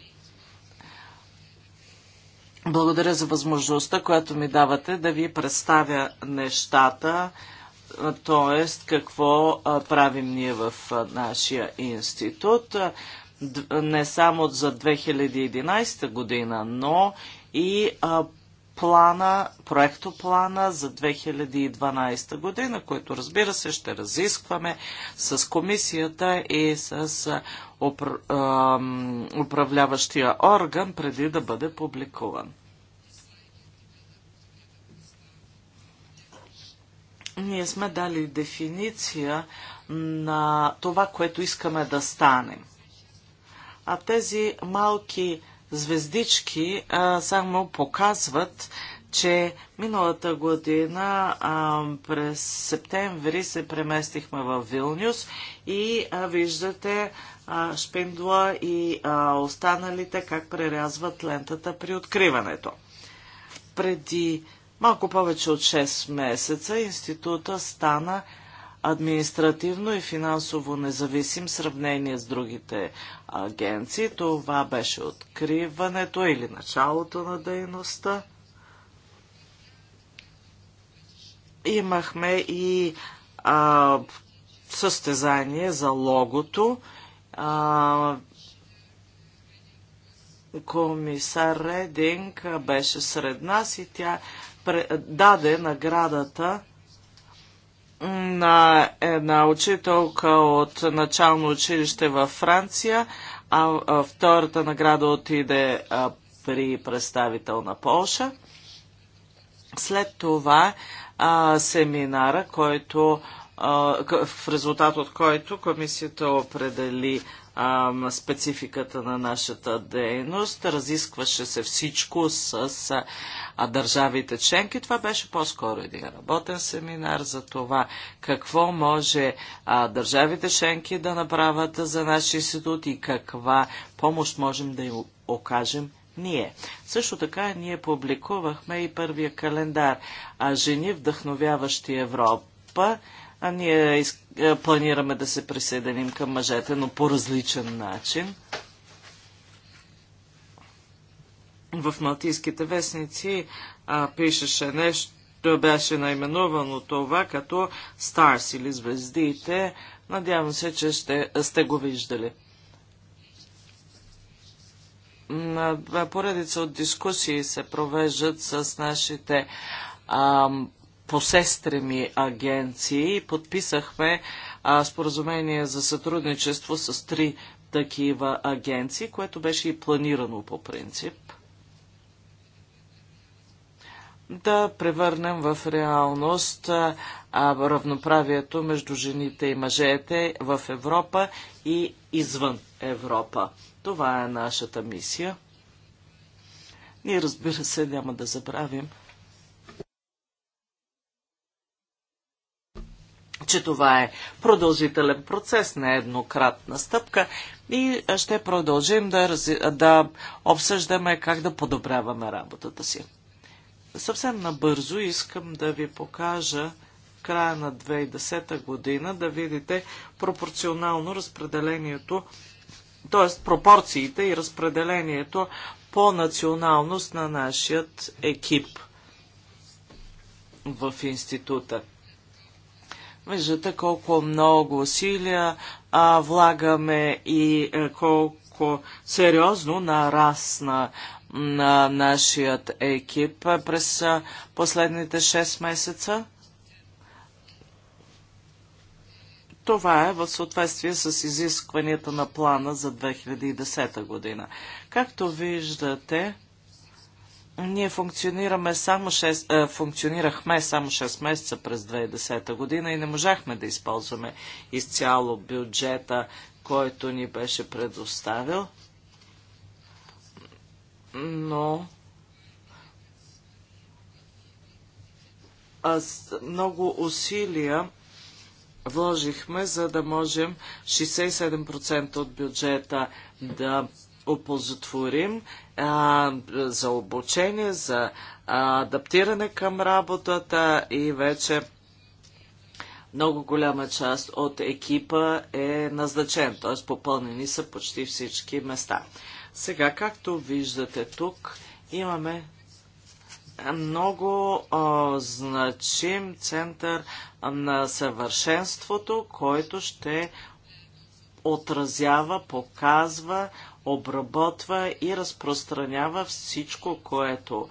благодаря за възможността, която ми давате да ви представя нещата, т.е. какво правим ние в нашия институт. Не само за 2011 година, но и плана, проектоплана за 2012 година, който разбира се ще разискваме с комисията и с управляващия орган преди да бъде публикуван. Ние сме дали дефиниция на това, което искаме да станем. А тези малки звездички а, само показват, че миналата година а, през септември се преместихме в Вилнюс и а, виждате а, Шпиндла и а, останалите как прерязват лентата при откриването. Преди малко повече от 6 месеца института стана административно и финансово независим в сравнение с другите агенции. Това беше откриването или началото на дейността. Имахме и а, състезание за логото. А, комисар Рединг беше сред нас и тя даде наградата на една учителка от начално училище във Франция, а втората награда отиде при представител на Полша. След това а, семинара, който, а, в резултат от който комисията определи а, спецификата на нашата дейност. Разискваше се всичко с, а, държавите членки. Това беше по-скоро един работен семинар за това какво може а, държавите членки да направят за нашия институт и каква помощ можем да им окажем ние. Също така ние публикувахме и първия календар а Жени вдъхновяващи Европа а ние планираме да се присъединим към мъжете, но по различен начин. В малтийските вестници а, пишеше нещо, беше наименувано това като Старс или звездите. Надявам се, че ще, сте го виждали. Поредица от дискусии се провеждат с нашите ам, посестрими агенции и подписахме а, споразумение за сътрудничество с три такива агенции, което беше и планирано по принцип. Да превърнем в реалност а, равноправието между жените и мъжете в Европа и извън Европа. Това е нашата мисия. Ние, разбира се, няма да забравим че това е продължителен процес, не е еднократна стъпка и ще продължим да, да обсъждаме как да подобряваме работата си. Съвсем набързо искам да ви покажа края на 2010 година да видите пропорционално разпределението, т.е. пропорциите и разпределението по националност на нашият екип в института. Виждате колко много усилия а, влагаме и а, е, колко сериозно нарасна на нашият екип през а, последните 6 месеца. Това е в съответствие с изискванията на плана за 2010 година. Както виждате, ние функционираме само 6, е, функционирахме само 6 месеца през 2010 година и не можахме да използваме изцяло бюджета, който ни беше предоставил. Но аз много усилия вложихме, за да можем 67% от бюджета да опозотворим а, за обучение, за а, адаптиране към работата и вече много голяма част от екипа е назначен, т.е. попълнени са почти всички места. Сега, както виждате тук, имаме много о, значим център на съвършенството, който ще отразява, показва, обработва и разпространява всичко, което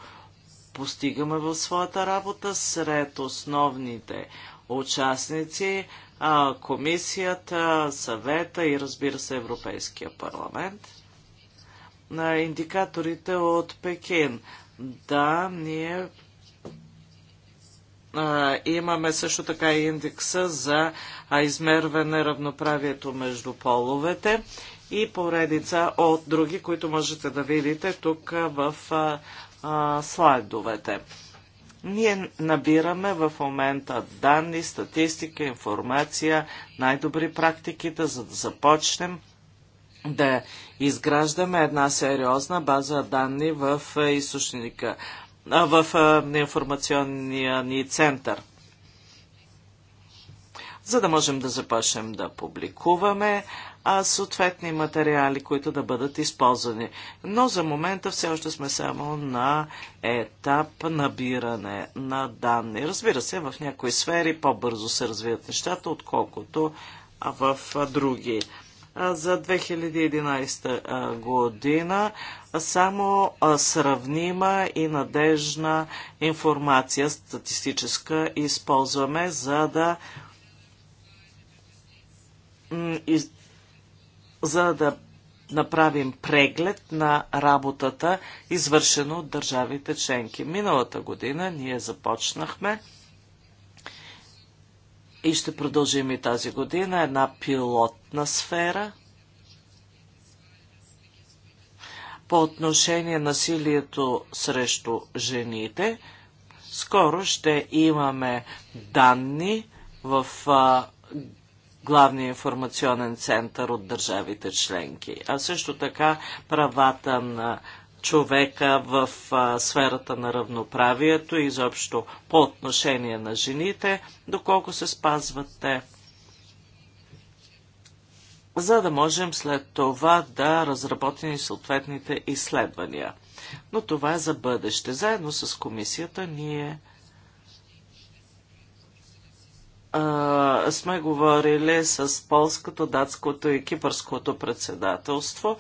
постигаме в своята работа сред основните участници, комисията, съвета и разбира се Европейския парламент. На индикаторите от Пекин. Да, ние а, имаме също така индекса за измерване равноправието между половете и поредица от други, които можете да видите тук в слайдовете. Ние набираме в момента данни, статистика, информация, най-добри практиките, за да започнем да изграждаме една сериозна база данни в източника, в информационния ни център. За да можем да започнем да публикуваме а, съответни материали, които да бъдат използвани. Но за момента все още сме само на етап набиране на данни. Разбира се, в някои сфери по-бързо се развият нещата, отколкото в други. За 2011 година само сравнима и надежна информация статистическа използваме, за да за да направим преглед на работата, извършена от държавите членки. Миналата година ние започнахме и ще продължим и тази година една пилотна сфера по отношение насилието срещу жените. Скоро ще имаме данни в главния информационен център от държавите членки, а също така правата на човека в а, сферата на равноправието и изобщо по отношение на жените, доколко се спазват те. За да можем след това да разработим и съответните изследвания. Но това е за бъдеще. Заедно с комисията ние сме говорили с полското, датското и кипърското председателство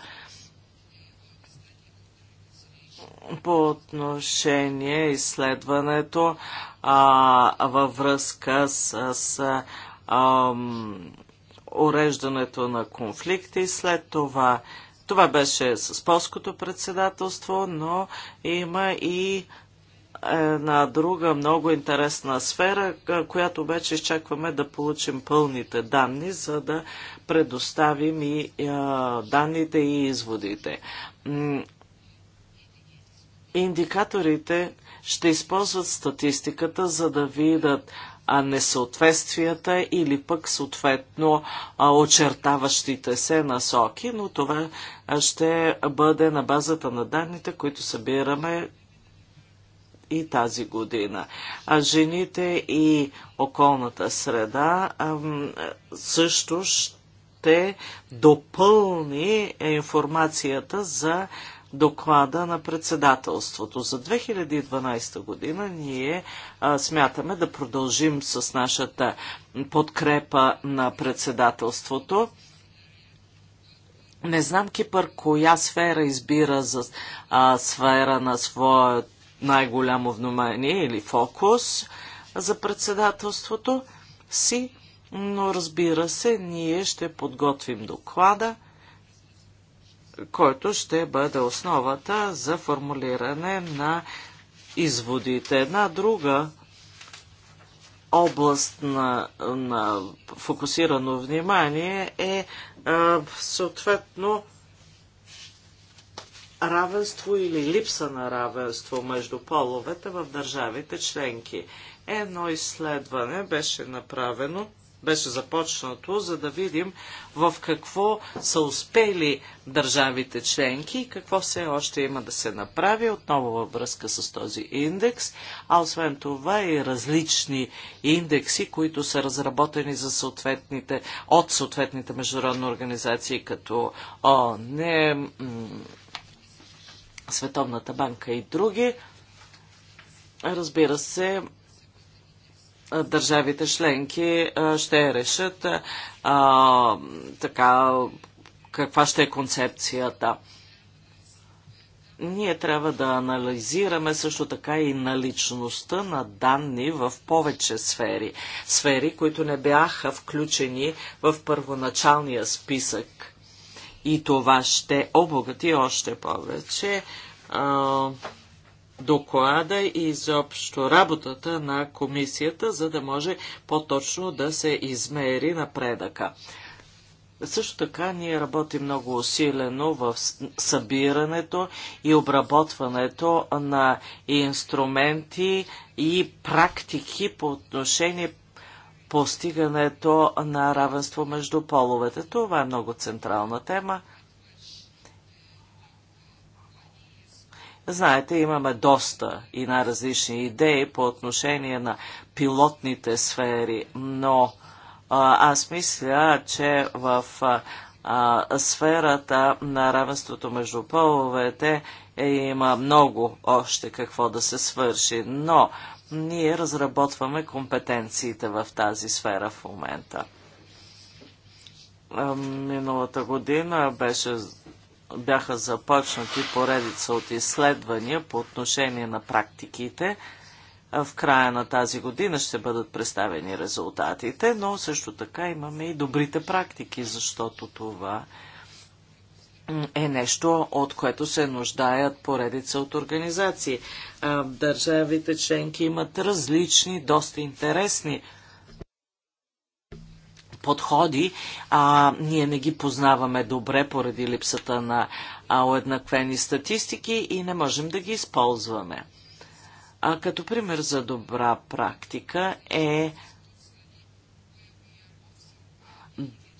по отношение изследването а, във връзка с, с а, уреждането на конфликти. След това това беше с полското председателство, но има и една друга много интересна сфера, която вече изчакваме да получим пълните данни, за да предоставим и данните и изводите. Индикаторите ще използват статистиката, за да видят а несъответствията или пък съответно очертаващите се насоки, но това ще бъде на базата на данните, които събираме и тази година. А жените и околната среда също ще допълни информацията за доклада на председателството. За 2012 година ние а, смятаме да продължим с нашата подкрепа на председателството. Не знам Кипър коя сфера избира за а, сфера на своят най-голямо внимание или фокус за председателството си, но разбира се, ние ще подготвим доклада, който ще бъде основата за формулиране на изводите. Една друга област на, на фокусирано внимание е а, съответно равенство или липса на равенство между половете в държавите членки. Едно изследване беше направено, беше започнато, за да видим в какво са успели държавите членки и какво все още има да се направи, отново във връзка с този индекс, а освен това и различни индекси, които са разработени за съответните, от съответните международни организации, като ООН, Световната банка и други. Разбира се, държавите членки ще решат а, така каква ще е концепцията. Ние трябва да анализираме също така и наличността на данни в повече сфери. Сфери, които не бяха включени в първоначалния списък и това ще обогати още повече а, доклада и изобщо работата на комисията, за да може по-точно да се измери напредъка. Също така ние работим много усилено в събирането и обработването на инструменти и практики по отношение постигането на равенство между половете. Това е много централна тема. Знаете, имаме доста и най-различни идеи по отношение на пилотните сфери, но а, аз мисля, че в а, сферата на равенството между половете е, има много още какво да се свърши. Но ние разработваме компетенциите в тази сфера в момента. Миналата година беше, бяха започнати поредица от изследвания по отношение на практиките. В края на тази година ще бъдат представени резултатите, но също така имаме и добрите практики, защото това е е нещо, от което се нуждаят поредица от организации. Държавите членки имат различни, доста интересни подходи. А, ние не ги познаваме добре поради липсата на уеднаквени статистики и не можем да ги използваме. А, като пример за добра практика е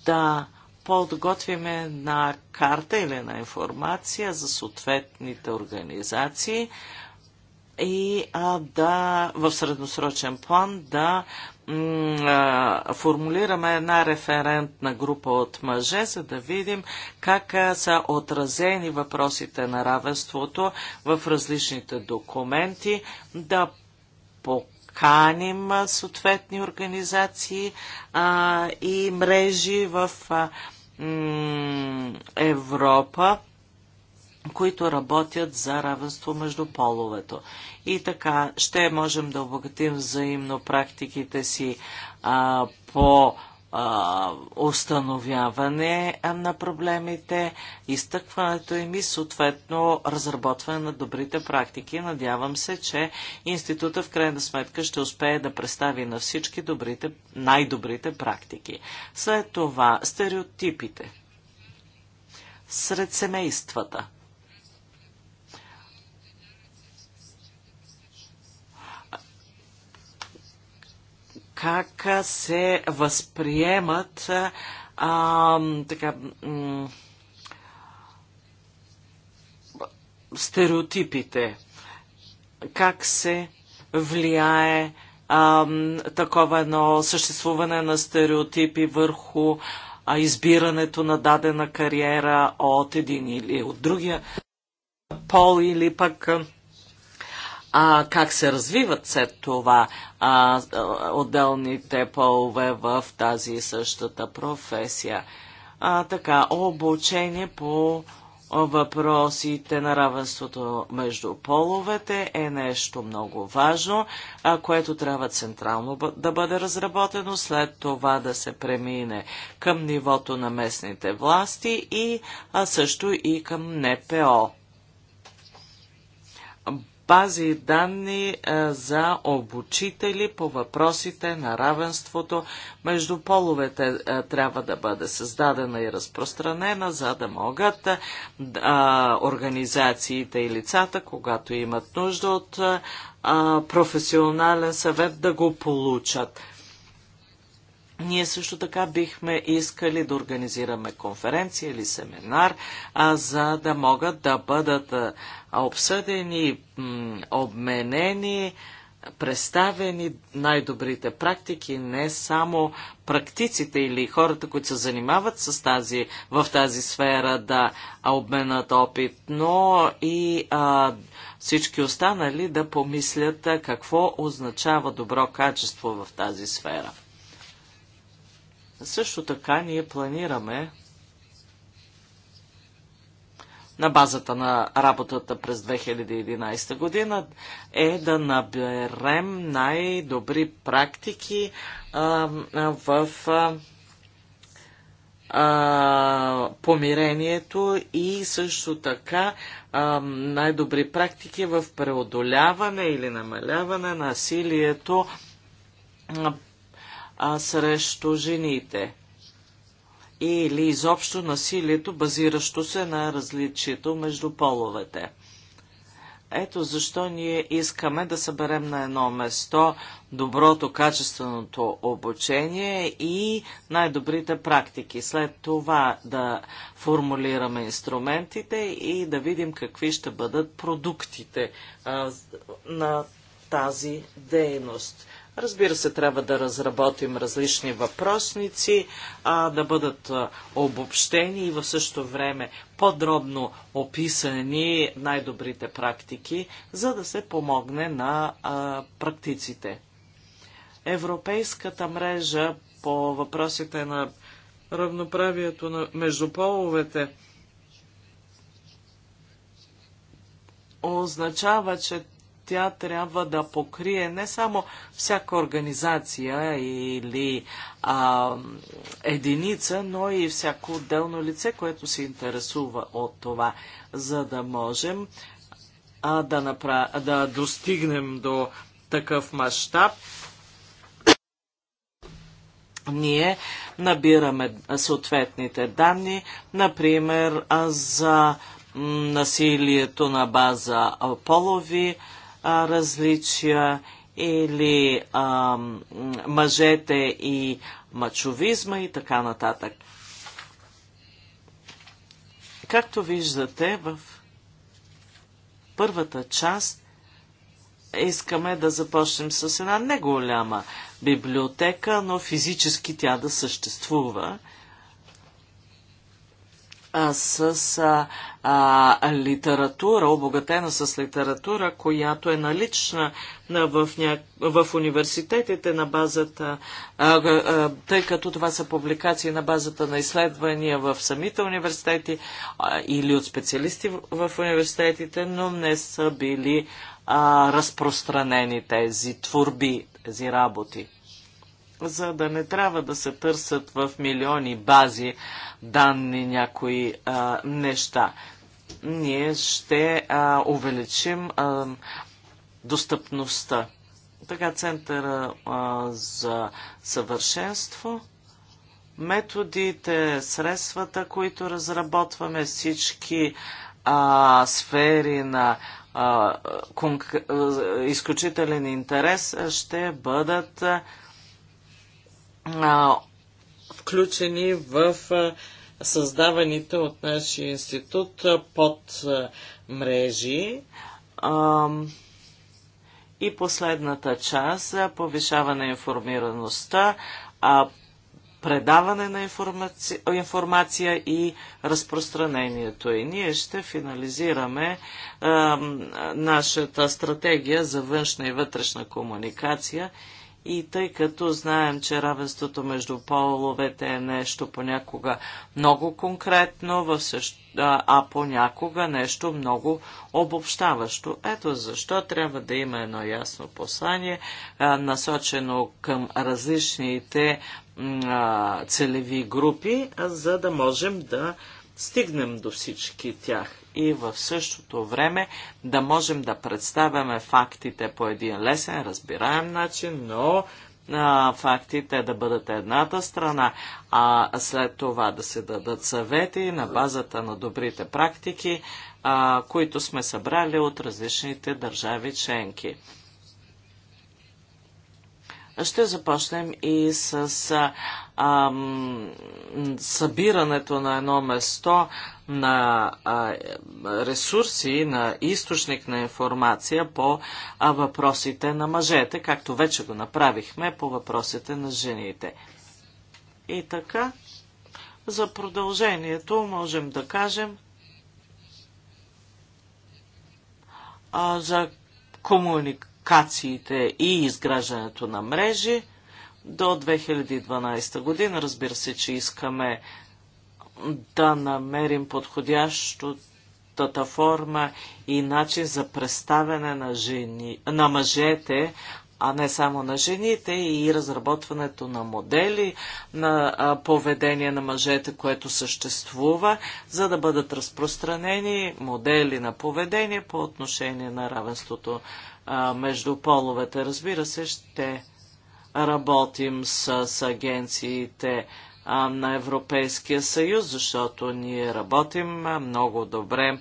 да подготвяме една карта или на информация за съответните организации и а, да в средносрочен план да формулираме една референтна група от мъже, за да видим как са отразени въпросите на равенството в различните документи, да поканим съответни организации а, и мрежи в а, Европа, които работят за равенство между половето. И така ще можем да обогатим взаимно практиките си а, по установяване на проблемите, изтъкването им и съответно разработване на добрите практики. Надявам се, че института в крайна сметка ще успее да представи на всички добрите, най-добрите практики. След това стереотипите сред семействата. как се възприемат а, така, стереотипите, как се влияе а, такова едно съществуване на стереотипи върху а, избирането на дадена кариера от един или от другия пол или пък а, как се развиват след това а, отделните полове в тази същата професия. А, така, обучение по въпросите на равенството между половете е нещо много важно, а, което трябва централно да бъде разработено, след това да се премине към нивото на местните власти и а също и към НПО бази данни е, за обучители по въпросите на равенството между половете е, трябва да бъде създадена и разпространена, за да могат е, организациите и лицата, когато имат нужда от професионален съвет, да го получат. Ние също така бихме искали да организираме конференция или семинар, а за да могат да бъдат обсъдени, обменени, представени най-добрите практики, не само практиците или хората, които се занимават с тази, в тази сфера да обменят опит, но и а, всички останали да помислят какво означава добро качество в тази сфера. Също така ние планираме на базата на работата през 2011 година е да наберем най-добри практики а, в а, помирението и също така най-добри практики в преодоляване или намаляване на насилието а, срещу жените или изобщо насилието, базиращо се на различието между половете. Ето защо ние искаме да съберем на едно место доброто, качественото обучение и най-добрите практики. След това да формулираме инструментите и да видим какви ще бъдат продуктите а, на тази дейност. Разбира се, трябва да разработим различни въпросници, а, да бъдат а, обобщени и в същото време подробно описани най-добрите практики, за да се помогне на а, практиците. Европейската мрежа по въпросите на равноправието на, между половете означава, че тя трябва да покрие не само всяка организация или а, единица, но и всяко отделно лице, което се интересува от това, за да можем а, да, направ... да достигнем до такъв мащаб. Ние набираме съответните данни, например за насилието на база полови, а, различия или а, мъжете и мачовизма и така нататък. Както виждате, в първата част искаме да започнем с една неголяма библиотека, но физически тя да съществува – с а, а, литература, обогатена с литература, която е налична в, ня... в университетите на базата, а, а, тъй като това са публикации на базата на изследвания в самите университети а, или от специалисти в, в университетите, но не са били а, разпространени тези творби, тези работи за да не трябва да се търсят в милиони бази данни някои а, неща. Ние ще а, увеличим а, достъпността. Така Центъра а, за съвършенство, методите, средствата, които разработваме, всички а, сфери на а, конк... изключителен интерес ще бъдат а, а, включени в а, създаваните от нашия институт а, под а, мрежи. А, и последната част – повишаване информираността, а, предаване на информация, информация и разпространението. И ние ще финализираме а, нашата стратегия за външна и вътрешна комуникация – и тъй като знаем, че равенството между половете е нещо понякога много конкретно, а понякога нещо много обобщаващо. Ето защо трябва да има едно ясно послание, насочено към различните целеви групи, за да можем да стигнем до всички тях и в същото време да можем да представяме фактите по един лесен, разбираем начин, но а, фактите да бъдат едната страна, а след това да се дадат съвети на базата на добрите практики, а, които сме събрали от различните държави членки ще започнем и с ам, събирането на едно место на а, ресурси, на източник на информация по а, въпросите на мъжете, както вече го направихме по въпросите на жените. И така, за продължението можем да кажем а, за комуникация локациите и изграждането на мрежи до 2012 година. Разбира се, че искаме да намерим подходящата форма и начин за представяне на, жени, на мъжете, а не само на жените и разработването на модели на поведение на мъжете, което съществува, за да бъдат разпространени модели на поведение по отношение на равенството а, между половете. Разбира се, ще работим с, с агенциите а, на Европейския съюз, защото ние работим а, много добре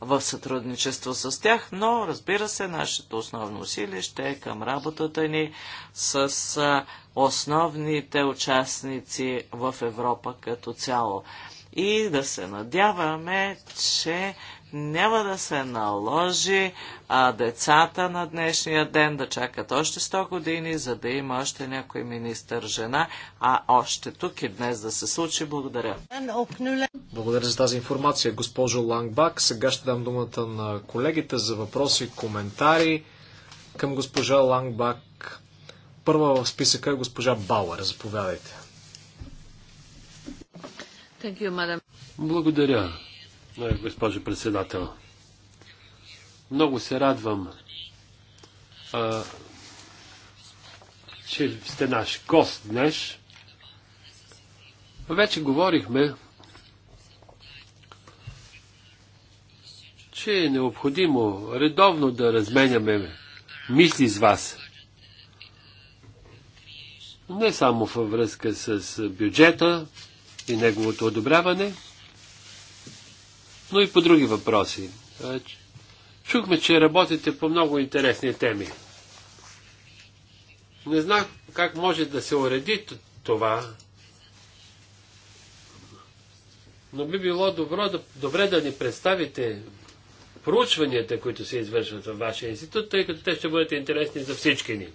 в сътрудничество с тях, но разбира се, нашето основно усилие ще е към работата ни с а, основните участници в Европа като цяло. И да се надяваме, че няма да се наложи а, децата на днешния ден да чакат още 100 години, за да има още някой министър жена, а още тук и днес да се случи. Благодаря. Благодаря за тази информация, госпожо Лангбак. Сега ще дам думата на колегите за въпроси, и коментари към госпожа Лангбак. Първа в списъка е госпожа Бауер. Заповядайте. Благодаря, госпожо председател. Много се радвам, а, че сте наш гост днес. Вече говорихме, че е необходимо редовно да разменяме мисли с вас. Не само във връзка с бюджета и неговото одобряване, но и по други въпроси. Е, чухме, че работите по много интересни теми. Не знах как може да се уреди това, но би било добро добре да ни представите проучванията, които се извършват във вашия институт, тъй като те ще бъдат интересни за всички ни.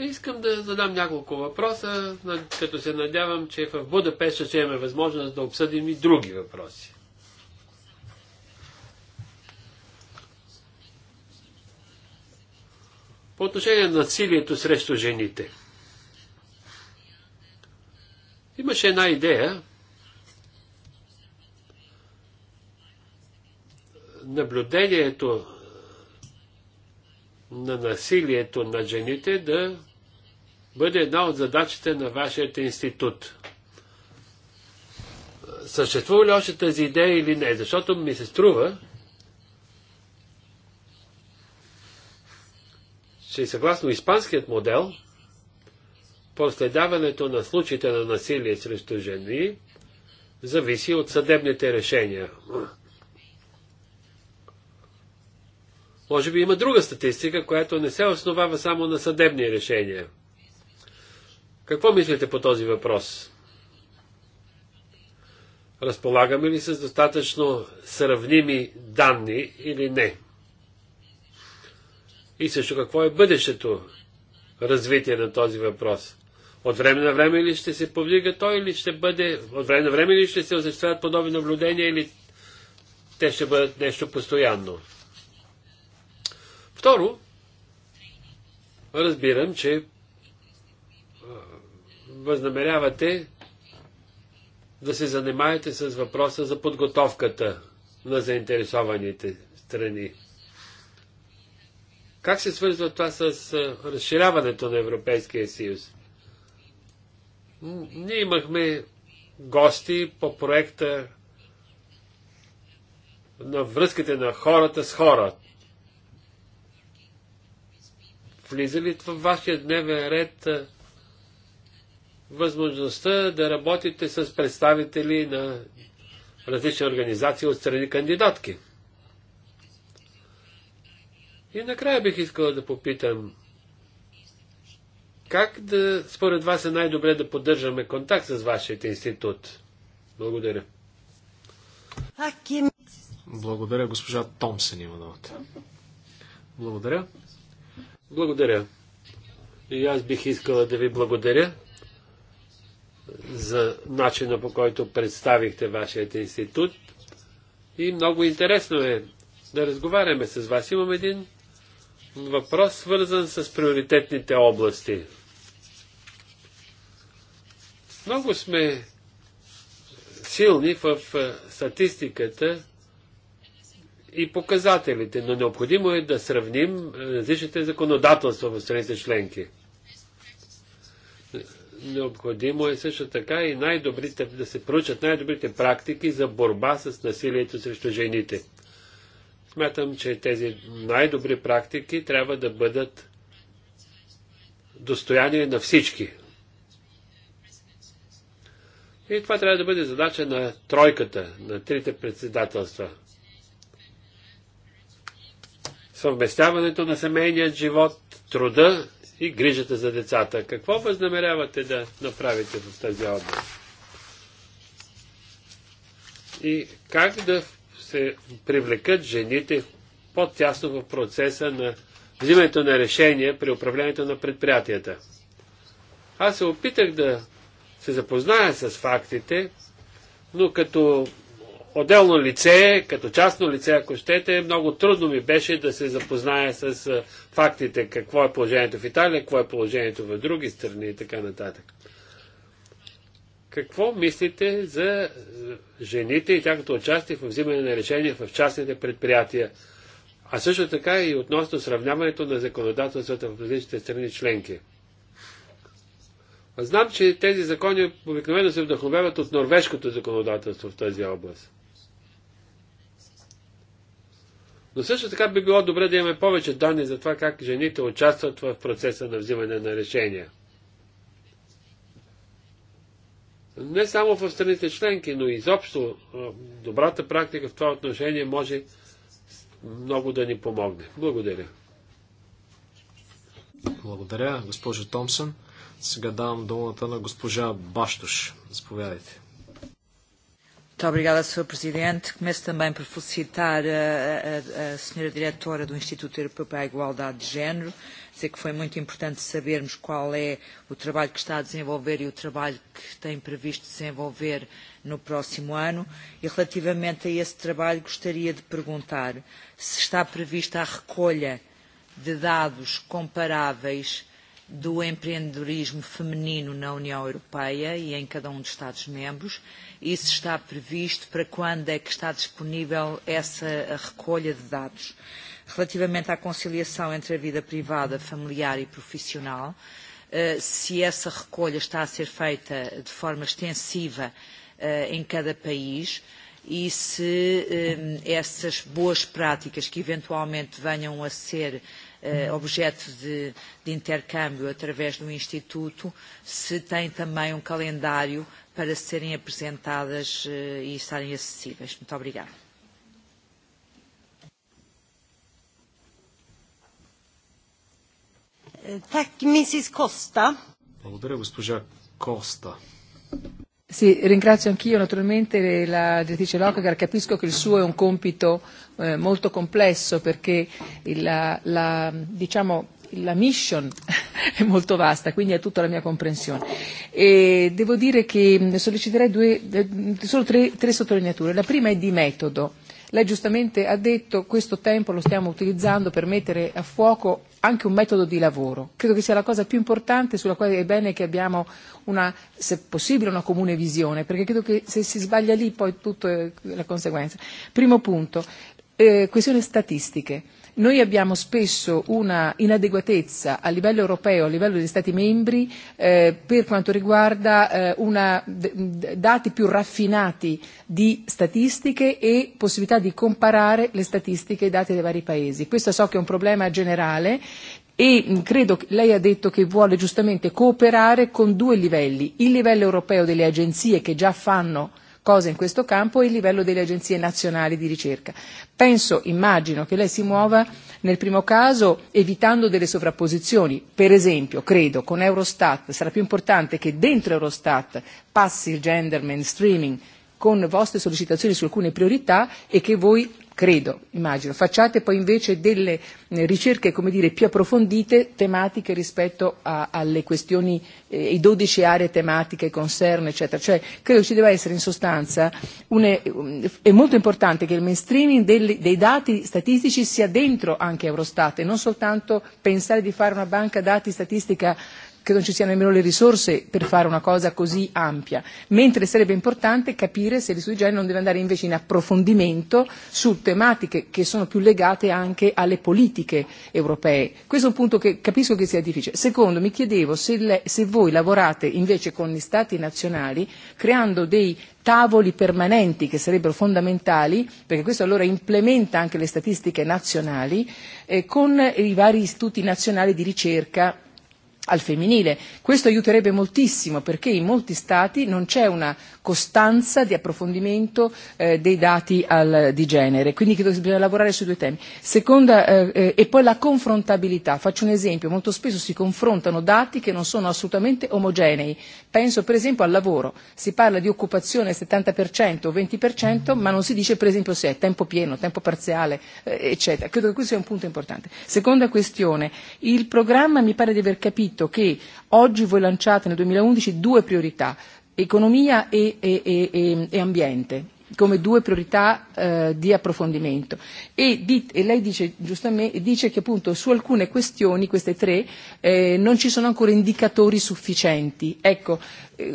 Искам да задам няколко въпроса, като се надявам, че в Будапешта ще имаме възможност да обсъдим и други въпроси. По отношение на насилието срещу жените. Имаше една идея, наблюдението на насилието на жените да бъде една от задачите на вашият институт. Съществува ли още тази идея или не? Защото ми се струва, че съгласно испанският модел, последаването на случаите на насилие срещу жени зависи от съдебните решения. Може би има друга статистика, която не се основава само на съдебни решения. Какво мислите по този въпрос? Разполагаме ли с достатъчно сравними данни или не? И също какво е бъдещето развитие на този въпрос? От време на време ли ще се повдига той или ще бъде, от време на време ли ще се осъществяват подобни наблюдения или те ще бъдат нещо постоянно? Второ, разбирам, че възнамерявате да се занимаете с въпроса за подготовката на заинтересованите страни. Как се свързва това с разширяването на Европейския съюз? Ние имахме гости по проекта на връзките на хората с хора. Влиза ли в вашия дневен ред възможността да работите с представители на различни организации от страни кандидатки. И накрая бих искала да попитам, как да, според вас е най-добре да поддържаме контакт с вашия институт? Благодаря. Благодаря, госпожа Томсен има думата. Благодаря. Благодаря. И аз бих искала да ви благодаря за начина по който представихте вашият институт. И много интересно е да разговаряме с вас. Имам един въпрос, свързан с приоритетните области. Много сме силни в статистиката и показателите, но необходимо е да сравним различните законодателства в страните членки необходимо е също така и най-добрите, да се проучат най-добрите практики за борба с насилието срещу жените. Смятам, че тези най-добри практики трябва да бъдат достояние на всички. И това трябва да бъде задача на тройката, на трите председателства. Съвместяването на семейният живот, труда и грижата за децата. Какво възнамерявате да направите в тази област? И как да се привлекат жените по-тясно в процеса на взимането на решения при управлението на предприятията? Аз се опитах да се запозная с фактите, но като отделно лице, като частно лице, ако щете, много трудно ми беше да се запозная с фактите, какво е положението в Италия, какво е положението в други страни и така нататък. Какво мислите за жените и тяхното участие в взимане на решения в частните предприятия, а също така и относно сравняването на законодателствата в различните страни членки? Знам, че тези закони обикновено се вдъхновяват от норвежкото законодателство в тази област. Но също така би било добре да имаме повече данни за това как жените участват в процеса на взимане на решения. Не само в страните членки, но изобщо добрата практика в това отношение може много да ни помогне. Благодаря. Благодаря, госпожо Томсън. Сега давам думата на госпожа Баштош. Заповядайте. Muito obrigada, Sr. Presidente. Começo também por felicitar a, a, a Sra. Diretora do Instituto Europeu para a Igualdade de Género, dizer que foi muito importante sabermos qual é o trabalho que está a desenvolver e o trabalho que tem previsto desenvolver no próximo ano. E relativamente a esse trabalho, gostaria de perguntar se está prevista a recolha de dados comparáveis do empreendedorismo feminino na União Europeia e em cada um dos Estados-membros, Isso está previsto? Para quando é que está disponível essa recolha de dados? Relativamente à conciliação entre a vida privada, familiar e profissional, se essa recolha está a ser feita de forma extensiva em cada país e se essas boas práticas que eventualmente venham a ser uh, objeto de, de intercâmbio através do Instituto, se tem também um calendário para serem apresentadas uh, e estarem acessíveis. Muito obrigada. Благодаря, госпожа Коста. Sì, ringrazio anch'io naturalmente la direttrice Lockhart, capisco che il suo è un compito eh, molto complesso perché la, la, diciamo, la mission è molto vasta, quindi è tutta la mia comprensione. E devo dire che solleciterei due, solo tre, tre sottolineature. La prima è di metodo. Lei giustamente ha detto che questo tempo lo stiamo utilizzando per mettere a fuoco anche un metodo di lavoro. Credo che sia la cosa più importante sulla quale è bene che abbiamo una, se possibile, una comune visione, perché credo che se si sbaglia lì poi tutto è la conseguenza. Primo punto eh, questioni statistiche. Noi abbiamo spesso una inadeguatezza a livello europeo, a livello degli Stati membri, eh, per quanto riguarda eh, una, d- dati più raffinati di statistiche e possibilità di comparare le statistiche e i dati dei vari paesi. Questo so che è un problema generale e credo che lei ha detto che vuole giustamente cooperare con due livelli, il livello europeo delle agenzie che già fanno cosa in questo campo è il livello delle agenzie nazionali di ricerca. Penso, immagino che lei si muova nel primo caso evitando delle sovrapposizioni, per esempio, credo, con Eurostat sarà più importante che dentro Eurostat passi il gender mainstreaming con vostre sollecitazioni su alcune priorità e che voi credo, immagino. Facciate poi invece delle ricerche, come dire, più approfondite, tematiche rispetto a, alle questioni, eh, i 12 aree tematiche, concern, eccetera. Cioè, credo ci debba essere in sostanza, un, è molto importante che il mainstreaming dei, dei dati statistici sia dentro anche Eurostat e non soltanto pensare di fare una banca dati statistica che non ci siano nemmeno le risorse per fare una cosa così ampia, mentre sarebbe importante capire se l'istituto di genere non deve andare invece in approfondimento su tematiche che sono più legate anche alle politiche europee. Questo è un punto che capisco che sia difficile. Secondo, mi chiedevo se, le, se voi lavorate invece con gli Stati nazionali creando dei tavoli permanenti che sarebbero fondamentali, perché questo allora implementa anche le statistiche nazionali, eh, con i vari istituti nazionali di ricerca al femminile. Questo aiuterebbe moltissimo perché in molti Stati non c'è una costanza di approfondimento eh, dei dati al, di genere. Quindi credo che bisogna lavorare su due temi. Seconda, eh, e poi la confrontabilità. Faccio un esempio. Molto spesso si confrontano dati che non sono assolutamente omogenei. Penso per esempio al lavoro. Si parla di occupazione 70% o 20%, ma non si dice per esempio se è tempo pieno, tempo parziale, eh, eccetera. Credo che questo sia un punto importante. Seconda questione. Il programma mi pare di aver capito che oggi voi lanciate nel 2011 due priorità economia e, e, e, e ambiente come due priorità eh, di approfondimento e, di, e lei dice, giustamente, dice che appunto su alcune questioni, queste tre, eh, non ci sono ancora indicatori sufficienti. Ecco,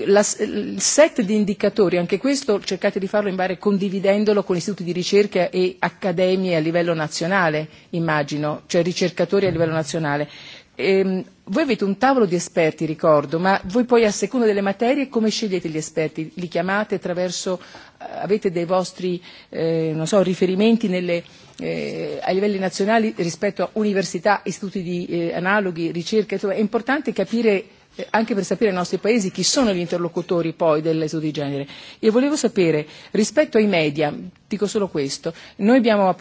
la, il set di indicatori, anche questo cercate di farlo in base condividendolo con istituti di ricerca e accademie a livello nazionale, immagino, cioè ricercatori a livello nazionale. Ehm, Voi avete un tavolo di esperti, ricordo, ma voi poi a seconda delle materie come scegliete gli esperti? Li chiamate attraverso, avete dei vostri eh, non so, riferimenti nelle, eh, a livelli nazionali rispetto a università, istituti di, eh, analoghi, ricerca? Insomma, è importante capire anche per sapere ai nostri paesi chi sono gli interlocutori poi dell'esodo di genere. E volevo sapere, rispetto ai media, dico solo questo, noi abbiamo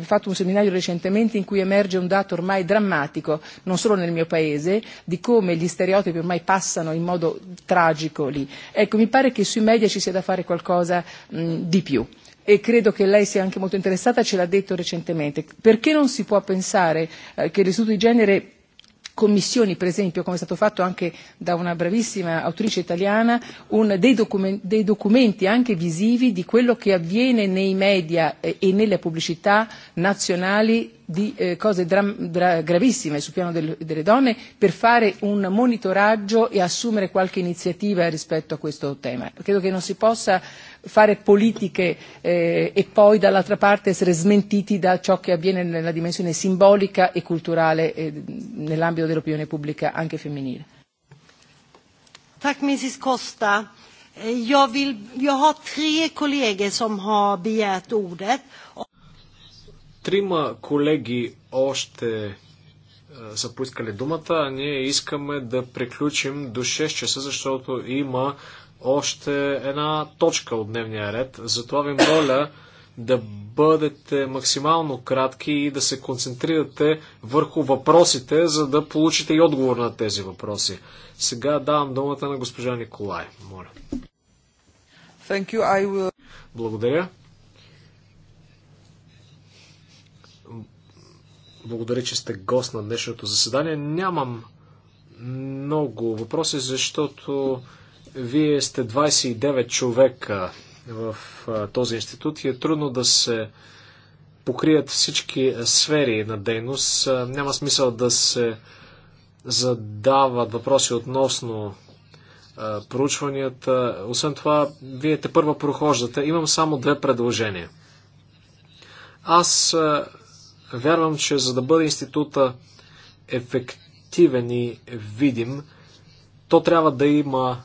fatto un seminario recentemente in cui emerge un dato ormai drammatico, non solo nel mio paese, di come gli stereotipi ormai passano in modo tragico lì. Ecco, mi pare che sui media ci sia da fare qualcosa mh, di più e credo che lei sia anche molto interessata, ce l'ha detto recentemente. Perché non si può pensare eh, che l'istituto di genere commissioni, per esempio, come è stato fatto anche da una bravissima autrice italiana, un, dei, document, dei documenti anche visivi di quello che avviene nei media e nelle pubblicità nazionali di eh, cose dra- dra- gravissime sul piano del- delle donne per fare un monitoraggio e assumere qualche iniziativa rispetto a questo tema. Credo che non si possa fare politiche eh, e poi dall'altra parte essere smentiti da ciò che avviene nella dimensione simbolica e culturale eh, nell'ambito dell'opinione pubblica anche femminile. Tack Mrs Costa. Jag, vill, jag har tre kollegor som har begärt ordet. Трима колеги още са поискали думата. Ние искаме да приключим до 6 часа, защото има още една точка от дневния ред. Затова ви моля да бъдете максимално кратки и да се концентрирате върху въпросите, за да получите и отговор на тези въпроси. Сега давам думата на госпожа Николай. Моля. Thank you. I will... Благодаря. Благодаря, че сте гост на днешното заседание. Нямам много въпроси, защото вие сте 29 човека в този институт и е трудно да се покрият всички сфери на дейност. Няма смисъл да се задават въпроси относно а, проучванията. Освен това, вие те първа прохождате. Имам само две предложения. Аз а, вярвам, че за да бъде института ефективен и видим, то трябва да има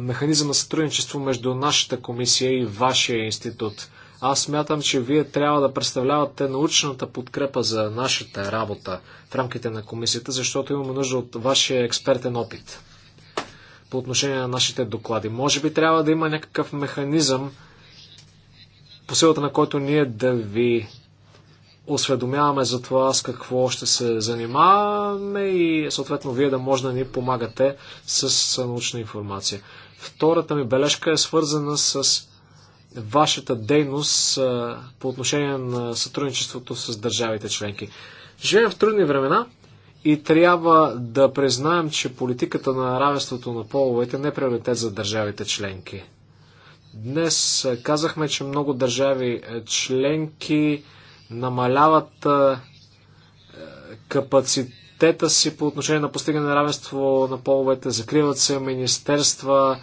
механизъм на сътрудничество между нашата комисия и вашия институт. Аз смятам, че вие трябва да представлявате научната подкрепа за нашата работа в рамките на комисията, защото имаме нужда от вашия експертен опит по отношение на нашите доклади. Може би трябва да има някакъв механизъм, по силата на който ние да ви осведомяваме за това с какво ще се занимаваме и съответно вие да може да ни помагате с научна информация. Втората ми бележка е свързана с вашата дейност по отношение на сътрудничеството с държавите членки. Живеем в трудни времена и трябва да признаем, че политиката на равенството на половете не е приоритет за държавите членки. Днес казахме, че много държави членки намаляват е, капацитета си по отношение на постигане на равенство на половете, закриват се министерства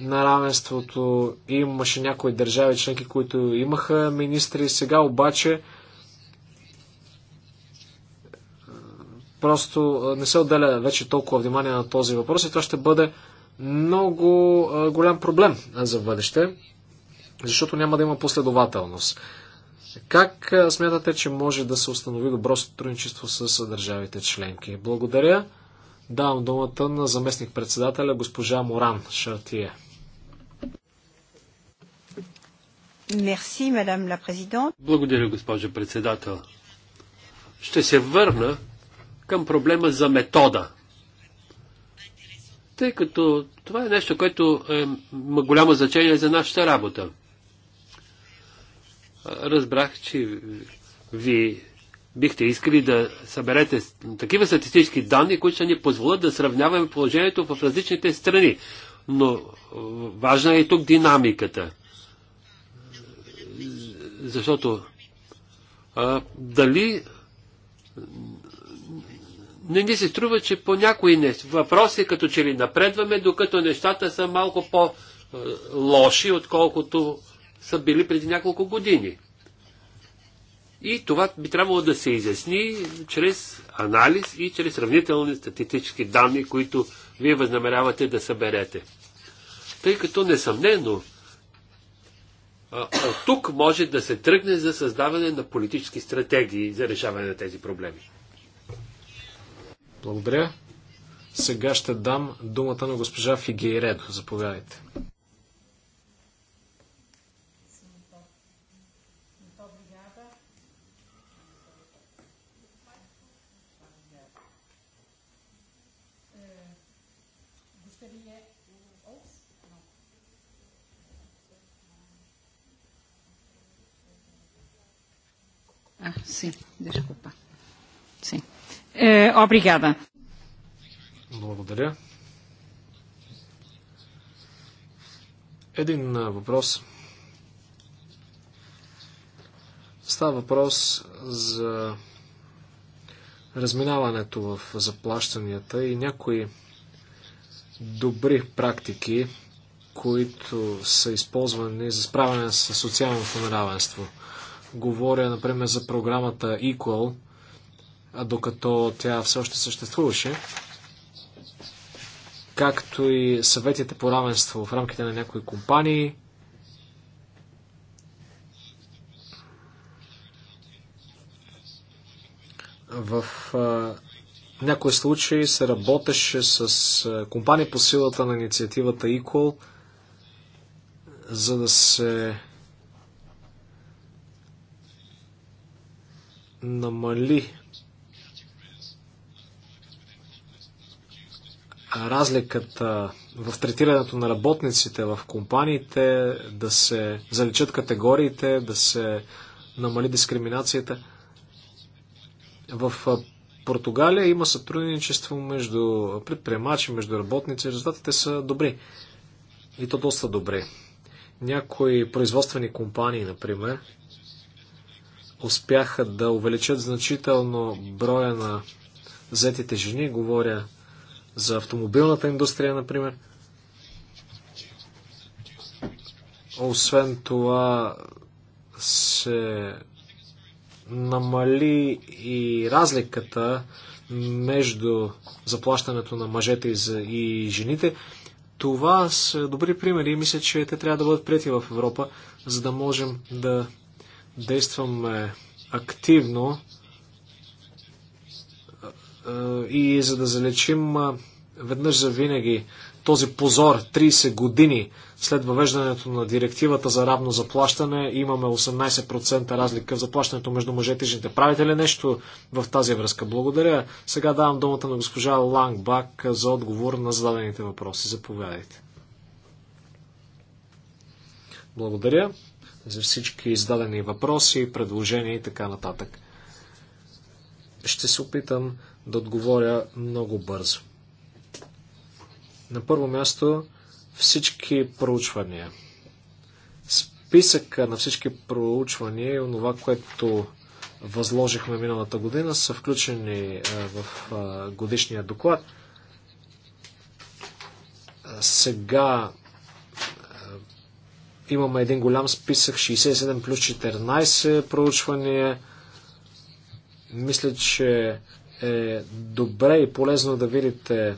на равенството. Имаше някои държави членки, които имаха министри. Сега обаче е, просто е, не се отделя вече толкова внимание на този въпрос и това ще бъде много голям проблем за бъдеще, защото няма да има последователност. Как смятате, че може да се установи добро сътрудничество с държавите членки? Благодаря. Давам думата на заместник-председателя госпожа Моран Шартие. Благодаря, госпожа председател. Ще се върна към проблема за метода. Тъй като това е нещо, което е, има голямо значение за нашата работа разбрах, че ви бихте искали да съберете такива статистически данни, които ще ни позволят да сравняваме положението в различните страни. Но важна е и тук динамиката. Защото а, дали не ни се струва, че по някои въпроси като че ли напредваме, докато нещата са малко по-лоши, отколкото са били преди няколко години. И това би трябвало да се изясни чрез анализ и чрез сравнителни статистически данни, които вие възнамерявате да съберете. Тъй като несъмнено от тук може да се тръгне за създаване на политически стратегии за решаване на тези проблеми. Благодаря. Сега ще дам думата на госпожа Фигейредо. Заповядайте. Ah, sim, desculpa. Sim. Uh, obrigada. Благодаря. Един въпрос. Става въпрос за разминаването в заплащанията и някои добри практики, които са използвани за справяне с социалното неравенство. Говоря, например, за програмата Equal, докато тя все още съществуваше, както и съветите по равенство в рамките на някои компании. В а, някои случаи се работеше с а, компании по силата на инициативата Equal, за да се намали разликата в третирането на работниците в компаниите, да се заличат категориите, да се намали дискриминацията. В Португалия има сътрудничество между предприемачи, между работници. Резултатите са добри. И то доста добри. Някои производствени компании, например, успяха да увеличат значително броя на взетите жени, говоря за автомобилната индустрия, например. Освен това се намали и разликата между заплащането на мъжете и жените. Това са добри примери и мисля, че те трябва да бъдат прияти в Европа, за да можем да действаме активно и за да залечим веднъж за винаги този позор 30 години след въвеждането на директивата за равно заплащане имаме 18% разлика в заплащането между мъжете и жените. Правите ли нещо в тази връзка? Благодаря. Сега давам думата на госпожа Лангбак за отговор на зададените въпроси. Заповядайте. Благодаря за всички издадени въпроси, предложения и така нататък. Ще се опитам да отговоря много бързо. На първо място всички проучвания. Списъка на всички проучвания и онова, което възложихме миналата година, са включени е, в е, годишния доклад. Сега Имаме един голям списък 67 плюс 14 проучвания. Мисля, че е добре и полезно да видите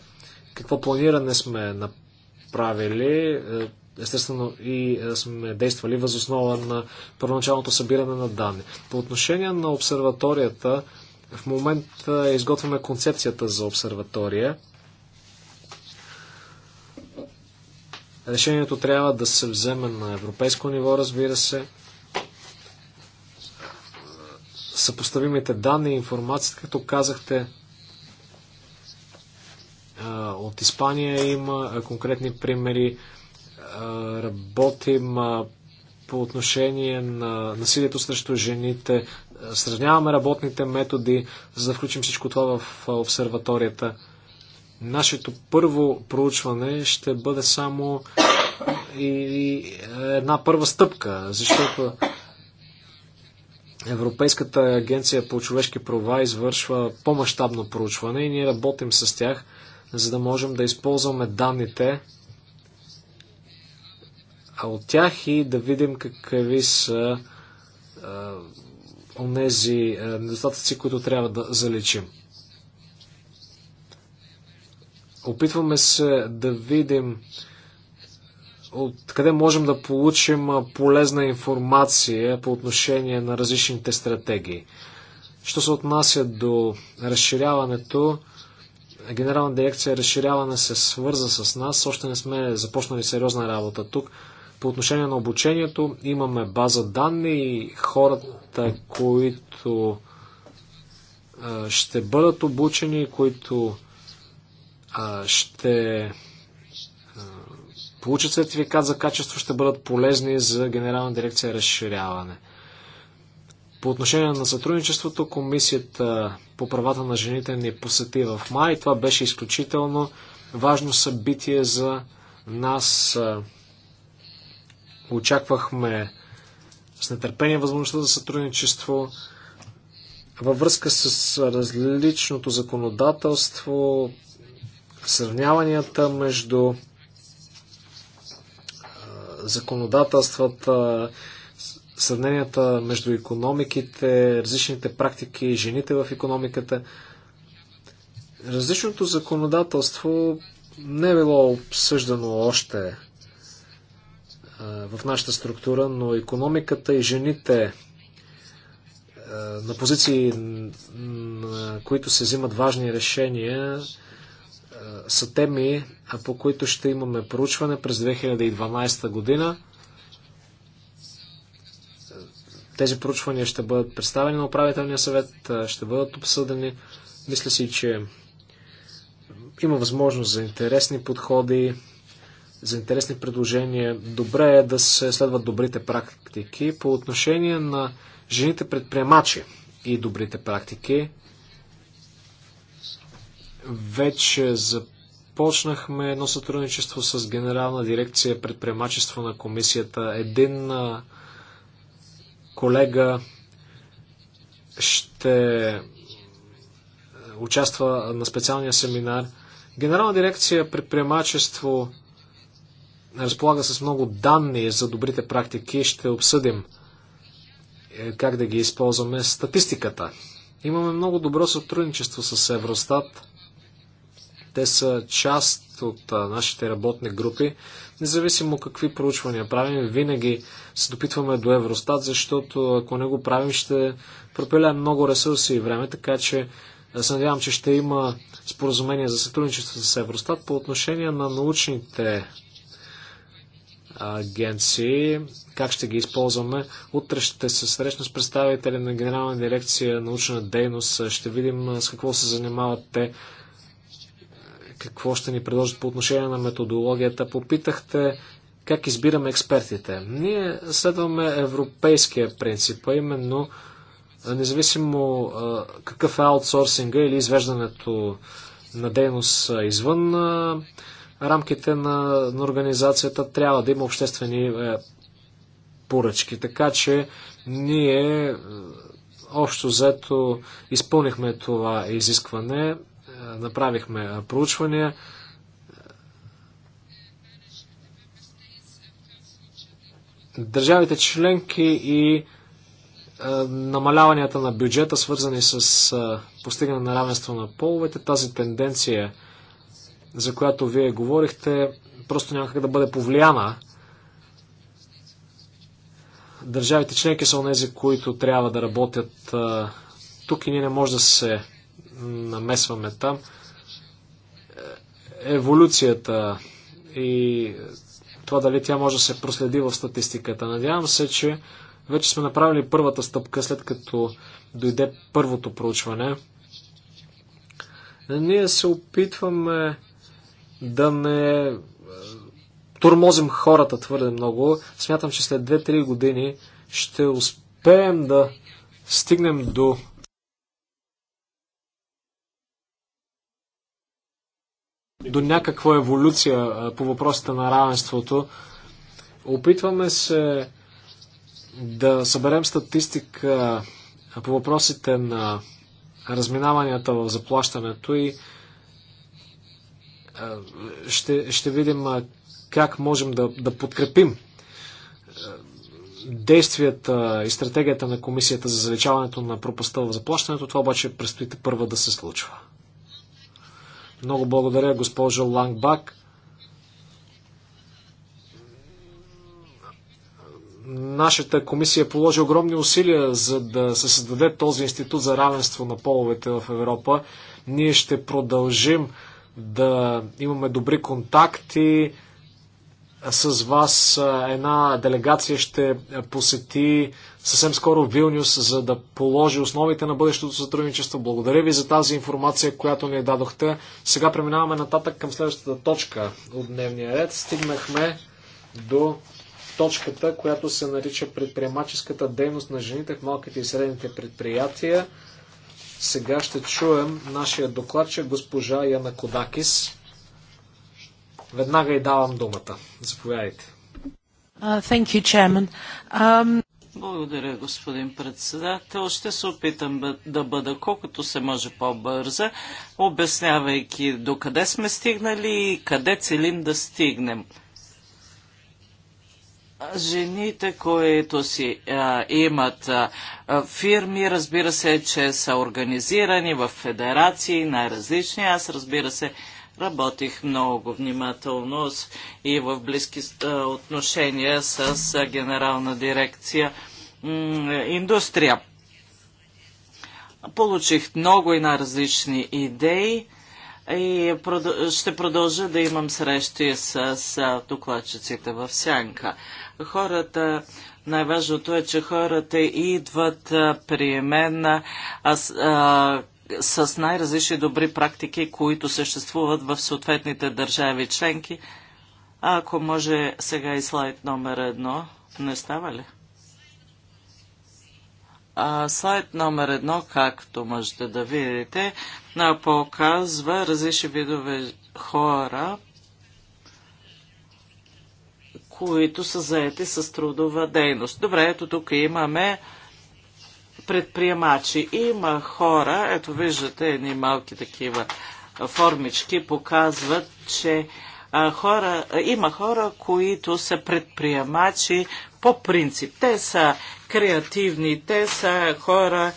какво планиране сме направили. Е, естествено и е, сме действали възоснова на първоначалното събиране на данни. По отношение на обсерваторията, в момента изготвяме концепцията за обсерватория. Решението трябва да се вземе на европейско ниво, разбира се. Съпоставимите данни и информацията, като казахте, от Испания има конкретни примери. Работим по отношение на насилието срещу жените. Сравняваме работните методи, за да включим всичко това в обсерваторията. Нашето първо проучване ще бъде само и една първа стъпка, защото Европейската агенция по човешки права извършва по-масштабно проучване и ние работим с тях, за да можем да използваме данните от тях и да видим какви са онези недостатъци, които трябва да заличим. Опитваме се да видим откъде можем да получим полезна информация по отношение на различните стратегии. Що се отнася до разширяването, Генерална дирекция разширяване се свърза с нас. Още не сме започнали сериозна работа тук. По отношение на обучението имаме база данни и хората, които ще бъдат обучени, които ще получат сертификат за качество, ще бъдат полезни за Генерална дирекция разширяване. По отношение на сътрудничеството, Комисията по правата на жените ни посети в май. Това беше изключително важно събитие за нас. Очаквахме с нетърпение възможността за сътрудничество във връзка с различното законодателство, сравняванията между законодателствата, сравненията между економиките, различните практики, жените в економиката. Различното законодателство не е било обсъждано още в нашата структура, но економиката и жените на позиции, на които се взимат важни решения, са теми, по които ще имаме проучване през 2012 година. Тези проучвания ще бъдат представени на управителния съвет, ще бъдат обсъдени. Мисля си, че има възможност за интересни подходи, за интересни предложения. Добре е да се следват добрите практики. По отношение на жените предприемачи и добрите практики, вече за започнахме едно сътрудничество с Генерална дирекция предприемачество на комисията. Един колега ще участва на специалния семинар. Генерална дирекция предприемачество разполага с много данни за добрите практики. Ще обсъдим е, как да ги използваме статистиката. Имаме много добро сътрудничество с Евростат. Те са част от нашите работни групи. Независимо какви проучвания правим, винаги се допитваме до Евростат, защото ако не го правим, ще пропилям много ресурси и време, така че се надявам, че ще има споразумение за сътрудничество с Евростат по отношение на научните агенции. Как ще ги използваме? Утре ще се срещна с представители на Генерална дирекция научна дейност. Ще видим с какво се занимават те какво ще ни предложат по отношение на методологията. Попитахте как избираме експертите. Ние следваме европейския принцип, а именно независимо какъв е аутсорсинга или извеждането на дейност извън рамките на, на организацията, трябва да има обществени поръчки. Така че ние общо взето изпълнихме това изискване направихме проучвания. Държавите членки и намаляванията на бюджета, свързани с постигане на равенство на половете, тази тенденция, за която вие говорихте, просто няма как да бъде повлияна. Държавите членки са онези, които трябва да работят тук и ние не може да се намесваме там. Е, еволюцията и това дали тя може да се проследи в статистиката. Надявам се, че вече сме направили първата стъпка, след като дойде първото проучване. Ние се опитваме да не е, турмозим хората твърде много. Смятам, че след 2-3 години ще успеем да стигнем до до някаква еволюция по въпросите на равенството. Опитваме се да съберем статистика по въпросите на разминаванията в заплащането и ще, ще видим как можем да, да подкрепим действията и стратегията на Комисията за заличаването на пропаста в заплащането. Това обаче предстоите първа да се случва. Много благодаря, госпожо Лангбак. Нашата комисия положи огромни усилия за да се създаде този институт за равенство на половете в Европа. Ние ще продължим да имаме добри контакти, с вас. Една делегация ще посети съвсем скоро Вилнюс, за да положи основите на бъдещото сътрудничество. Благодаря ви за тази информация, която ни дадохте. Сега преминаваме нататък към следващата точка от дневния ред. Стигнахме до точката, която се нарича предприемаческата дейност на жените в малките и средните предприятия. Сега ще чуем нашия докладчик госпожа Яна Кодакис. Веднага и давам думата. Заповядайте. thank you, Chairman. Um... Благодаря, господин председател. Ще се опитам да бъда колкото се може по-бърза, обяснявайки до къде сме стигнали и къде целим да стигнем. Жените, които си а, имат а, фирми, разбира се, че са организирани в федерации най-различни. Аз, разбира се, Работих много внимателно и в близки отношения с генерална дирекция индустрия. Получих много и на различни идеи и ще продължа да имам срещи с докладчиците в Сянка. Хората, най-важното е, че хората идват при мен, аз, а, с най-различни добри практики, които съществуват в съответните държави членки. А ако може сега и слайд номер едно, не става ли? А, слайд номер едно, както можете да видите, показва различни видове хора, които са заети с трудова дейност. Добре, ето тук имаме предприемачи. Има хора, ето виждате едни малки такива формички, показват, че а, хора, има хора, които са предприемачи по принцип. Те са креативни, те са хора,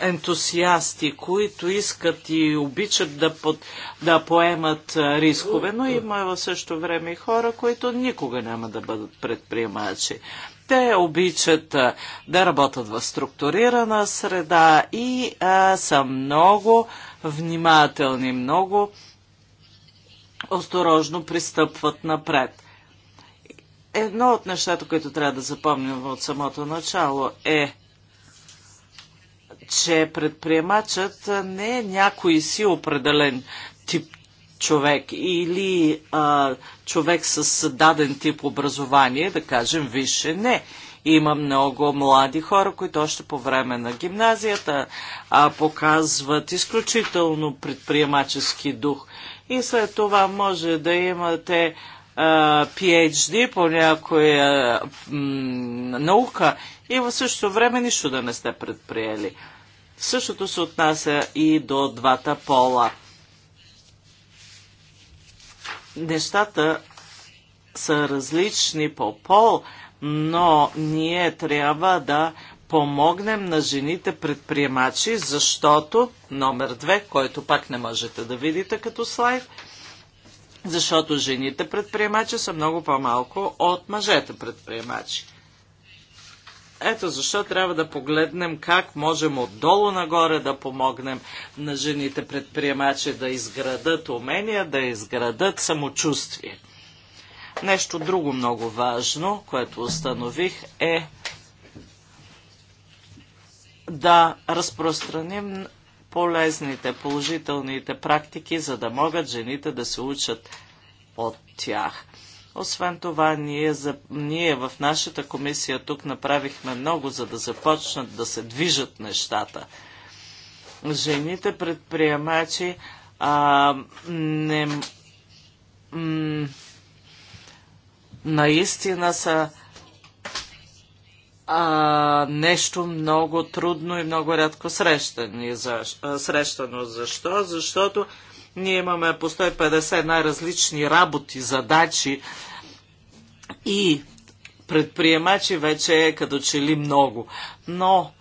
ентусиасти, които искат и обичат да, под, да поемат рискове, но има в същото време и хора, които никога няма да бъдат предприемачи. Те обичат да работят в структурирана среда и а, са много внимателни, много осторожно пристъпват напред. Едно от нещата, които трябва да запомним от самото начало е, че предприемачът не е някой си определен тип човек или а, човек с даден тип образование, да кажем више не. Има много млади хора, които още по време на гимназията а, показват изключително предприемачески дух. И след това може да имате а, PhD по някоя м, наука и в същото време нищо да не сте предприели. Същото се отнася и до двата пола нещата са различни по пол, но ние трябва да помогнем на жените предприемачи, защото номер две, който пак не можете да видите като слайд, защото жените предприемачи са много по-малко от мъжете предприемачи. Ето защо трябва да погледнем как можем отдолу нагоре да помогнем на жените предприемачи да изградат умения, да изградат самочувствие. Нещо друго много важно, което установих е да разпространим полезните, положителните практики, за да могат жените да се учат от тях. Освен това, ние, за, ние в нашата комисия тук направихме много, за да започнат да се движат нещата. Жените предприемачи а, не, м, наистина са а, нещо много трудно и много рядко срещано. Защо? Защото ние имаме по 150 най-различни работи, задачи и предприемачи вече е като че ли много. Но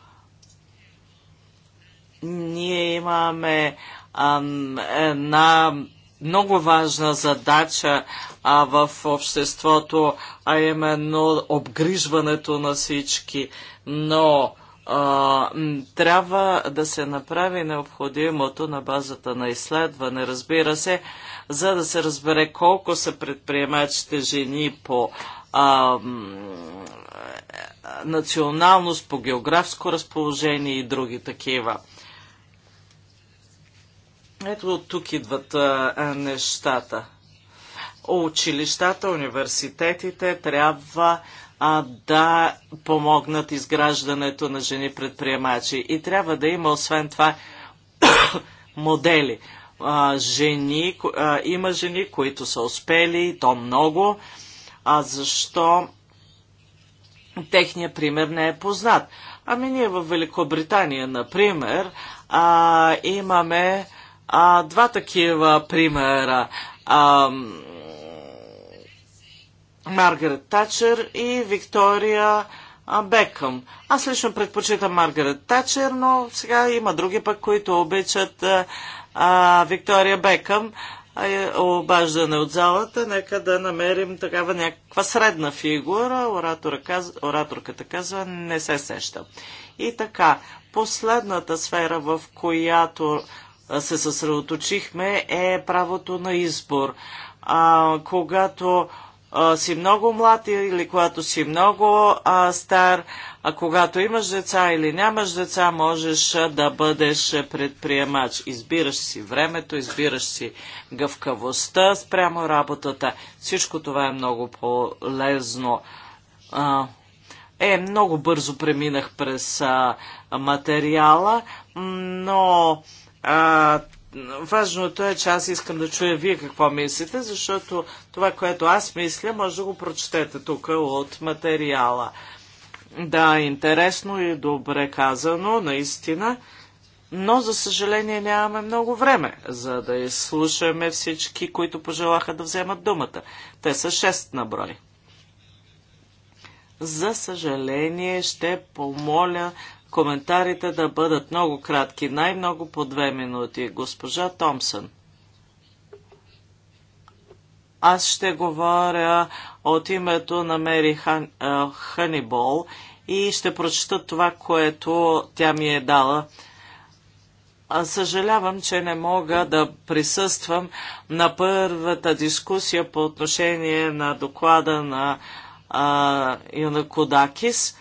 ние имаме ам, една много важна задача а, в обществото, а именно обгрижването на всички. Но а, трябва да се направи необходимото на базата на изследване, разбира се, за да се разбере колко са предприемачите жени по а, националност, по географско разположение и други такива. Ето от тук идват а, нещата. Училищата, университетите трябва а, да помогнат изграждането на жени предприемачи. И трябва да има, освен това, модели. А, жени, а, има жени, които са успели, то много, а защо техният пример не е познат. Ами ние в Великобритания, например, а, имаме а, два такива примера. А, Маргарет Тачер и Виктория Бекъм. Аз лично предпочитам Маргарет Тачер, но сега има други пък, които обичат а, Виктория Бекъм. А, е, обаждане от залата, нека да намерим такава някаква средна фигура. Оратора каз... Ораторката казва, не се сеща. И така, последната сфера, в която се съсредоточихме, е правото на избор. А, когато си много млад или когато си много а, стар, а когато имаш деца или нямаш деца, можеш да бъдеш предприемач. Избираш си времето, избираш си гъвкавостта спрямо работата. Всичко това е много полезно. А, е, много бързо преминах през а, материала, но а, важното е, че аз искам да чуя вие какво мислите, защото това, което аз мисля, може да го прочетете тук от материала. Да, интересно и добре казано, наистина, но за съжаление нямаме много време, за да изслушаме всички, които пожелаха да вземат думата. Те са шест на брой. За съжаление ще помоля коментарите да бъдат много кратки, най-много по две минути. Госпожа Томсън. Аз ще говоря от името на Мери Хан, а, Ханибол и ще прочета това, което тя ми е дала. А съжалявам, че не мога да присъствам на първата дискусия по отношение на доклада на Юна Кодакис.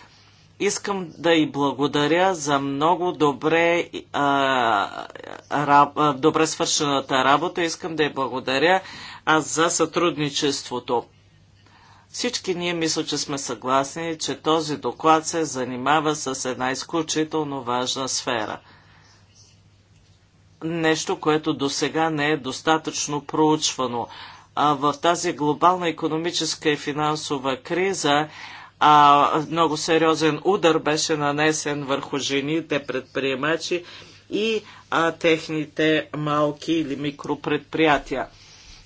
Искам да й благодаря за много добре, а, а, добре свършената работа. Искам да й благодаря а за сътрудничеството. Всички ние мисля, че сме съгласни, че този доклад се занимава с една изключително важна сфера. Нещо, което до сега не е достатъчно проучвано. А в тази глобална економическа и финансова криза а, много сериозен удар беше нанесен върху жените предприемачи и а, техните малки или микропредприятия.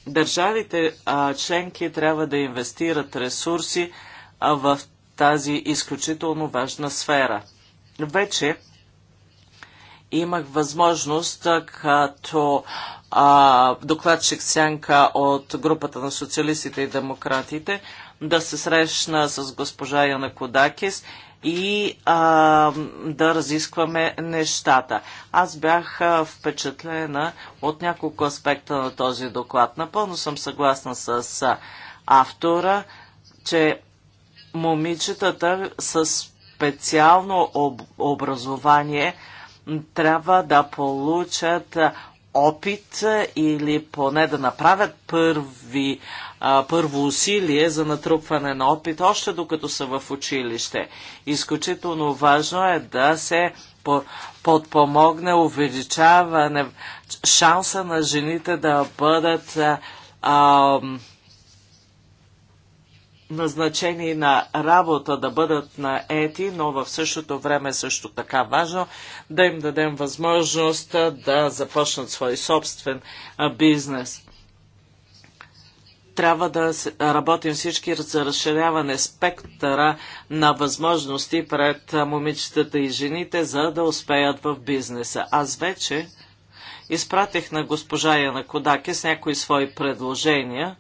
Държавите а, членки трябва да инвестират ресурси а, в тази изключително важна сфера. Вече имах възможност като а, докладчик Сянка от групата на социалистите и демократите да се срещна с госпожа Яна Кодакис и а, да разискваме нещата. Аз бях впечатлена от няколко аспекта на този доклад. Напълно съм съгласна с автора, че момичетата с специално об- образование трябва да получат опит или поне да направят първи а, първо усилие за натрупване на опит, още докато са в училище. Изключително важно е да се подпомогне увеличаване шанса на жените да бъдат а, а, назначени на работа, да бъдат на ети, но в същото време също така важно да им дадем възможност да започнат свой собствен бизнес трябва да работим всички за разширяване спектъра на възможности пред момичетата и жените, за да успеят в бизнеса. Аз вече изпратих на госпожа Яна Кодаке с някои свои предложения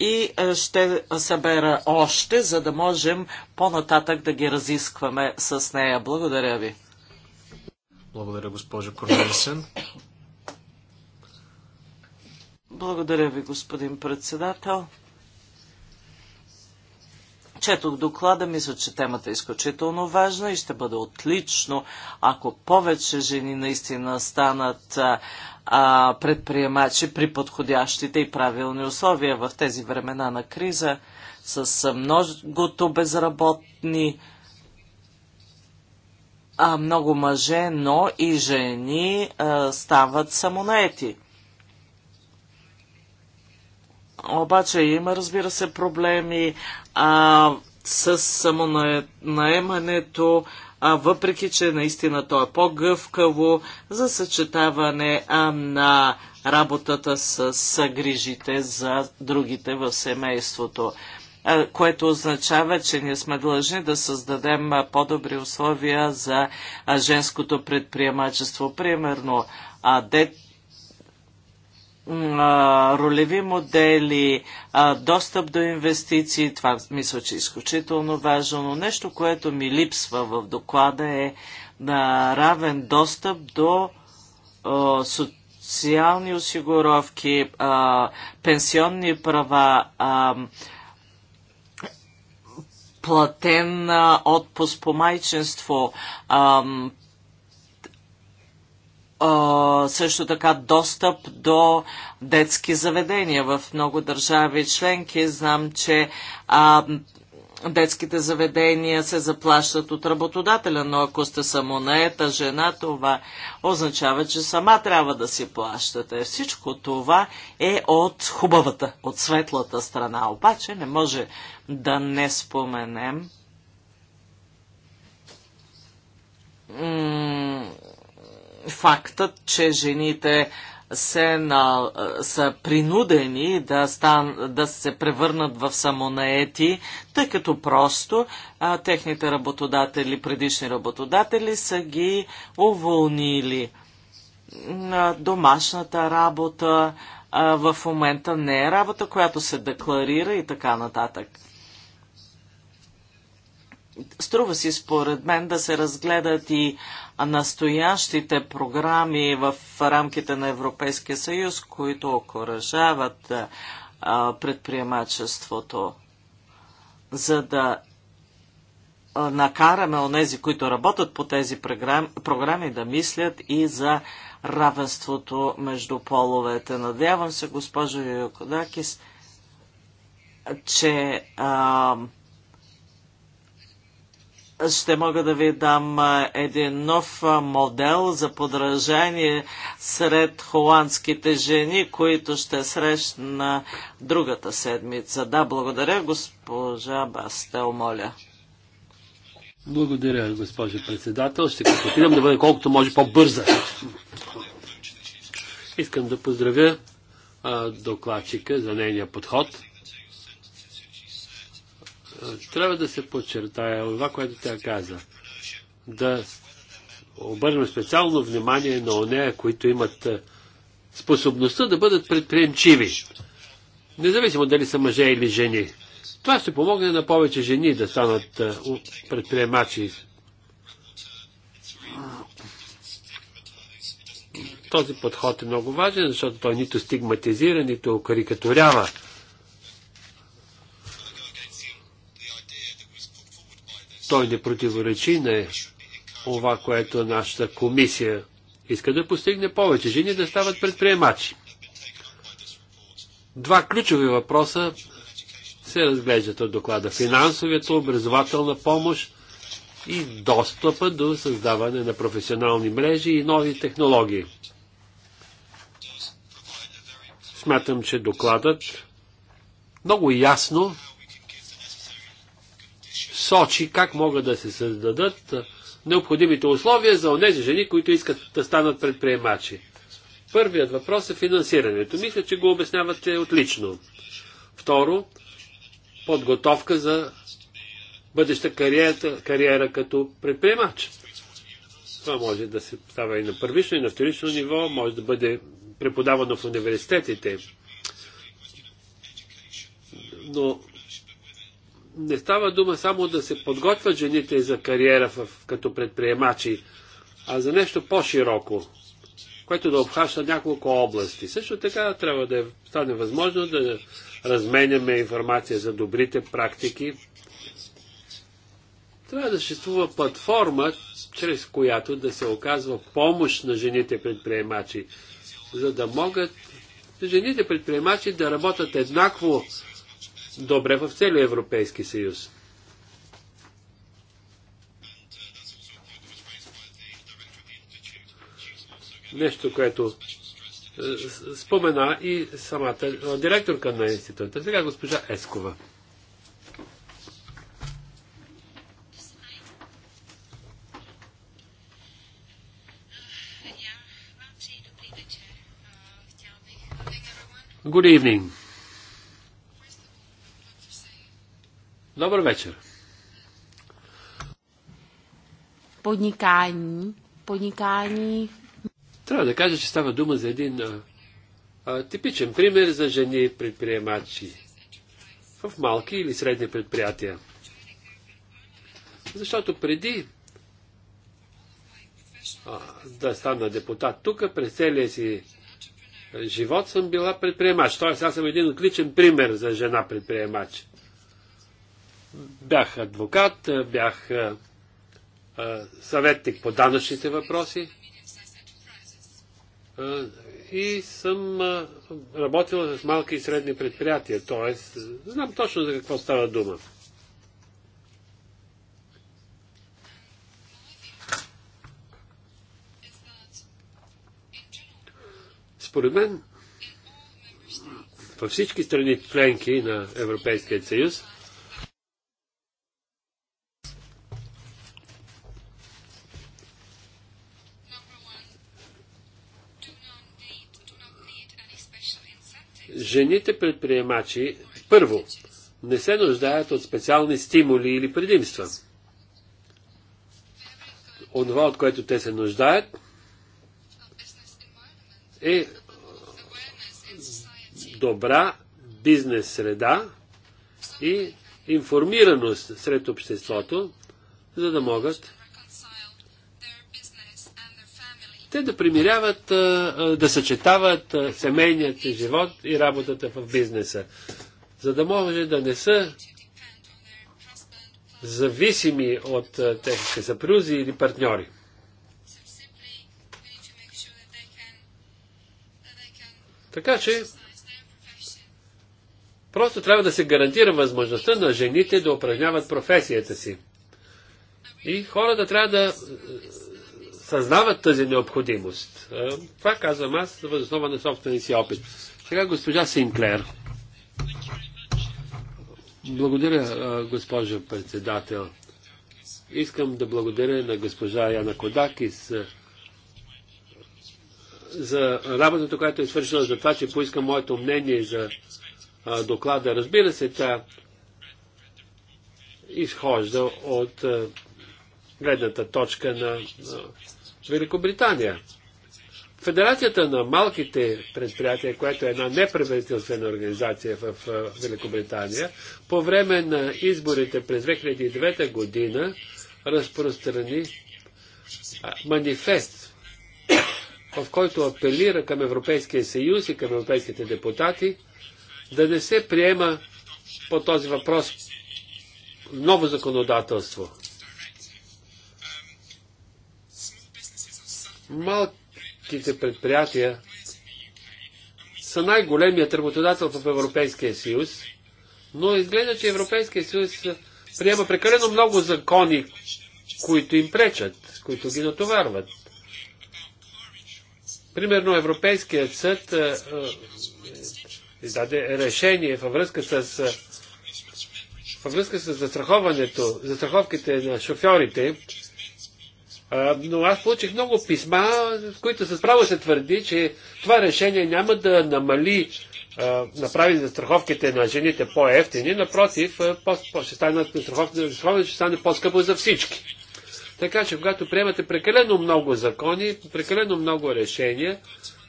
и ще събера още, за да можем по-нататък да ги разискваме с нея. Благодаря ви. Благодаря, госпожа Корнелисен. Благодаря ви, господин председател. Четох доклада, мисля, че темата е изключително важна и ще бъде отлично, ако повече жени наистина станат а, предприемачи при подходящите и правилни условия в тези времена на криза с многото безработни, а, много мъже, но и жени а, стават самонаети. Обаче има, разбира се, проблеми а, с самонаемането, а, въпреки че наистина то е по-гъвкаво за съчетаване а, на работата с, грижите за другите в семейството което означава, че ние сме длъжни да създадем по-добри условия за женското предприемачество. Примерно, дет, ролеви модели, достъп до инвестиции. Това мисля, че е изключително важно, но нещо, което ми липсва в доклада е на равен достъп до социални осигуровки, пенсионни права, платен отпуск по майчинство, също така достъп до детски заведения. В много държави членки знам, че а, детските заведения се заплащат от работодателя, но ако сте самонаета жена, това означава, че сама трябва да си плащате. Всичко това е от хубавата, от светлата страна. Обаче не може да не споменем фактът, че жените се на, са принудени да, стан, да се превърнат в самонаети, тъй като просто а, техните работодатели, предишни работодатели са ги уволнили. А, домашната работа а, в момента не е работа, която се декларира и така нататък. Струва си според мен да се разгледат и а, настоящите програми в рамките на Европейския съюз, които окоръжават предприемачеството, за да накараме онези, които работят по тези програми, да мислят и за равенството между половете. Надявам се, госпожо Йокодакис, че а, ще мога да ви дам един нов модел за подражание сред холандските жени, които ще срещна другата седмица. Да, благодаря, госпожа Бастел, моля. Благодаря, госпожа председател. Ще опитам да бъде колкото може по-бърза. Искам да поздравя докладчика за нейния подход трябва да се подчертая това, което тя каза. Да обърнем специално внимание на онея, които имат е, способността да бъдат предприемчиви. Независимо дали са мъже или жени. Това ще помогне на повече жени да станат е, предприемачи. Този подход е много важен, защото той нито стигматизира, нито карикатурява Той не противоречи на това, което нашата комисия иска да постигне повече жени да стават предприемачи. Два ключови въпроса се разглеждат от доклада. Финансовията, образователна помощ и достъпа до създаване на професионални мрежи и нови технологии. Смятам, че докладът много ясно сочи как могат да се създадат необходимите условия за онези жени, които искат да станат предприемачи. Първият въпрос е финансирането. Мисля, че го обяснявате е отлично. Второ, подготовка за бъдеща кариера, кариера като предприемач. Това може да се става и на първично, и на вторично ниво, може да бъде преподавано в университетите. Но не става дума само да се подготвят жените за кариера в, като предприемачи, а за нещо по-широко, което да обхаща няколко области. Също така трябва да е, стане възможно да разменяме информация за добрите практики. Трябва да съществува платформа, чрез която да се оказва помощ на жените предприемачи, за да могат жените предприемачи да работят еднакво добре в целия Европейски съюз. Нещо, което е, спомена и самата директорка на института. Сега госпожа Ескова. Good evening. Добър вечер. Подникани. Подникани. Трябва да кажа, че става дума за един а, а, типичен пример за жени предприемачи в малки или средни предприятия. Защото преди а, да стана депутат тук, през целия си живот съм била предприемач. Тоест аз съм един отличен пример за жена предприемач. Бях адвокат, бях съветник по данъчните въпроси и съм работил с малки и средни предприятия, т.е. знам точно за какво става дума. Според мен, във всички страни членки на Европейския съюз, Жените предприемачи, първо, не се нуждаят от специални стимули или предимства. Онова, от което те се нуждаят, е добра бизнес среда и информираност сред обществото, за да могат те да примиряват, да съчетават семейният си живот и работата в бизнеса, за да може да не са зависими от техните съпрузи или партньори. Така че, просто трябва да се гарантира възможността на жените да упражняват професията си. И хората трябва да съзнават тази необходимост. Е, това казвам аз в основа на собствения си опит. Сега госпожа Синклер. Благодаря, е, госпожо председател. Искам да благодаря на госпожа Яна Кодакис е, за работата, която е свършила, за това, че поиска моето мнение за доклада. Разбира се, тя изхожда от гледната точка на Великобритания. Федерацията на малките предприятия, която е една неправителствена организация в Великобритания, по време на изборите през 2009 година разпространи манифест, в който апелира към Европейския съюз и към европейските депутати да не се приема по този въпрос ново законодателство. малките предприятия са най-големият работодател в Европейския съюз, но изглежда, че Европейския съюз приема прекалено много закони, които им пречат, които ги натоварват. Примерно Европейският съд издаде решение във връзка с във връзка с застраховането, застраховките на шофьорите, но аз получих много писма, в които се право се твърди, че това решение няма да намали направи застраховките на жените по-ефтини, напротив, по, по, ще стане, ще стане по-скъпо за всички. Така че, когато приемате прекалено много закони, прекалено много решения,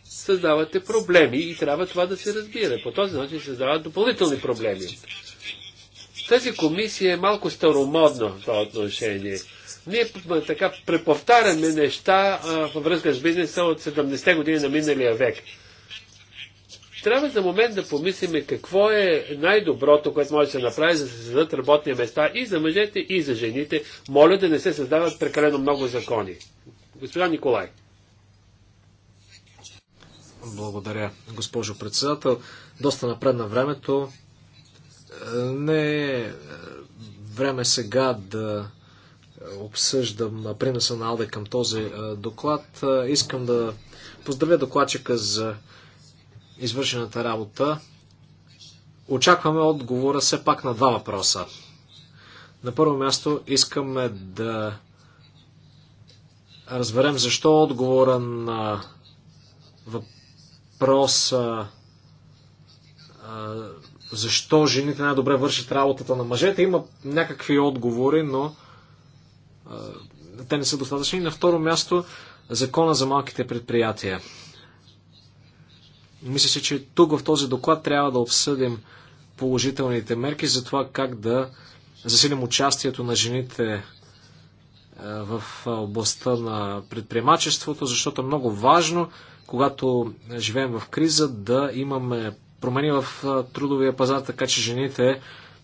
създавате проблеми и трябва това да се разбира. По този начин създават допълнителни проблеми. Тази комисия е малко старомодна в това отношение. Ние така преповтаряме неща във връзка с бизнеса от 70-те години на миналия век. Трябва за момент да помислим какво е най-доброто, което може да се направи, за да се създадат работни места и за мъжете, и за жените. Моля да не се създават прекалено много закони. Господа Николай. Благодаря, госпожо председател. Доста напред на времето. Е, не е, е време сега да обсъждам приноса на Алде към този доклад. Искам да поздравя докладчика за извършената работа. Очакваме отговора все пак на два въпроса. На първо място искаме да разберем защо отговора на въпроса защо жените най-добре вършат работата на мъжете. Има някакви отговори, но те не са достатъчни. На второ място, закона за малките предприятия. Мисля се, че тук в този доклад трябва да обсъдим положителните мерки за това как да засилим участието на жените в областта на предприемачеството, защото е много важно, когато живеем в криза, да имаме промени в трудовия пазар, така че жените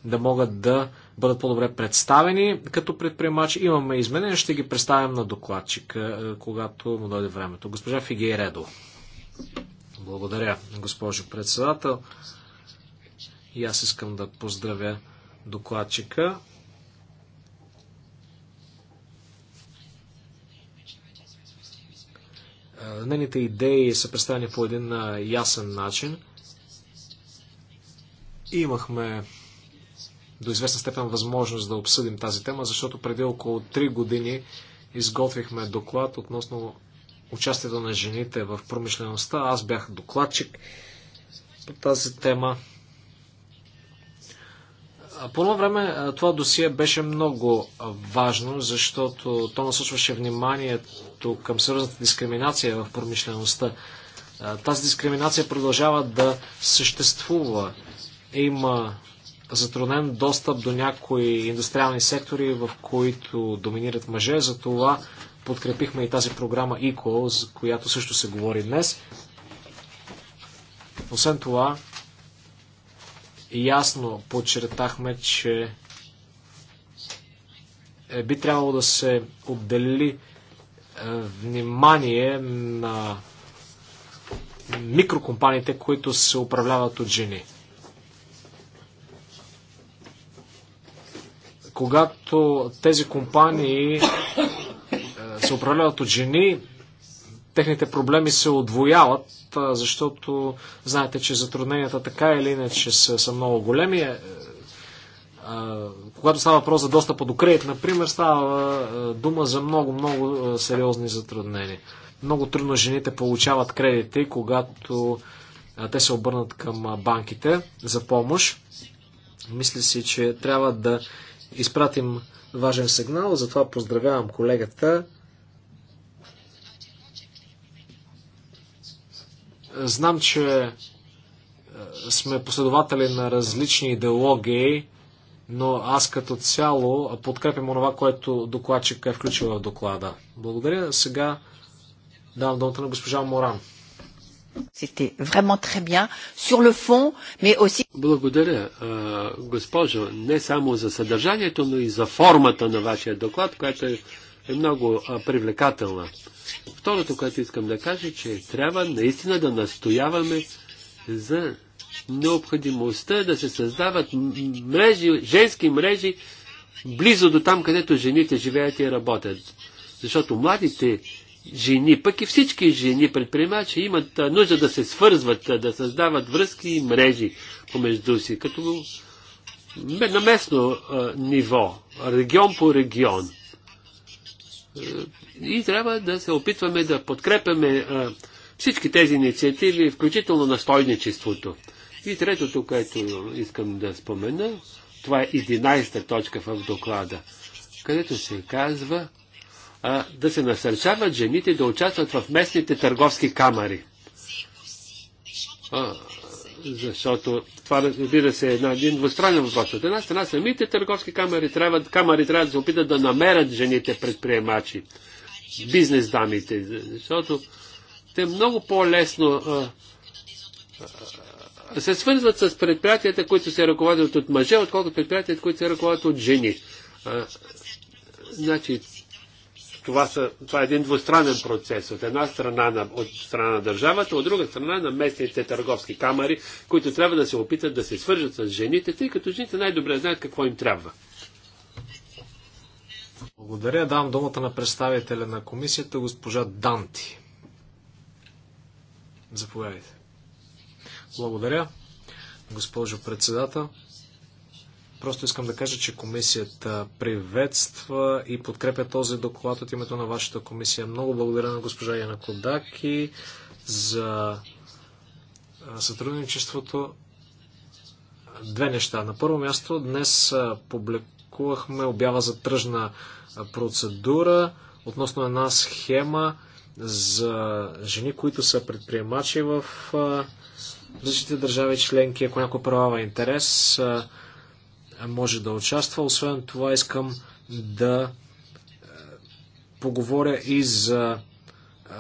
да могат да бъдат по-добре представени като предприемачи. Имаме изменения, ще ги представим на докладчика, е, когато му дойде времето. Госпожа Редо. Благодаря, госпожо председател. И аз искам да поздравя докладчика. Е, Нените идеи са представени по един е, ясен начин. Имахме до известна степен възможност да обсъдим тази тема, защото преди около 3 години изготвихме доклад относно участието на жените в промишлеността. Аз бях докладчик по тази тема. По това време това досие беше много важно, защото то насочваше вниманието към сериозната дискриминация в промишлеността. Тази дискриминация продължава да съществува. Има затруднен достъп до някои индустриални сектори, в които доминират мъже. за това подкрепихме и тази програма ИКО, за която също се говори днес. Освен това, ясно подчертахме, че е, би трябвало да се отдели е, внимание на микрокомпаниите, които се управляват от жени. когато тези компании е, се управляват от жени, техните проблеми се отвояват, защото знаете, че затрудненията така или иначе са, са много големи. Е, е, когато става въпрос за достъп до кредит, например, става дума за много-много сериозни затруднения. Много трудно жените получават кредити, когато те се обърнат към банките за помощ. Мисля си, че трябва да изпратим важен сигнал, затова поздравявам колегата. Знам, че е, сме последователи на различни идеологии, но аз като цяло подкрепям онова, което докладчик е включил в доклада. Благодаря. Сега давам думата на госпожа Моран. Благодаря, госпожо, не само за съдържанието, но и за формата на вашия доклад, която е, е много привлекателна. Второто, което искам да кажа, че трябва наистина да настояваме за необходимостта да се създават мрежи, женски мрежи близо до там, където жените живеят и работят. Защото младите жени, пък и всички жени предприемачи имат нужда да се свързват, да създават връзки и мрежи помежду си, като на местно ниво, регион по регион. И трябва да се опитваме да подкрепяме всички тези инициативи, включително настойничеството. И третото, което искам да спомена, това е 11-та точка в доклада, където се казва, а, да се насърчават жените да участват в местните търговски камери. А, защото това разбира се е една, един двустранен въпрос. От една страна самите търговски камери трябва, камери трябва да се опитат да намерят жените предприемачи, бизнес дамите, защото те много по-лесно се свързват с предприятията, които се ръководят от мъже, отколкото предприятията, които се ръководят от жени. А, значи, това, са, това е един двустранен процес. От една страна на, от страна на държавата, от друга страна на местните търговски камери, които трябва да се опитат да се свържат с жените, тъй като жените най-добре знаят какво им трябва. Благодаря. Давам думата на представителя на комисията, госпожа Данти. Заповядайте. Благодаря, госпожо председател. Просто искам да кажа, че комисията приветства и подкрепя този доклад от името на вашата комисия. Много благодаря на госпожа Яна Кодаки за сътрудничеството. Две неща. На първо място, днес публикувахме обява за тръжна процедура относно една схема за жени, които са предприемачи в различните държави членки, ако някой проява интерес, може да участва. Освен това искам да е, поговоря и за е, е,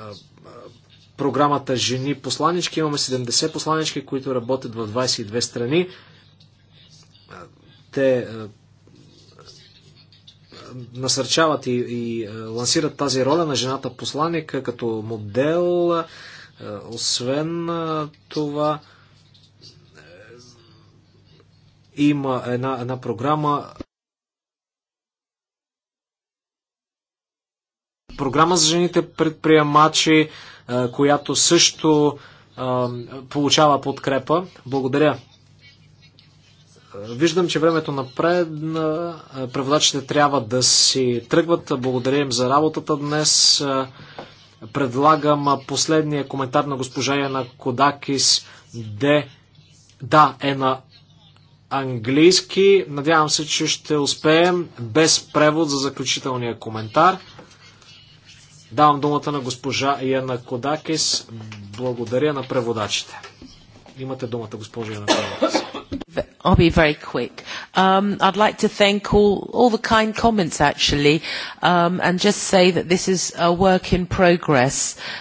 програмата Жени посланички. Имаме 70 посланички, които работят в 22 страни. Те насърчават и, и лансират тази роля на жената посланика като модел. Освен това, има една, една програма. Програма за жените предприемачи, е, която също е, получава подкрепа. Благодаря. Е, виждам, че времето напред. Преводачите трябва да си тръгват. Благодаря им за работата днес. Предлагам последния коментар на госпожа Яна Кодакис. Де, да, е на английски. Надявам се, че ще успеем без превод за заключителния коментар. Давам думата на госпожа Яна Кодакис. Благодаря на преводачите. Имате думата, госпожа Яна Кодакис. I'll be very quick. Um, I'd like to thank all, all the kind comments, actually, um, and just say that this is a work in progress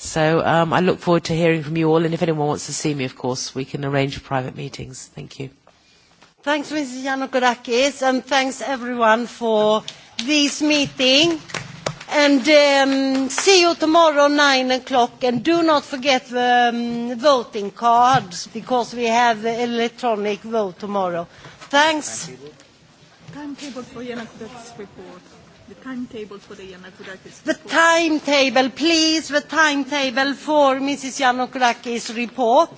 So um, I look forward to hearing from you all, and if anyone wants to see me, of course, we can arrange private meetings. Thank you. Thanks, Mrs. Yanokorakis, and thanks everyone for this meeting. And um, see you tomorrow, 9 o'clock. And do not forget the um, voting cards, because we have the electronic vote tomorrow. Thanks. Timetable for Yanokorakis' report. The timetable for the The timetable, please, the timetable for Mrs. Yannakourakis report.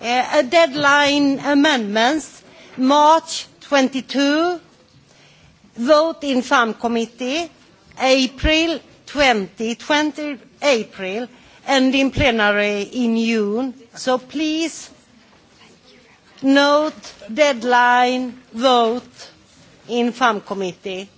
Uh, a deadline amendments, March 22, vote in farm committee, April 20, 20 April, and in plenary in June. So please note deadline vote in farm committee.